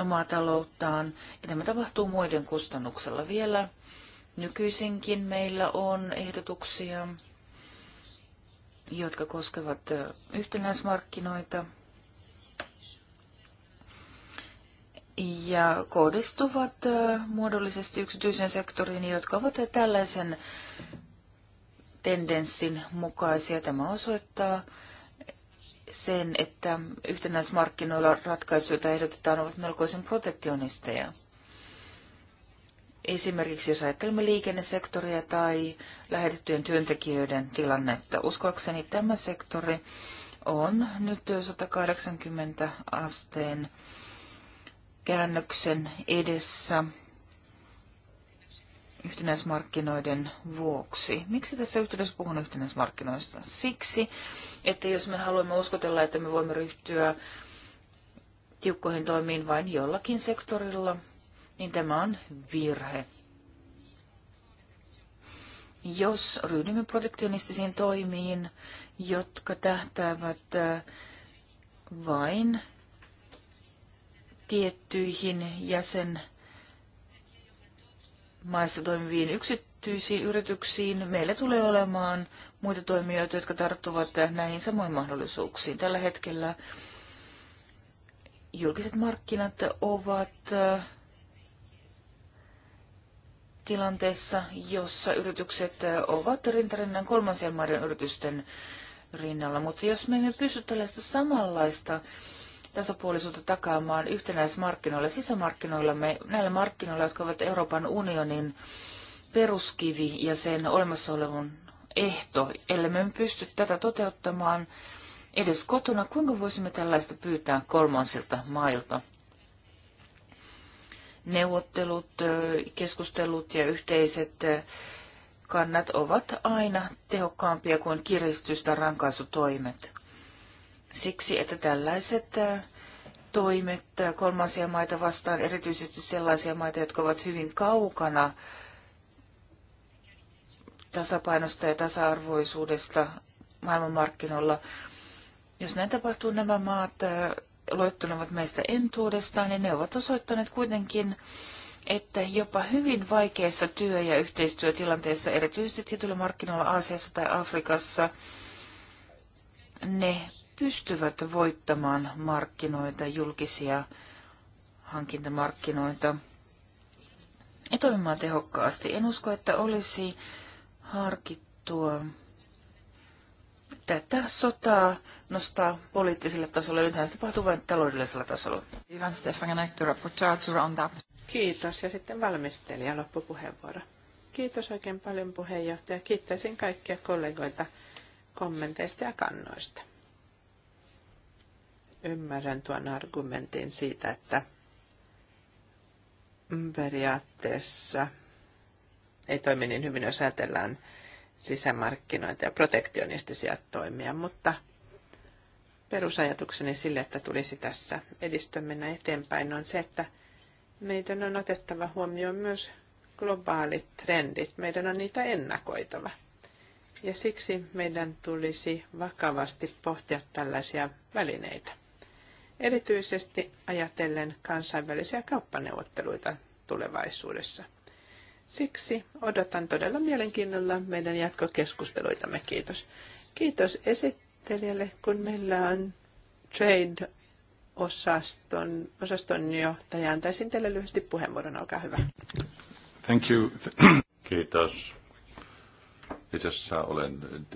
omaa talouttaan. Ja tämä tapahtuu muiden kustannuksella vielä. Nykyisinkin meillä on ehdotuksia, jotka koskevat yhtenäismarkkinoita – ja kohdistuvat muodollisesti yksityisen sektoriin, jotka ovat tällaisen tendenssin mukaisia. Tämä osoittaa sen, että yhtenäismarkkinoilla ratkaisuja ehdotetaan ovat melkoisen protektionisteja. Esimerkiksi jos ajattelemme liikennesektoria tai lähetettyjen työntekijöiden tilannetta, uskoakseni tämä sektori on nyt 180 asteen käännöksen edessä yhtenäismarkkinoiden vuoksi. Miksi tässä yhteydessä puhun yhtenäismarkkinoista? Siksi, että jos me haluamme uskotella, että me voimme ryhtyä tiukkoihin toimiin vain jollakin sektorilla, niin tämä on virhe. Jos ryhdymme protektionistisiin toimiin, jotka tähtäävät äh, vain tiettyihin jäsen maissa toimiviin yksityisiin yrityksiin. Meillä tulee olemaan muita toimijoita, jotka tarttuvat näihin samoin mahdollisuuksiin. Tällä hetkellä julkiset markkinat ovat tilanteessa, jossa yritykset ovat rintarinnan kolmansien maiden yritysten rinnalla. Mutta jos me emme pysty tällaista samanlaista tasapuolisuutta takaamaan yhtenäismarkkinoilla, sisämarkkinoilla, me, näillä markkinoilla, jotka ovat Euroopan unionin peruskivi ja sen olemassa ehto. Ellei me pysty tätä toteuttamaan edes kotona, kuinka voisimme tällaista pyytää kolmansilta mailta? Neuvottelut, keskustelut ja yhteiset kannat ovat aina tehokkaampia kuin kiristys- tai rankaisutoimet siksi, että tällaiset äh, toimet äh, kolmansia maita vastaan, erityisesti sellaisia maita, jotka ovat hyvin kaukana tasapainosta ja tasa-arvoisuudesta maailmanmarkkinoilla. Jos näin tapahtuu, nämä maat äh, loittunevat meistä entuudestaan niin ne ovat osoittaneet kuitenkin, että jopa hyvin vaikeassa työ- ja yhteistyötilanteessa, erityisesti tietyillä markkinoilla Aasiassa tai Afrikassa, ne pystyvät voittamaan markkinoita, julkisia hankintamarkkinoita ja toimimaan tehokkaasti. En usko, että olisi harkittua tätä sotaa nostaa poliittiselle tasolle. Nythän se tapahtuu vain taloudellisella tasolla. Kiitos ja sitten valmistelija loppupuheenvuoro. Kiitos oikein paljon puheenjohtaja. Kiittäisin kaikkia kollegoita kommenteista ja kannoista. Ymmärrän tuon argumentin siitä, että periaatteessa ei toimi niin hyvin, jos ajatellaan sisämarkkinoita ja protektionistisia toimia, mutta perusajatukseni sille, että tulisi tässä mennä eteenpäin, on se, että meidän on otettava huomioon myös globaalit trendit. Meidän on niitä ennakoitava. Ja siksi meidän tulisi vakavasti pohtia tällaisia välineitä erityisesti ajatellen kansainvälisiä kauppaneuvotteluita tulevaisuudessa. Siksi odotan todella mielenkiinnolla meidän jatkokeskusteluitamme. Kiitos. Kiitos esittelijälle, kun meillä on Trade osaston, osaston johtaja. Antaisin teille lyhyesti puheenvuoron, olkaa hyvä. Thank you. Kiitos itse asiassa olen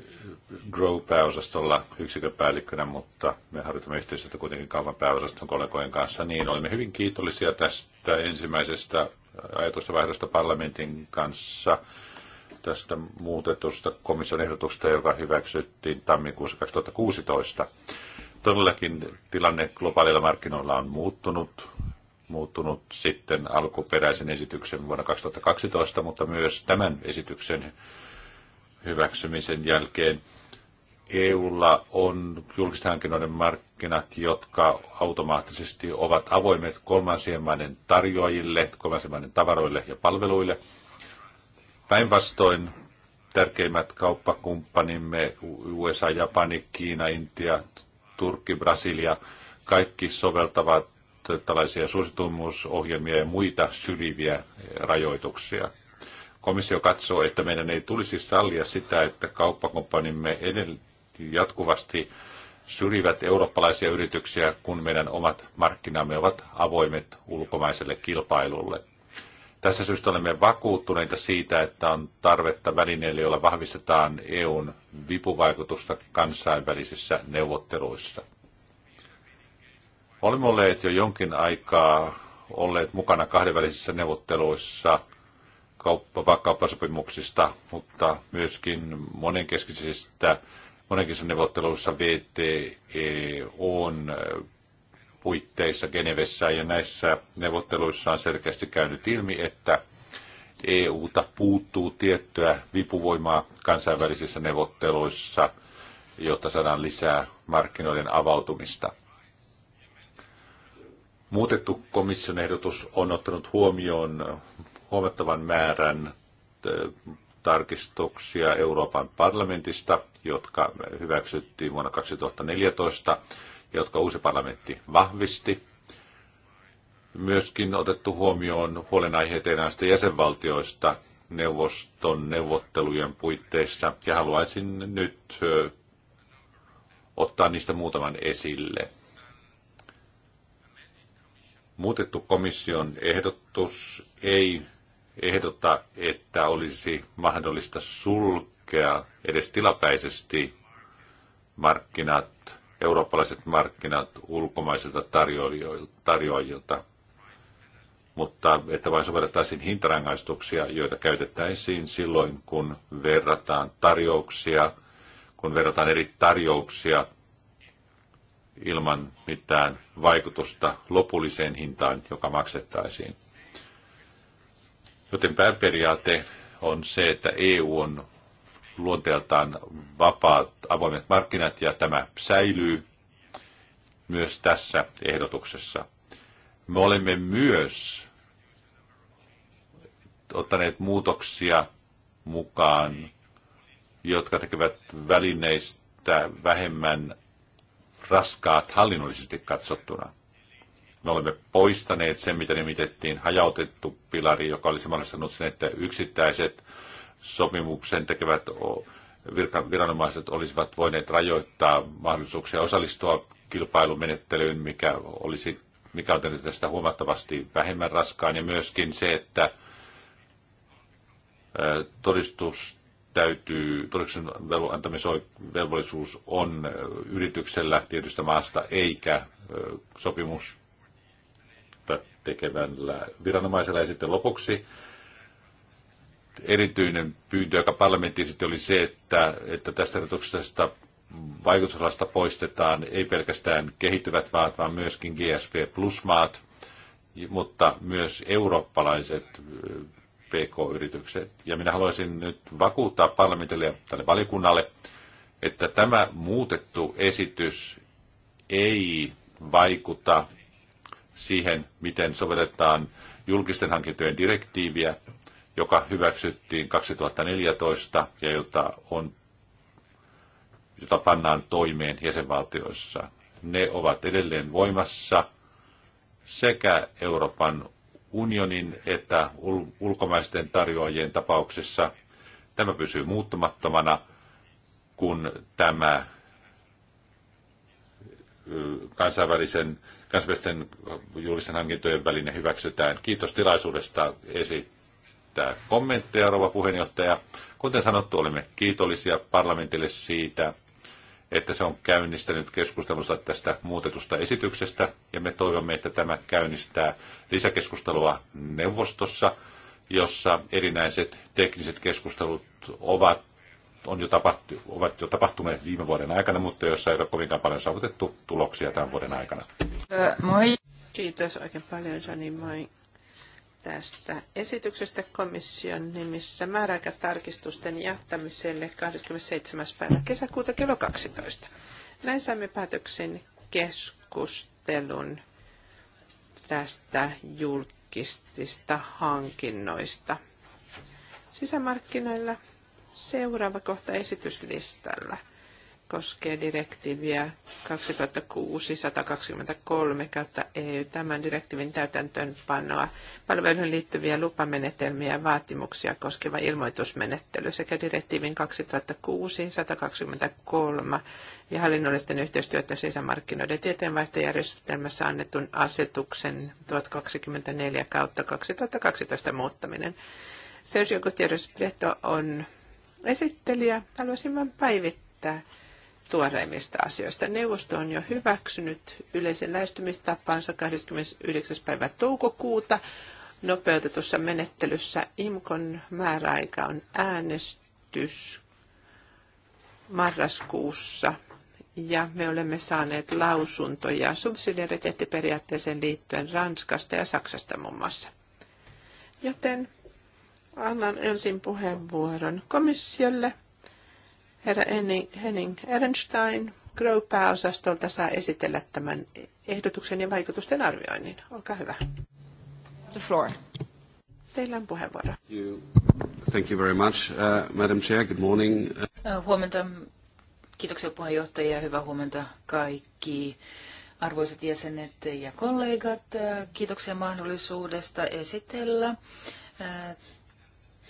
Grow-pääosastolla yksiköpäällikkönä, mutta me harjoitamme yhteistyötä kuitenkin kaupan pääosaston kollegojen kanssa. Niin, olemme hyvin kiitollisia tästä ensimmäisestä ajatusta vaihdosta parlamentin kanssa tästä muutetusta komission ehdotuksesta, joka hyväksyttiin tammikuussa 2016. Todellakin tilanne globaalilla markkinoilla on muuttunut, muuttunut sitten alkuperäisen esityksen vuonna 2012, mutta myös tämän esityksen hyväksymisen jälkeen. EUlla on julkisten hankinnoiden markkinat, jotka automaattisesti ovat avoimet kolmansien maiden tarjoajille, kolmansien maiden tavaroille ja palveluille. Päinvastoin tärkeimmät kauppakumppanimme USA, Japani, Kiina, Intia, Turkki, Brasilia, kaikki soveltavat tällaisia suositumusohjelmia ja muita syrjiviä rajoituksia. Komissio katsoo, että meidän ei tulisi sallia sitä, että kauppakumppanimme jatkuvasti syrjivät eurooppalaisia yrityksiä, kun meidän omat markkinamme ovat avoimet ulkomaiselle kilpailulle. Tässä syystä olemme vakuuttuneita siitä, että on tarvetta välineille, joilla vahvistetaan EUn vipuvaikutusta kansainvälisissä neuvotteluissa. Olemme olleet jo jonkin aikaa olleet mukana kahdenvälisissä neuvotteluissa kauppasopimuksista, mutta myöskin monenkeskisistä monenkeskisissä neuvotteluissa e on äh, puitteissa Genevessä ja näissä neuvotteluissa on selkeästi käynyt ilmi, että EUta puuttuu tiettyä vipuvoimaa kansainvälisissä neuvotteluissa, jotta saadaan lisää markkinoiden avautumista. Muutettu komission ehdotus on ottanut huomioon huomattavan määrän tarkistuksia Euroopan parlamentista, jotka hyväksyttiin vuonna 2014, jotka uusi parlamentti vahvisti. Myöskin otettu huomioon huolenaiheet eräistä jäsenvaltioista neuvoston neuvottelujen puitteissa, ja haluaisin nyt ottaa niistä muutaman esille. Muutettu komission ehdotus ei ehdota, että olisi mahdollista sulkea edes tilapäisesti markkinat, eurooppalaiset markkinat ulkomaisilta tarjoajilta, mutta että vain sovellettaisiin hintarangaistuksia, joita käytettäisiin silloin, kun verrataan tarjouksia, kun verrataan eri tarjouksia ilman mitään vaikutusta lopulliseen hintaan, joka maksettaisiin. Joten pääperiaate on se, että EU on luonteeltaan vapaat, avoimet markkinat ja tämä säilyy myös tässä ehdotuksessa. Me olemme myös ottaneet muutoksia mukaan, jotka tekevät välineistä vähemmän raskaat hallinnollisesti katsottuna. Me olemme poistaneet sen, mitä nimitettiin hajautettu pilari, joka olisi mahdollistanut sen, että yksittäiset sopimuksen tekevät viranomaiset olisivat voineet rajoittaa mahdollisuuksia osallistua kilpailumenettelyyn, mikä, olisi, mikä on tehnyt tästä huomattavasti vähemmän raskaan, ja myöskin se, että todistus täytyy, todistuksen antamisvelvollisuus on yrityksellä tietystä maasta eikä sopimus tutkimusta tekevällä viranomaisella. Ja sitten lopuksi erityinen pyyntö, joka parlamentti sitten oli se, että, että tästä erotuksesta vaikutusalasta poistetaan ei pelkästään kehittyvät maat, vaan myöskin GSP Plus-maat, mutta myös eurooppalaiset PK-yritykset. Ja minä haluaisin nyt vakuuttaa parlamentille ja tälle valikunnalle, että tämä muutettu esitys ei vaikuta siihen, miten sovelletaan julkisten hankintojen direktiiviä, joka hyväksyttiin 2014 ja jota, on, jota pannaan toimeen jäsenvaltioissa. Ne ovat edelleen voimassa sekä Euroopan unionin että ulkomaisten tarjoajien tapauksessa. Tämä pysyy muuttumattomana, kun tämä kansainvälisen, kansainvälisten julkisten hankintojen väline hyväksytään. Kiitos tilaisuudesta esittää kommentteja, rouva puheenjohtaja. Kuten sanottu, olemme kiitollisia parlamentille siitä, että se on käynnistänyt keskustelunsa tästä muutetusta esityksestä, ja me toivomme, että tämä käynnistää lisäkeskustelua neuvostossa, jossa erinäiset tekniset keskustelut ovat on jo tapahtu, ovat jo tapahtuneet viime vuoden aikana, mutta joissa ei ole kovinkaan paljon saavutettu tuloksia tämän vuoden aikana. Moi. Kiitos oikein paljon, Jani. Moi tästä esityksestä komission nimissä määräaikatarkistusten jättämiselle 27. päivä kesäkuuta kello 12. Näin saimme päätöksen keskustelun tästä julkisista hankinnoista sisämarkkinoilla Seuraava kohta esityslistalla koskee direktiiviä 2006-123 kautta EU tämän direktiivin täytäntöönpanoa, palveluihin liittyviä lupamenetelmiä ja vaatimuksia koskeva ilmoitusmenettely sekä direktiivin 2006-123 ja hallinnollisten yhteistyötä sisämarkkinoiden tieteenvaihtojärjestelmässä annetun asetuksen 1024 kautta 2012 muuttaminen. Se, jos joku tiedos, on esittelijä. Haluaisin vain päivittää tuoreimmista asioista. Neuvosto on jo hyväksynyt yleisen lähestymistapansa 29. päivä toukokuuta nopeutetussa menettelyssä. IMKON määräaika on äänestys marraskuussa ja me olemme saaneet lausuntoja subsidiariteettiperiaatteeseen liittyen Ranskasta ja Saksasta muun muassa. Joten Annan ensin puheenvuoron komissiolle. Herra Henning Ehrenstein Grow-pääosastolta saa esitellä tämän ehdotuksen ja vaikutusten arvioinnin. Olkaa hyvä. The floor. Teillä on puheenvuoro. Thank you very much, uh, Madam Chair. Good morning. Uh, huomenta. Kiitoksia puheenjohtaja ja hyvää huomenta kaikki arvoisat jäsenet ja kollegat. Uh, kiitoksia mahdollisuudesta esitellä uh,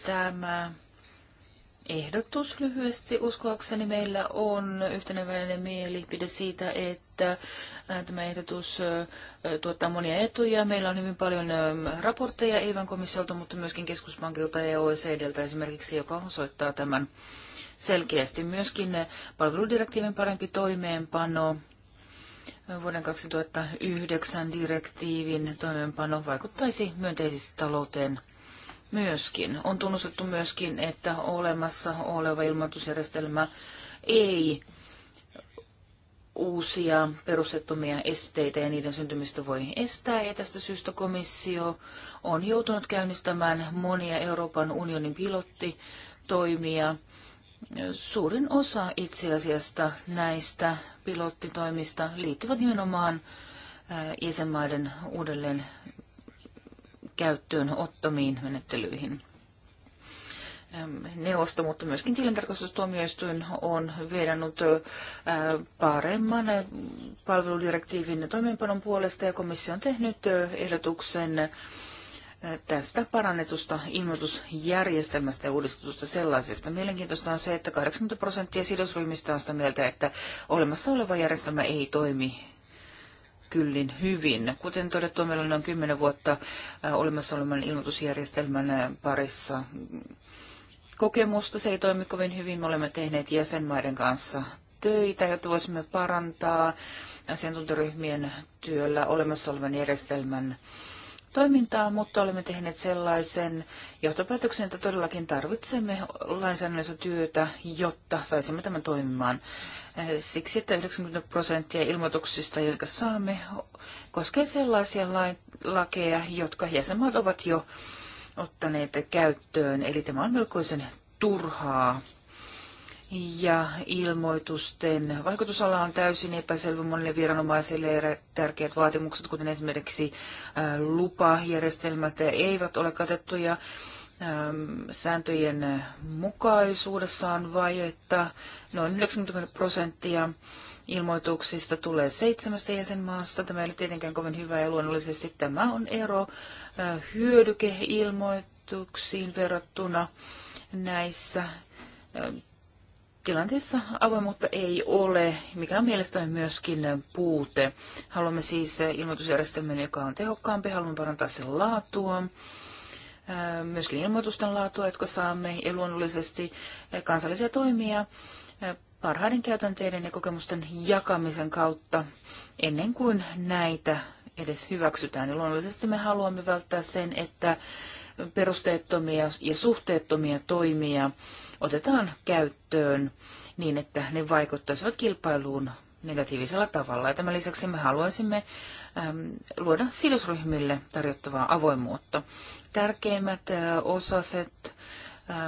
tämä ehdotus lyhyesti. Uskoakseni meillä on yhteneväinen mielipide siitä, että äh, tämä ehdotus äh, tuottaa monia etuja. Meillä on hyvin paljon ähm, raportteja EIVän komissiolta, mutta myöskin keskuspankilta ja OECDltä esimerkiksi, joka osoittaa tämän selkeästi. Myöskin äh, palveludirektiivin parempi toimeenpano, vuoden 2009 direktiivin toimeenpano vaikuttaisi myönteisesti talouteen myöskin. On tunnustettu myöskin, että olemassa oleva ilmoitusjärjestelmä ei uusia perustettomia esteitä ja niiden syntymistä voi estää, ja tästä syystä komissio on joutunut käynnistämään monia Euroopan unionin pilottitoimia. Suurin osa itse asiassa näistä pilottitoimista liittyvät nimenomaan jäsenmaiden uudelleen käyttöön ottamiin menettelyihin. Neuvosto, mutta myöskin tilintarkastustuomioistuin on vedannut paremman palveludirektiivin toimeenpanon puolesta ja komissio on tehnyt ehdotuksen tästä parannetusta ilmoitusjärjestelmästä ja uudistusta sellaisesta. Mielenkiintoista on se, että 80 prosenttia sidosryhmistä on sitä mieltä, että olemassa oleva järjestelmä ei toimi kyllin hyvin. Kuten todettu, meillä on noin 10 vuotta äh, olemassa olevan ilmoitusjärjestelmän äh, parissa kokemusta. Se ei toimi kovin hyvin. Me olemme tehneet jäsenmaiden kanssa töitä, jotta voisimme parantaa asiantuntijaryhmien työllä olemassa olevan järjestelmän toimintaa, mutta olemme tehneet sellaisen johtopäätöksen, että todellakin tarvitsemme lainsäädännöllistä työtä, jotta saisimme tämän toimimaan. Eh, siksi, että 90 prosenttia ilmoituksista, jotka saamme, koskee sellaisia lakeja, jotka jäsenmaat ovat jo ottaneet käyttöön. Eli tämä on melkoisen turhaa ja ilmoitusten vaikutusala on täysin epäselvä monille viranomaisille ja tärkeät vaatimukset, kuten esimerkiksi äh, lupajärjestelmät, eivät ole katettuja. Ähm, sääntöjen mukaisuudessa on että Noin 90 prosenttia ilmoituksista tulee seitsemästä jäsenmaasta. Tämä ei ole tietenkään kovin hyvä ja luonnollisesti tämä on ero äh, hyödykeilmoituksiin verrattuna näissä äh, tilanteessa avoimuutta ei ole, mikä on mielestäni myöskin puute. Haluamme siis ilmoitusjärjestelmän, joka on tehokkaampi, haluamme parantaa sen laatua, myöskin ilmoitusten laatua, jotka saamme, ja luonnollisesti kansallisia toimia parhaiden käytänteiden ja kokemusten jakamisen kautta ennen kuin näitä edes hyväksytään. Ja luonnollisesti me haluamme välttää sen, että perusteettomia ja suhteettomia toimia otetaan käyttöön niin, että ne vaikuttaisivat kilpailuun negatiivisella tavalla. Ja tämän lisäksi me haluaisimme äm, luoda sidosryhmille tarjottavaa avoimuutta. Tärkeimmät osaset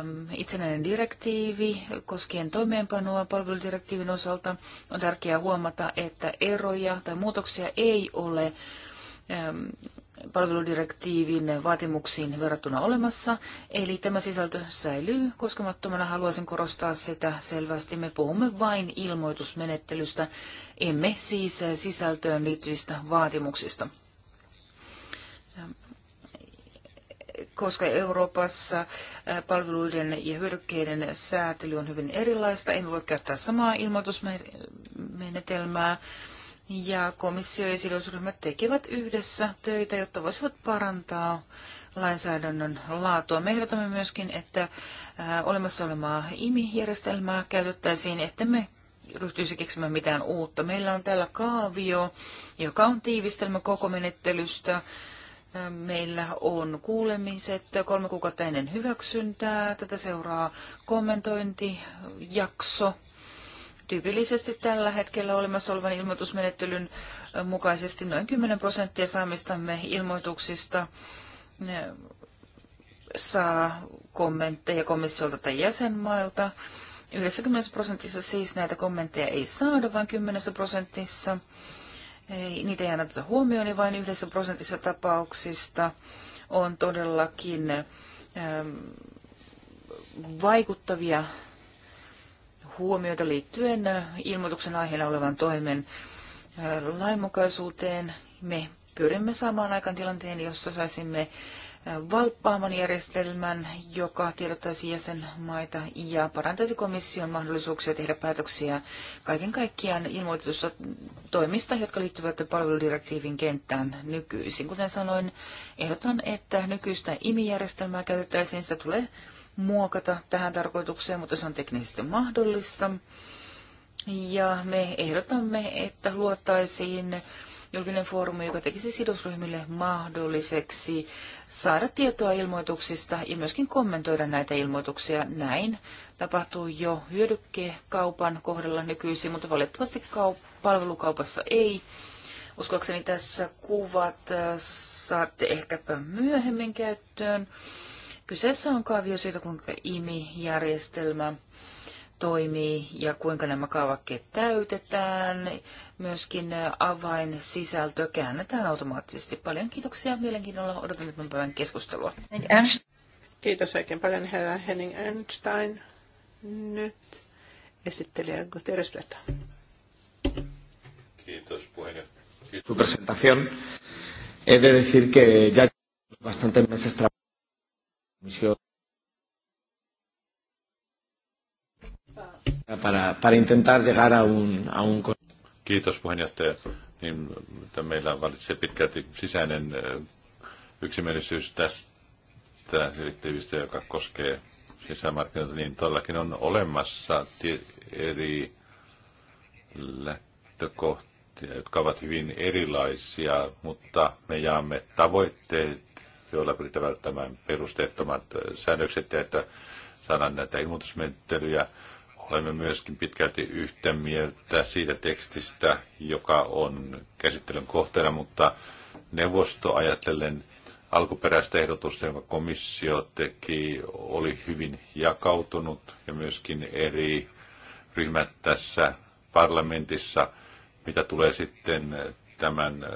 äm, itsenäinen direktiivi koskien toimeenpanoa palveludirektiivin osalta on tärkeää huomata, että eroja tai muutoksia ei ole äm, palveludirektiivin vaatimuksiin verrattuna olemassa. Eli tämä sisältö säilyy koskemattomana. Haluaisin korostaa sitä selvästi. Me puhumme vain ilmoitusmenettelystä, emme siis sisältöön liittyvistä vaatimuksista. Koska Euroopassa palveluiden ja hyödykkeiden säätely on hyvin erilaista, emme voi käyttää samaa ilmoitusmenetelmää ja komissio ja sidosryhmät tekevät yhdessä töitä, jotta voisivat parantaa lainsäädännön laatua. Me ehdotamme myöskin, että äh, olemassa olemaa IMI-järjestelmää käytettäisiin, että me ryhtyisi keksimään mitään uutta. Meillä on täällä kaavio, joka on tiivistelmä koko menettelystä. Äh, meillä on kuulemiset kolme kuukautta ennen hyväksyntää. Tätä seuraa kommentointijakso tyypillisesti tällä hetkellä olemassa olevan ilmoitusmenettelyn mukaisesti noin 10 prosenttia saamistamme ilmoituksista saa kommentteja komissiolta tai jäsenmailta. 90 prosentissa siis näitä kommentteja ei saada, vaan 10 prosentissa ei, niitä ei anneta huomioon, niin vain yhdessä prosentissa tapauksista on todellakin ähm, vaikuttavia huomiota liittyen äh, ilmoituksen aiheena olevan toimen äh, lainmukaisuuteen. Me pyrimme saamaan aikaan tilanteen, jossa saisimme äh, valppaaman järjestelmän, joka tiedottaisi jäsenmaita ja parantaisi komission mahdollisuuksia tehdä päätöksiä kaiken kaikkiaan ilmoitetusta toimista, jotka liittyvät palveludirektiivin kenttään nykyisin. Kuten sanoin, ehdotan, että nykyistä imi-järjestelmää käytettäisiin, sitä tulee muokata tähän tarkoitukseen, mutta se on teknisesti mahdollista. Ja me ehdotamme, että luotaisiin julkinen foorumi, joka tekisi sidosryhmille mahdolliseksi saada tietoa ilmoituksista ja myöskin kommentoida näitä ilmoituksia. Näin tapahtuu jo hyödykkekaupan kohdalla nykyisin, mutta valitettavasti kaup- palvelukaupassa ei. Uskoakseni tässä kuvat äh, saatte ehkäpä myöhemmin käyttöön. Kyseessä on kaavio siitä, kuinka IMI-järjestelmä toimii ja kuinka nämä kaavakkeet täytetään. Myöskin avain sisältö käännetään automaattisesti. Paljon kiitoksia. Mielenkiinnolla odotan tämän päivän keskustelua. Kiitos oikein paljon herra Henning Einstein. Nyt esittelijä Guterres Bleta. Kiitos puheenjohtaja. Su presentación. He de decir que ya bastante meses trabajando Para, para intentar llegar a un, a un... Kiitos puheenjohtaja. Niin, että meillä valitsee pitkälti sisäinen yksimielisyys tästä direktiivistä, joka koskee sisämarkkinoita, niin todellakin on olemassa eri lähtökohtia, jotka ovat hyvin erilaisia, mutta me jaamme tavoitteet joilla pyritään välttämään perusteettomat äh, säännökset ja että saadaan näitä ilmoitusmenettelyjä. Olemme myöskin pitkälti yhtä mieltä siitä tekstistä, joka on käsittelyn kohteena, mutta neuvosto ajatellen alkuperäistä ehdotusta, jonka komissio teki, oli hyvin jakautunut ja myöskin eri ryhmät tässä parlamentissa, mitä tulee sitten tämän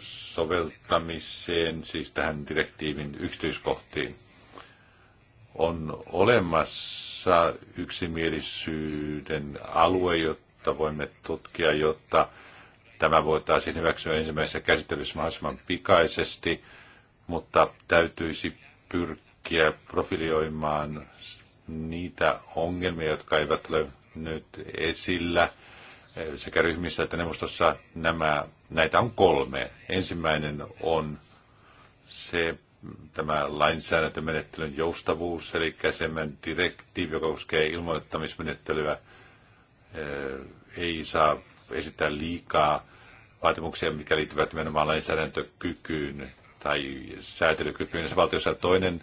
soveltamiseen, siis tähän direktiivin yksityiskohtiin, on olemassa yksimielisyyden alue, jotta voimme tutkia, jotta tämä voitaisiin hyväksyä ensimmäisessä käsittelyssä mahdollisimman pikaisesti, mutta täytyisi pyrkiä profilioimaan niitä ongelmia, jotka eivät ole nyt esillä – sekä ryhmissä että neuvostossa nämä, näitä on kolme. Ensimmäinen on se tämä lainsäädäntömenettelyn joustavuus, eli semmoinen direktiivi, joka koskee ilmoittamismenettelyä, eh, ei saa esittää liikaa vaatimuksia, mikä liittyvät nimenomaan lainsäädäntökykyyn tai säätelykykyyn. Se valtiossa toinen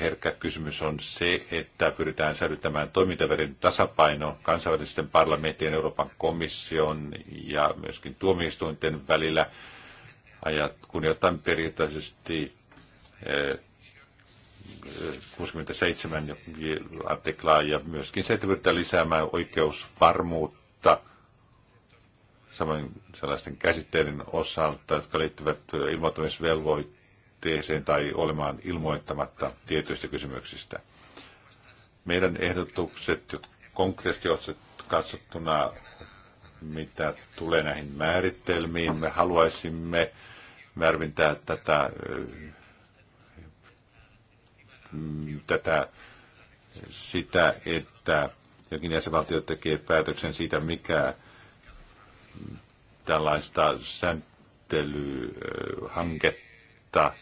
herkkä kysymys on se, että pyritään säilyttämään toimintaverin tasapaino kansainvälisten parlamenttien, Euroopan komission ja myöskin tuomioistuinten välillä, ajat kunnioittain periaatteisesti 67 eh, artiklaa ja myöskin se, että pyritään lisäämään oikeusvarmuutta samoin sellaisten käsitteiden osalta, jotka liittyvät ilmoittamisvelvoitteeseen aloitteeseen tai olemaan ilmoittamatta tietyistä kysymyksistä. Meidän ehdotukset konkreettisesti katsottuna, mitä tulee näihin määritelmiin, me haluaisimme märvintää tätä, tätä sitä, että jokin jäsenvaltio tekee päätöksen siitä, mikä tällaista sääntelyhanketta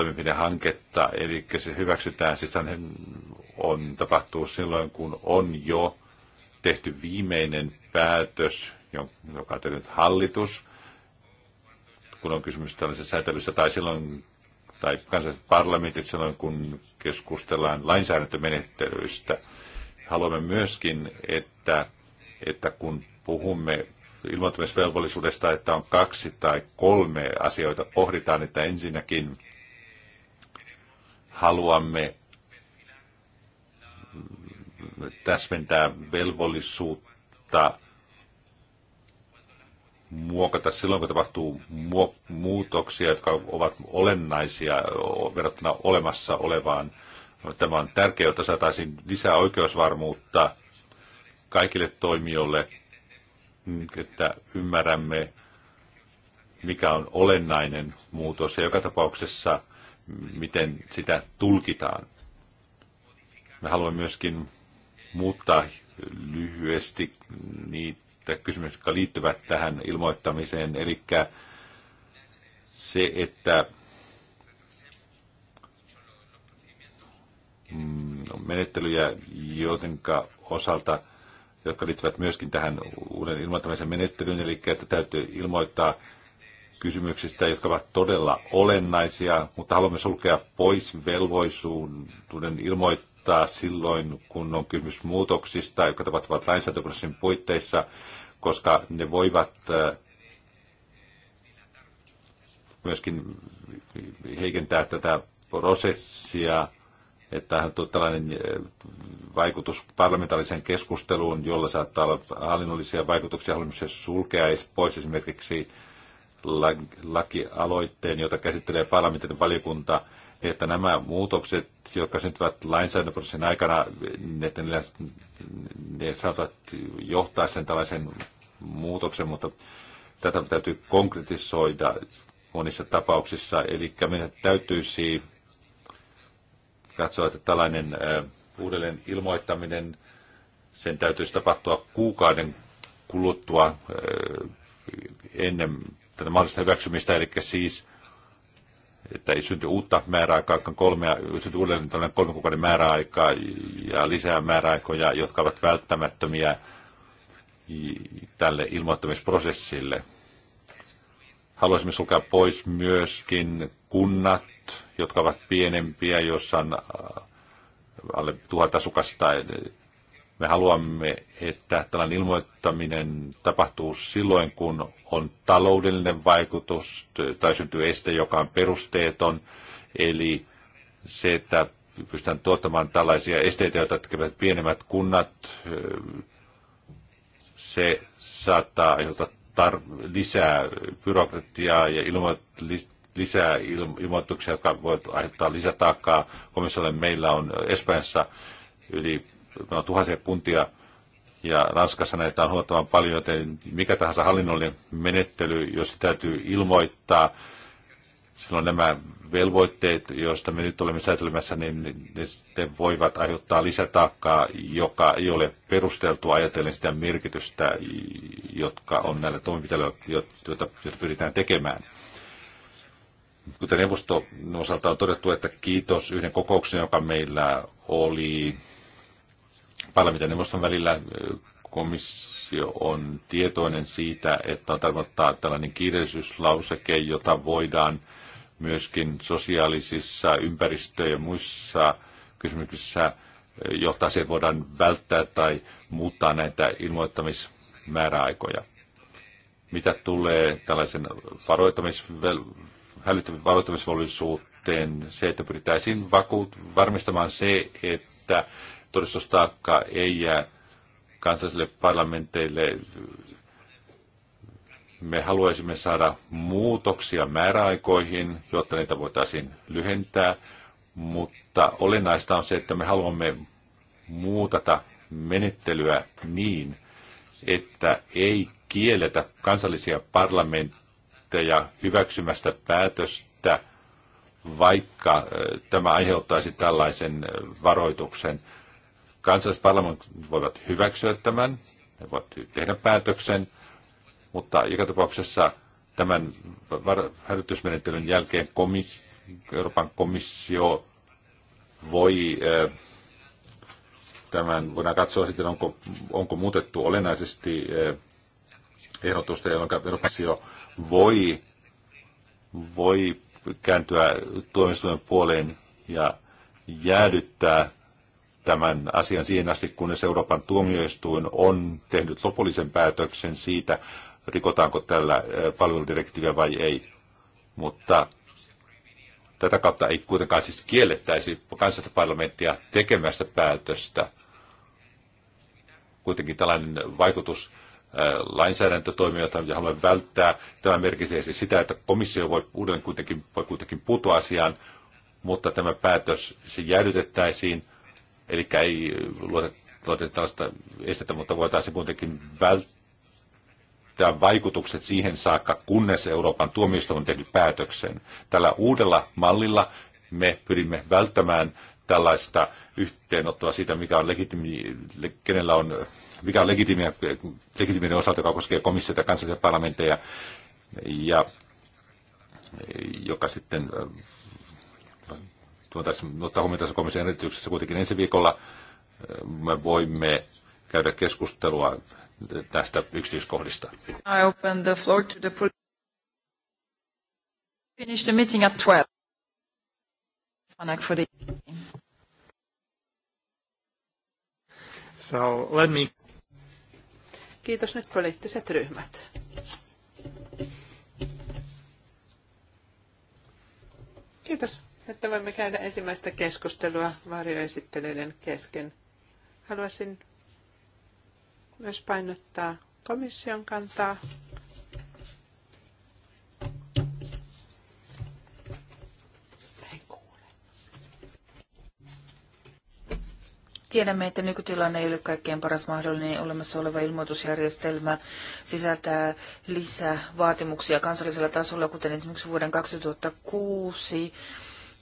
toimenpidehanketta, eli se hyväksytään, siis on, tapahtuu silloin, kun on jo tehty viimeinen päätös, joka on tehnyt hallitus, kun on kysymys tällaisesta säätelyssä, tai silloin tai kansalliset parlamentit silloin, kun keskustellaan lainsäädäntömenettelyistä. Haluamme myöskin, että, että kun puhumme ilmoittamisvelvollisuudesta, että on kaksi tai kolme asioita pohditaan, että ensinnäkin haluamme täsmentää velvollisuutta muokata silloin, kun tapahtuu muutoksia, jotka ovat olennaisia verrattuna olemassa olevaan. Tämä on tärkeää, jotta saataisiin lisää oikeusvarmuutta kaikille toimijoille, että ymmärrämme, mikä on olennainen muutos. Ja joka tapauksessa miten sitä tulkitaan. Me haluamme myöskin muuttaa lyhyesti niitä kysymyksiä, jotka liittyvät tähän ilmoittamiseen. Eli se, että mm, menettelyjä, jotenka osalta, jotka liittyvät myöskin tähän uuden ilmoittamisen menettelyyn, eli että täytyy ilmoittaa kysymyksistä, jotka ovat todella olennaisia, mutta haluamme sulkea pois velvoisuuden ilmoittaa silloin, kun on kysymys muutoksista, jotka tapahtuvat lainsäädäntöprosessin puitteissa, koska ne voivat äh, myöskin heikentää tätä prosessia, että on tällainen äh, vaikutus parlamentaariseen keskusteluun, jolla saattaa olla hallinnollisia vaikutuksia, haluamme sulkea pois esimerkiksi lakialoitteen, jota käsittelee parlamentin valiokunta, että nämä muutokset, jotka syntyvät lainsäädäntöprosessin aikana, että ne, ne saattavat johtaa sen tällaisen muutoksen, mutta tätä täytyy konkretisoida monissa tapauksissa. Eli meidän täytyisi katsoa, että tällainen uudelleen ilmoittaminen, sen täytyisi tapahtua kuukauden kuluttua ennen tätä mahdollista hyväksymistä, eli siis että ei synty uutta määräaikaa, kolmea, synty uudelleen tällainen kuukauden määräaikaa ja lisää määräaikoja, jotka ovat välttämättömiä tälle ilmoittamisprosessille. Haluaisimme sulkea pois myöskin kunnat, jotka ovat pienempiä, joissa on äh, alle tuhat asukasta me haluamme, että tällainen ilmoittaminen tapahtuu silloin, kun on taloudellinen vaikutus tai syntyy este, joka on perusteeton. Eli se, että pystytään tuottamaan tällaisia esteitä, joita tekevät pienemmät kunnat, se saattaa aiheuttaa tar- lisää byrokratiaa ja ilmo- lisää ilmoituksia, jotka voivat aiheuttaa lisätaakkaa. Komissiolle meillä on Espanjassa yli No tuhansia puntia, ja Ranskassa näitä on huomattavan paljon, joten mikä tahansa hallinnollinen menettely, jos se täytyy ilmoittaa, silloin nämä velvoitteet, joista me nyt olemme säätelemässä, niin ne sitten voivat aiheuttaa lisätaakkaa, joka ei ole perusteltua ajatellen sitä merkitystä, jotka on näillä toimenpiteillä, joita, joita pyritään tekemään. Kuten neuvosto osalta on todettu, että kiitos yhden kokouksen, joka meillä oli parlamentin välillä. Komissio on tietoinen siitä, että on tarkoittaa tällainen kiireisyyslauseke, jota voidaan myöskin sosiaalisissa, ympäristö- ja muissa kysymyksissä johtaa siihen, voidaan välttää tai muuttaa näitä ilmoittamismääräaikoja. Mitä tulee tällaisen varoittamisvollisuuteen, se, että pyritäisiin vakuut, varmistamaan se, että todistustaakka ei jää kansallisille parlamenteille. Me haluaisimme saada muutoksia määräaikoihin, jotta niitä voitaisiin lyhentää, mutta olennaista on se, että me haluamme muutata menettelyä niin, että ei kielletä kansallisia parlamentteja hyväksymästä päätöstä, vaikka tämä aiheuttaisi tällaisen varoituksen – Kansallisparlamentit voivat hyväksyä tämän, ne voivat tehdä päätöksen, mutta joka tapauksessa tämän hälytysmenettelyn jälkeen komis, Euroopan komissio voi eh, tämän, voidaan katsoa sitten, onko, onko muutettu olennaisesti eh, ehdotusta, jonka Euroopan komissio voi, voi kääntyä tuomioistuimen puoleen ja jäädyttää tämän asian siihen asti, kunnes Euroopan tuomioistuin on tehnyt lopullisen päätöksen siitä, rikotaanko tällä eh, palveludirektiiviä vai ei. Mutta tätä kautta ei kuitenkaan siis kiellettäisi kansallista parlamenttia tekemästä päätöstä. Kuitenkin tällainen vaikutus eh, lainsäädäntötoimijoita ja haluan välttää. Tämä merkitsee siis sitä, että komissio voi uudelleen kuitenkin, voi kuitenkin puuttua asiaan, mutta tämä päätös se jäädytettäisiin – Eli ei äh, luoteta tällaista estettä, mutta voitaisiin kuitenkin välttää vaikutukset siihen saakka, kunnes Euroopan tuomioistuin on tehnyt päätöksen. Tällä uudella mallilla me pyrimme välttämään tällaista yhteenottoa siitä, mikä on legitimi, kenellä on, mikä on legitimi, legitiminen osalta, joka koskee komissiota ja kansallisia parlamentteja, ja joka sitten äh, Tuotaisiin ottaa huomioon tässä komission erityksessä kuitenkin ensi viikolla me voimme käydä keskustelua tästä yksityiskohdista. I open the floor to the Finish the meeting at 12. For the so, let me... Kiitos nyt poliittiset ryhmät. Kiitos että voimme käydä ensimmäistä keskustelua varjoesittelyiden kesken. Haluaisin myös painottaa komission kantaa. Tiedämme, että nykytilanne ei ole kaikkein paras mahdollinen. Olemassa oleva ilmoitusjärjestelmä sisältää lisää vaatimuksia kansallisella tasolla, kuten esimerkiksi vuoden 2006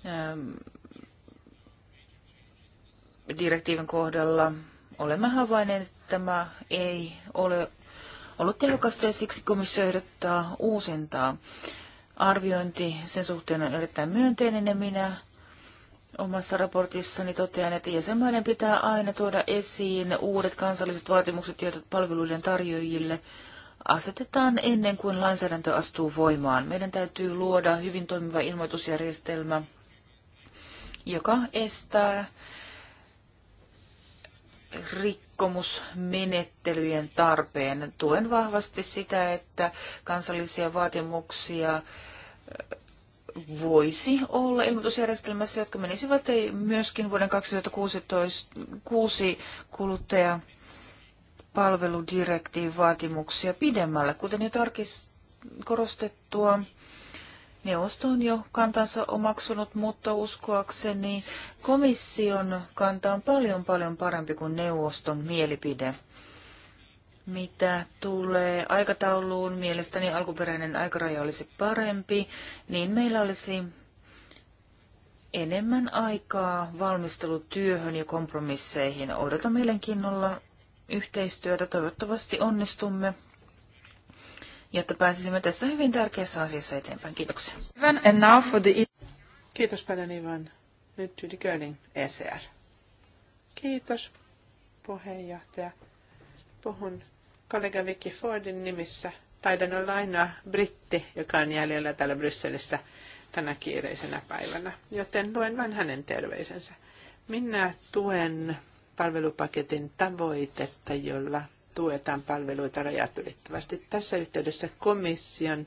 Ähm, direktiivin kohdalla olemme havainneet, että tämä ei ole ollut tehokasta ja siksi komissio ehdottaa uusintaa. Arviointi sen suhteen on erittäin myönteinen ja minä omassa raportissani totean, että jäsenmaiden pitää aina tuoda esiin uudet kansalliset vaatimukset, joita palveluiden tarjoajille asetetaan ennen kuin lainsäädäntö astuu voimaan. Meidän täytyy luoda hyvin toimiva ilmoitusjärjestelmä joka estää rikkomusmenettelyjen tarpeen. Tuen vahvasti sitä, että kansallisia vaatimuksia voisi olla ilmoitusjärjestelmässä, jotka menisivät myöskin vuoden 2016 kuluttaja palveludirektiivin vaatimuksia pidemmälle, kuten jo tarkistettua korostettua. Neuvosto on jo kantansa omaksunut, mutta uskoakseni komission kanta on paljon paljon parempi kuin neuvoston mielipide. Mitä tulee aikatauluun, mielestäni alkuperäinen aikaraja olisi parempi, niin meillä olisi enemmän aikaa valmistelutyöhön ja kompromisseihin. Odotan mielenkiinnolla yhteistyötä. Toivottavasti onnistumme jotta pääsisimme tässä hyvin tärkeässä asiassa eteenpäin. Kiitoksia. And now for the... Kiitos paljon Ivan. Nyt Judy Görling, ECR. Kiitos puheenjohtaja. Puhun kollega Vicky Fordin nimissä. Taidan olla ainoa britti, joka on jäljellä täällä Brysselissä tänä kiireisenä päivänä, joten luen vain hänen terveisensä. Minä tuen palvelupaketin tavoitetta, jolla tuetaan palveluita rajat ylittävästi. Tässä yhteydessä komission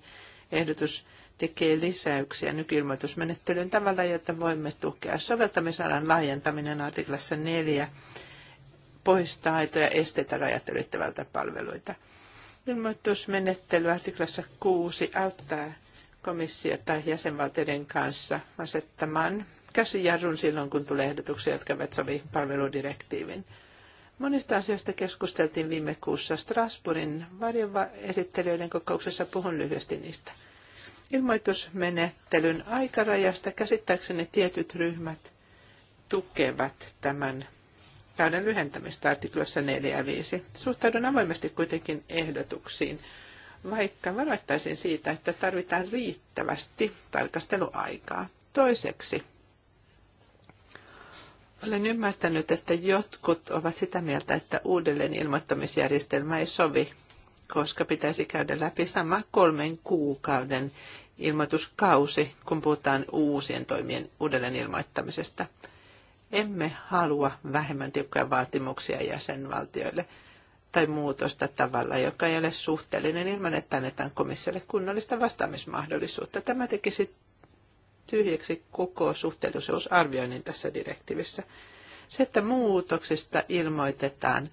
ehdotus tekee lisäyksiä nykyilmoitusmenettelyyn tavalla, jotta voimme tukea. Soveltamisalan laajentaminen artiklassa 4 poistaa aitoja esteitä rajat ylittävältä palveluita. Ilmoitusmenettely artiklassa 6 auttaa komissio tai jäsenvaltioiden kanssa asettamaan käsijarrun silloin, kun tulee ehdotuksia, jotka eivät sovi palveludirektiivin. Monista asioista keskusteltiin viime kuussa Strasbourgin varjoesittelijöiden kokouksessa. Puhun lyhyesti niistä. Ilmoitusmenettelyn aikarajasta käsittääkseni tietyt ryhmät tukevat tämän käyden lyhentämistä artiklossa 4 ja 5. Suhtaudun avoimesti kuitenkin ehdotuksiin, vaikka varoittaisin siitä, että tarvitaan riittävästi tarkasteluaikaa. Toiseksi, olen ymmärtänyt, että jotkut ovat sitä mieltä, että uudelleen ilmoittamisjärjestelmä ei sovi, koska pitäisi käydä läpi sama kolmen kuukauden ilmoituskausi, kun puhutaan uusien toimien uudelleen ilmoittamisesta. Emme halua vähemmän tiukkoja vaatimuksia jäsenvaltioille tai muutosta tavalla, joka ei ole suhteellinen ilman, että annetaan komissiolle kunnollista vastaamismahdollisuutta. Tämä tekisi tyhjäksi koko suhteellisuusarvioinnin tässä direktiivissä. Se, että muutoksista ilmoitetaan,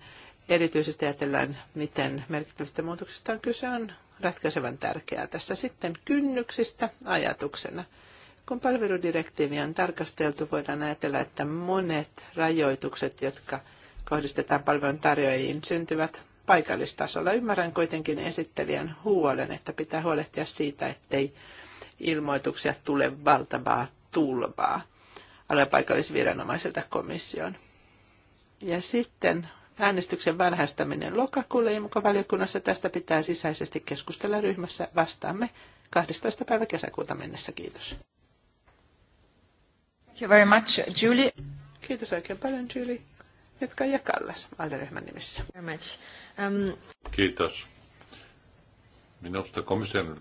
erityisesti ajatellaan, miten merkittävistä muutoksista on kyse, on ratkaisevan tärkeää tässä sitten kynnyksistä ajatuksena. Kun palveludirektiivi on tarkasteltu, voidaan ajatella, että monet rajoitukset, jotka kohdistetaan palvelun tarjoajiin, syntyvät paikallistasolla. Ymmärrän kuitenkin esittelijän huolen, että pitää huolehtia siitä, ettei ilmoituksia tule valtavaa tulvaa alepaikallisviranomaisilta komission. Ja sitten äänestyksen varhaistaminen lokakuulle IMCO-valiokunnassa. Tästä pitää sisäisesti keskustella ryhmässä. Vastaamme 12. päivä kesäkuuta mennessä. Kiitos. Thank you very much, Julie. Kiitos oikein paljon, Julie. Nyt ja Kallas, ALDE-ryhmän nimissä. Very much. Um... Kiitos. Minusta komission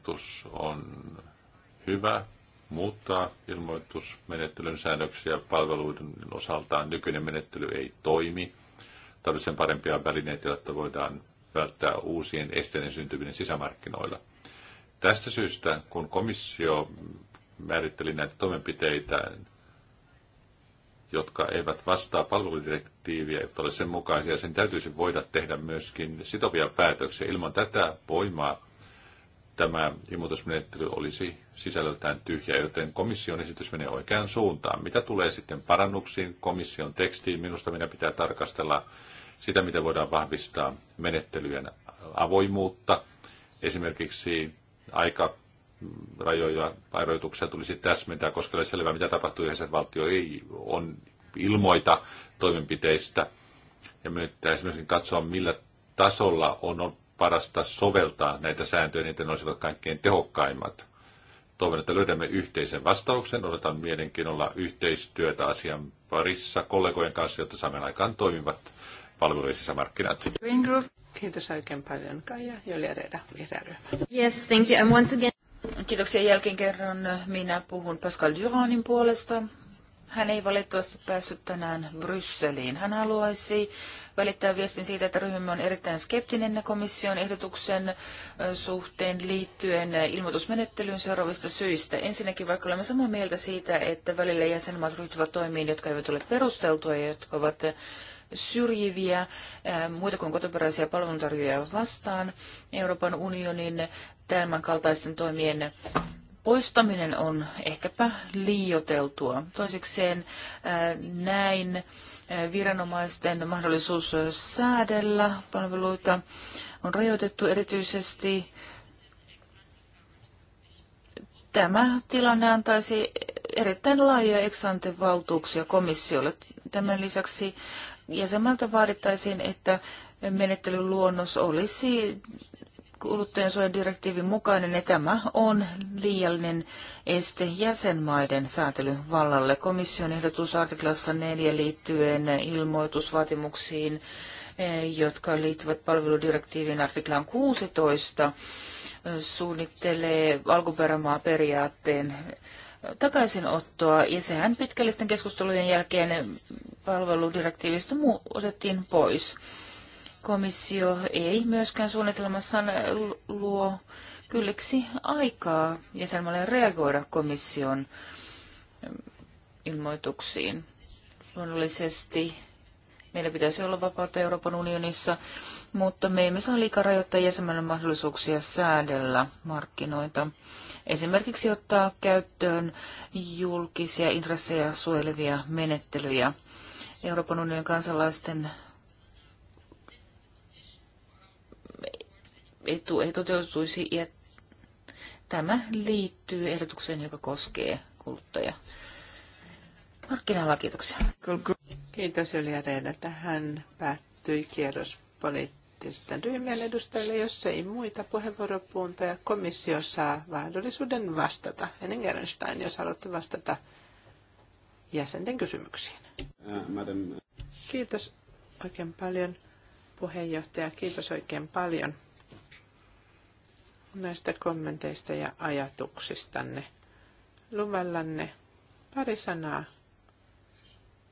on hyvä muuttaa ilmoitusmenettelyn säännöksiä palveluiden osaltaan. Nykyinen menettely ei toimi. Tarvitsen parempia välineitä, jotta voidaan välttää uusien esteiden syntyminen sisämarkkinoilla. Tästä syystä, kun komissio määritteli näitä toimenpiteitä, jotka eivät vastaa palveludirektiiviä, jotka ole sen mukaisia, sen täytyisi voida tehdä myöskin sitovia päätöksiä. Ilman tätä voimaa tämä ilmoitusmenettely olisi sisällöltään tyhjä, joten komission esitys menee oikeaan suuntaan. Mitä tulee sitten parannuksiin komission tekstiin, minusta meidän pitää tarkastella sitä, miten voidaan vahvistaa menettelyjen avoimuutta. Esimerkiksi aika rajoja rajoituksia tulisi täsmentää, koska ei selvää, mitä tapahtuu, jos valtio ei on ilmoita toimenpiteistä. Ja me esimerkiksi katsoa, millä tasolla on parasta soveltaa näitä sääntöjä, niin ne olisivat kaikkein tehokkaimmat. Toivon, että löydämme yhteisen vastauksen. Odotan mielenkiinnolla yhteistyötä asian parissa kollegojen kanssa, jotta saamme aikaan toimivat palvelujen sisämarkkinat. Green Group. Kiitos oikein paljon Kaija Julia Reda, vihreä ryhmä. Yes, thank you. And once again... Kiitoksia jälkeen kerran. Minä puhun Pascal Duranin puolesta. Hän ei valitettavasti päässyt tänään Brysseliin. Hän haluaisi välittää viestin siitä, että ryhmä on erittäin skeptinen komission ehdotuksen suhteen liittyen ilmoitusmenettelyyn seuraavista syistä. Ensinnäkin, vaikka olemme samaa mieltä siitä, että välillä jäsenmaat ryhtyvät toimiin, jotka eivät ole perusteltuja ja jotka ovat syrjiviä muita kuin kotoperäisiä palveluntarjoajia vastaan Euroopan unionin tämän kaltaisten toimien poistaminen on ehkäpä liioteltua. Toisekseen näin viranomaisten mahdollisuus säädellä palveluita on rajoitettu erityisesti. Tämä tilanne antaisi erittäin laajoja valtuuksia komissiolle. Tämän lisäksi jäsenmältä vaadittaisiin, että menettelyluonnos olisi kuluttajansuojadirektiivin mukainen ja tämä on liiallinen este jäsenmaiden säätelyvallalle. Komission ehdotus artiklassa 4 liittyen ilmoitusvaatimuksiin, eh, jotka liittyvät palveludirektiivin artiklaan 16, suunnittelee alkuperämaa periaatteen takaisinottoa ja sehän pitkällisten keskustelujen jälkeen palveludirektiivistä otettiin pois komissio ei myöskään suunnitelmassaan luo kylliksi aikaa jäsenmaille reagoida komission ähm, ilmoituksiin. Luonnollisesti meillä pitäisi olla vapautta Euroopan unionissa, mutta me emme saa liikaa rajoittaa jäsenmaille mahdollisuuksia säädellä markkinoita. Esimerkiksi ottaa käyttöön julkisia intressejä suojelevia menettelyjä. Euroopan unionin kansalaisten etu ei toteutuisi ja tämä liittyy ehdotukseen, joka koskee kuluttaja. Markkinalakiitoksia. Kiitos Julia Reina. Tähän päättyi kierros poliittisten ryhmien edustajille. Jos ei muita puheenvuoropuuntoja, komissio saa mahdollisuuden vastata. Ennen Gerenstein, jos haluatte vastata jäsenten kysymyksiin. Äh, Kiitos oikein paljon puheenjohtaja. Kiitos oikein paljon näistä kommenteista ja ajatuksistanne. Luvallanne pari sanaa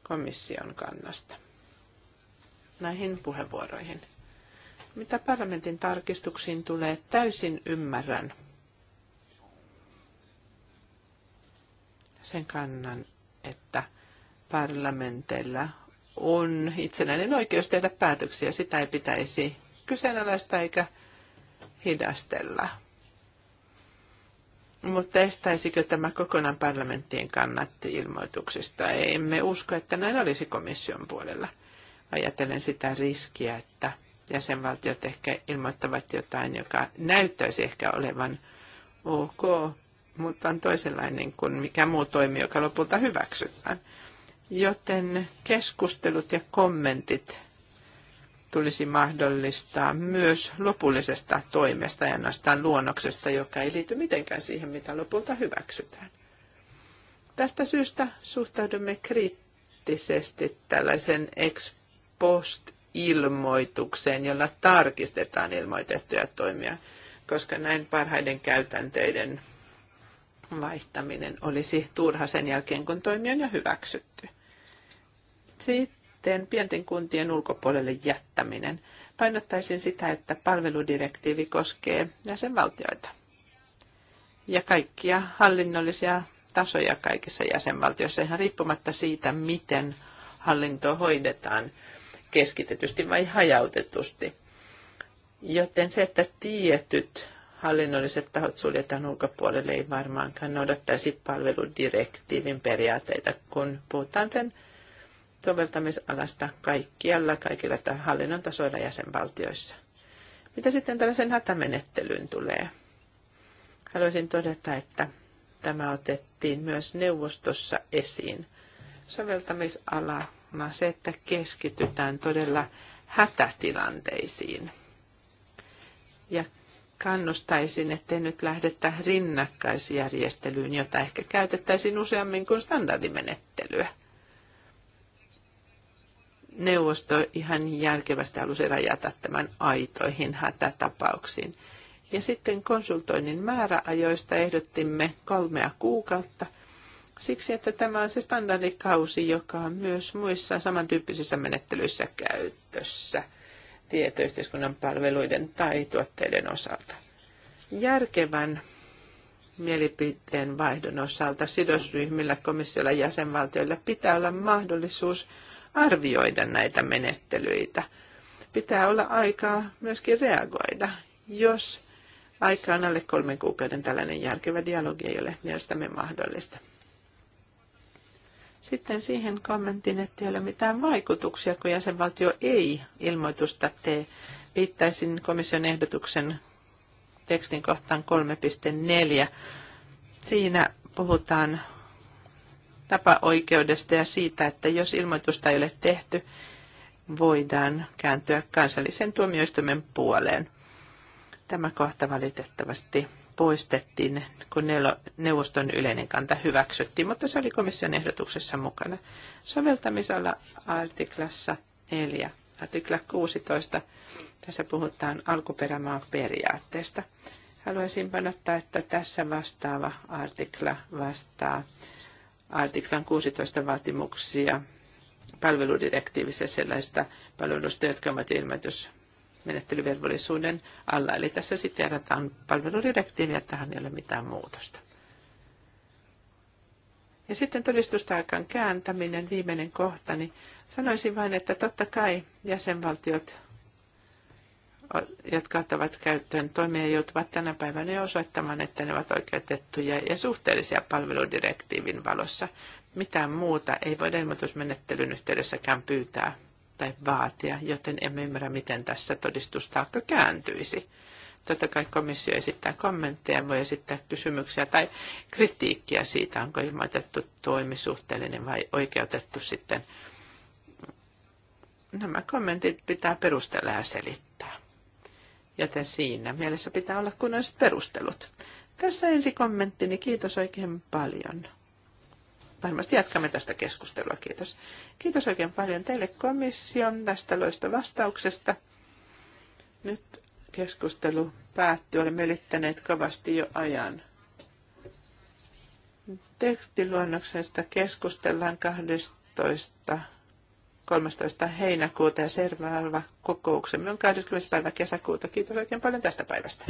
komission kannasta näihin puheenvuoroihin. Mitä parlamentin tarkistuksiin tulee, täysin ymmärrän sen kannan, että parlamenteilla on itsenäinen oikeus tehdä päätöksiä. Sitä ei pitäisi kyseenalaista eikä hidastella. Mutta estäisikö tämä kokonaan parlamenttien kannatti-ilmoituksista? Emme usko, että näin olisi komission puolella. Ajatellen sitä riskiä, että jäsenvaltiot ehkä ilmoittavat jotain, joka näyttäisi ehkä olevan ok, mutta on toisenlainen kuin mikä muu toimi, joka lopulta hyväksytään. Joten keskustelut ja kommentit tulisi mahdollistaa myös lopullisesta toimesta ja ainoastaan luonnoksesta, joka ei liity mitenkään siihen, mitä lopulta hyväksytään. Tästä syystä suhtaudumme kriittisesti tällaisen ex post ilmoitukseen, jolla tarkistetaan ilmoitettuja toimia, koska näin parhaiden käytänteiden vaihtaminen olisi turha sen jälkeen, kun toimi on jo hyväksytty. Sitten tavoitteen pienten kuntien ulkopuolelle jättäminen. Painottaisin sitä, että palveludirektiivi koskee jäsenvaltioita ja kaikkia hallinnollisia tasoja kaikissa jäsenvaltioissa, ihan riippumatta siitä, miten hallinto hoidetaan keskitetysti vai hajautetusti. Joten se, että tietyt hallinnolliset tahot suljetaan ulkopuolelle, ei varmaankaan noudattaisi palveludirektiivin periaatteita, kun puhutaan sen soveltamisalasta kaikkialla, kaikilla hallinnon tasoilla jäsenvaltioissa. Mitä sitten tällaisen hätämenettelyyn tulee? Haluaisin todeta, että tämä otettiin myös neuvostossa esiin. Soveltamisalana se, että keskitytään todella hätätilanteisiin. Ja kannustaisin, ettei nyt lähdetä rinnakkaisjärjestelyyn, jota ehkä käytettäisiin useammin kuin standardimenettelyä neuvosto ihan järkevästi halusi rajata tämän aitoihin hätätapauksiin. Ja sitten konsultoinnin määräajoista ehdottimme kolmea kuukautta, siksi että tämä on se standardikausi, joka on myös muissa samantyyppisissä menettelyissä käytössä tietoyhteiskunnan palveluiden tai tuotteiden osalta. Järkevän mielipiteen vaihdon osalta sidosryhmillä, komissiolla ja jäsenvaltioilla pitää olla mahdollisuus arvioida näitä menettelyitä. Pitää olla aikaa myöskin reagoida. Jos aika on alle kolmen kuukauden, tällainen järkevä dialogi ei ole mielestämme mahdollista. Sitten siihen kommenttiin, että ei ole mitään vaikutuksia, kun jäsenvaltio ei ilmoitusta tee. Viittaisin komission ehdotuksen tekstin kohtaan 3.4. Siinä puhutaan tapaoikeudesta ja siitä, että jos ilmoitusta ei ole tehty, voidaan kääntyä kansallisen tuomioistuimen puoleen. Tämä kohta valitettavasti poistettiin, kun neuvoston yleinen kanta hyväksyttiin, mutta se oli komission ehdotuksessa mukana. Soveltamisella artiklassa 4, artikla 16, tässä puhutaan alkuperämaan periaatteesta. Haluaisin panottaa, että tässä vastaava artikla vastaa artiklan 16 vaatimuksia palveludirektiivissä sellaista palvelusta, jotka ovat ilmoitusmenettelyvelvollisuuden alla. Eli tässä sitten siteerataan palveludirektiiviä, tähän ei ole mitään muutosta. Ja sitten todistustaakan kääntäminen, viimeinen kohta, niin sanoisin vain, että totta kai jäsenvaltiot jotka ottavat käyttöön toimia, joutuvat tänä päivänä jo osoittamaan, että ne ovat oikeutettuja ja suhteellisia palveludirektiivin valossa. Mitään muuta ei voida ilmoitusmenettelyn yhteydessäkään pyytää tai vaatia, joten emme ymmärrä, miten tässä todistustaakka kääntyisi. Totta kai komissio esittää kommentteja, voi esittää kysymyksiä tai kritiikkiä siitä, onko ilmoitettu toimisuhteellinen vai oikeutettu sitten. Nämä kommentit pitää perustella ja selittää Joten siinä mielessä pitää olla kunnolliset perustelut. Tässä ensi kommenttini. Kiitos oikein paljon. Varmasti jatkamme tästä keskustelua. Kiitos. Kiitos oikein paljon teille komission tästä loista vastauksesta. Nyt keskustelu päättyy. Olemme ylittäneet kovasti jo ajan. Tekstiluonnoksesta keskustellaan 12. 13. heinäkuuta ja seuraava kokouksemme on 20. päivä kesäkuuta. Kiitos oikein paljon tästä päivästä.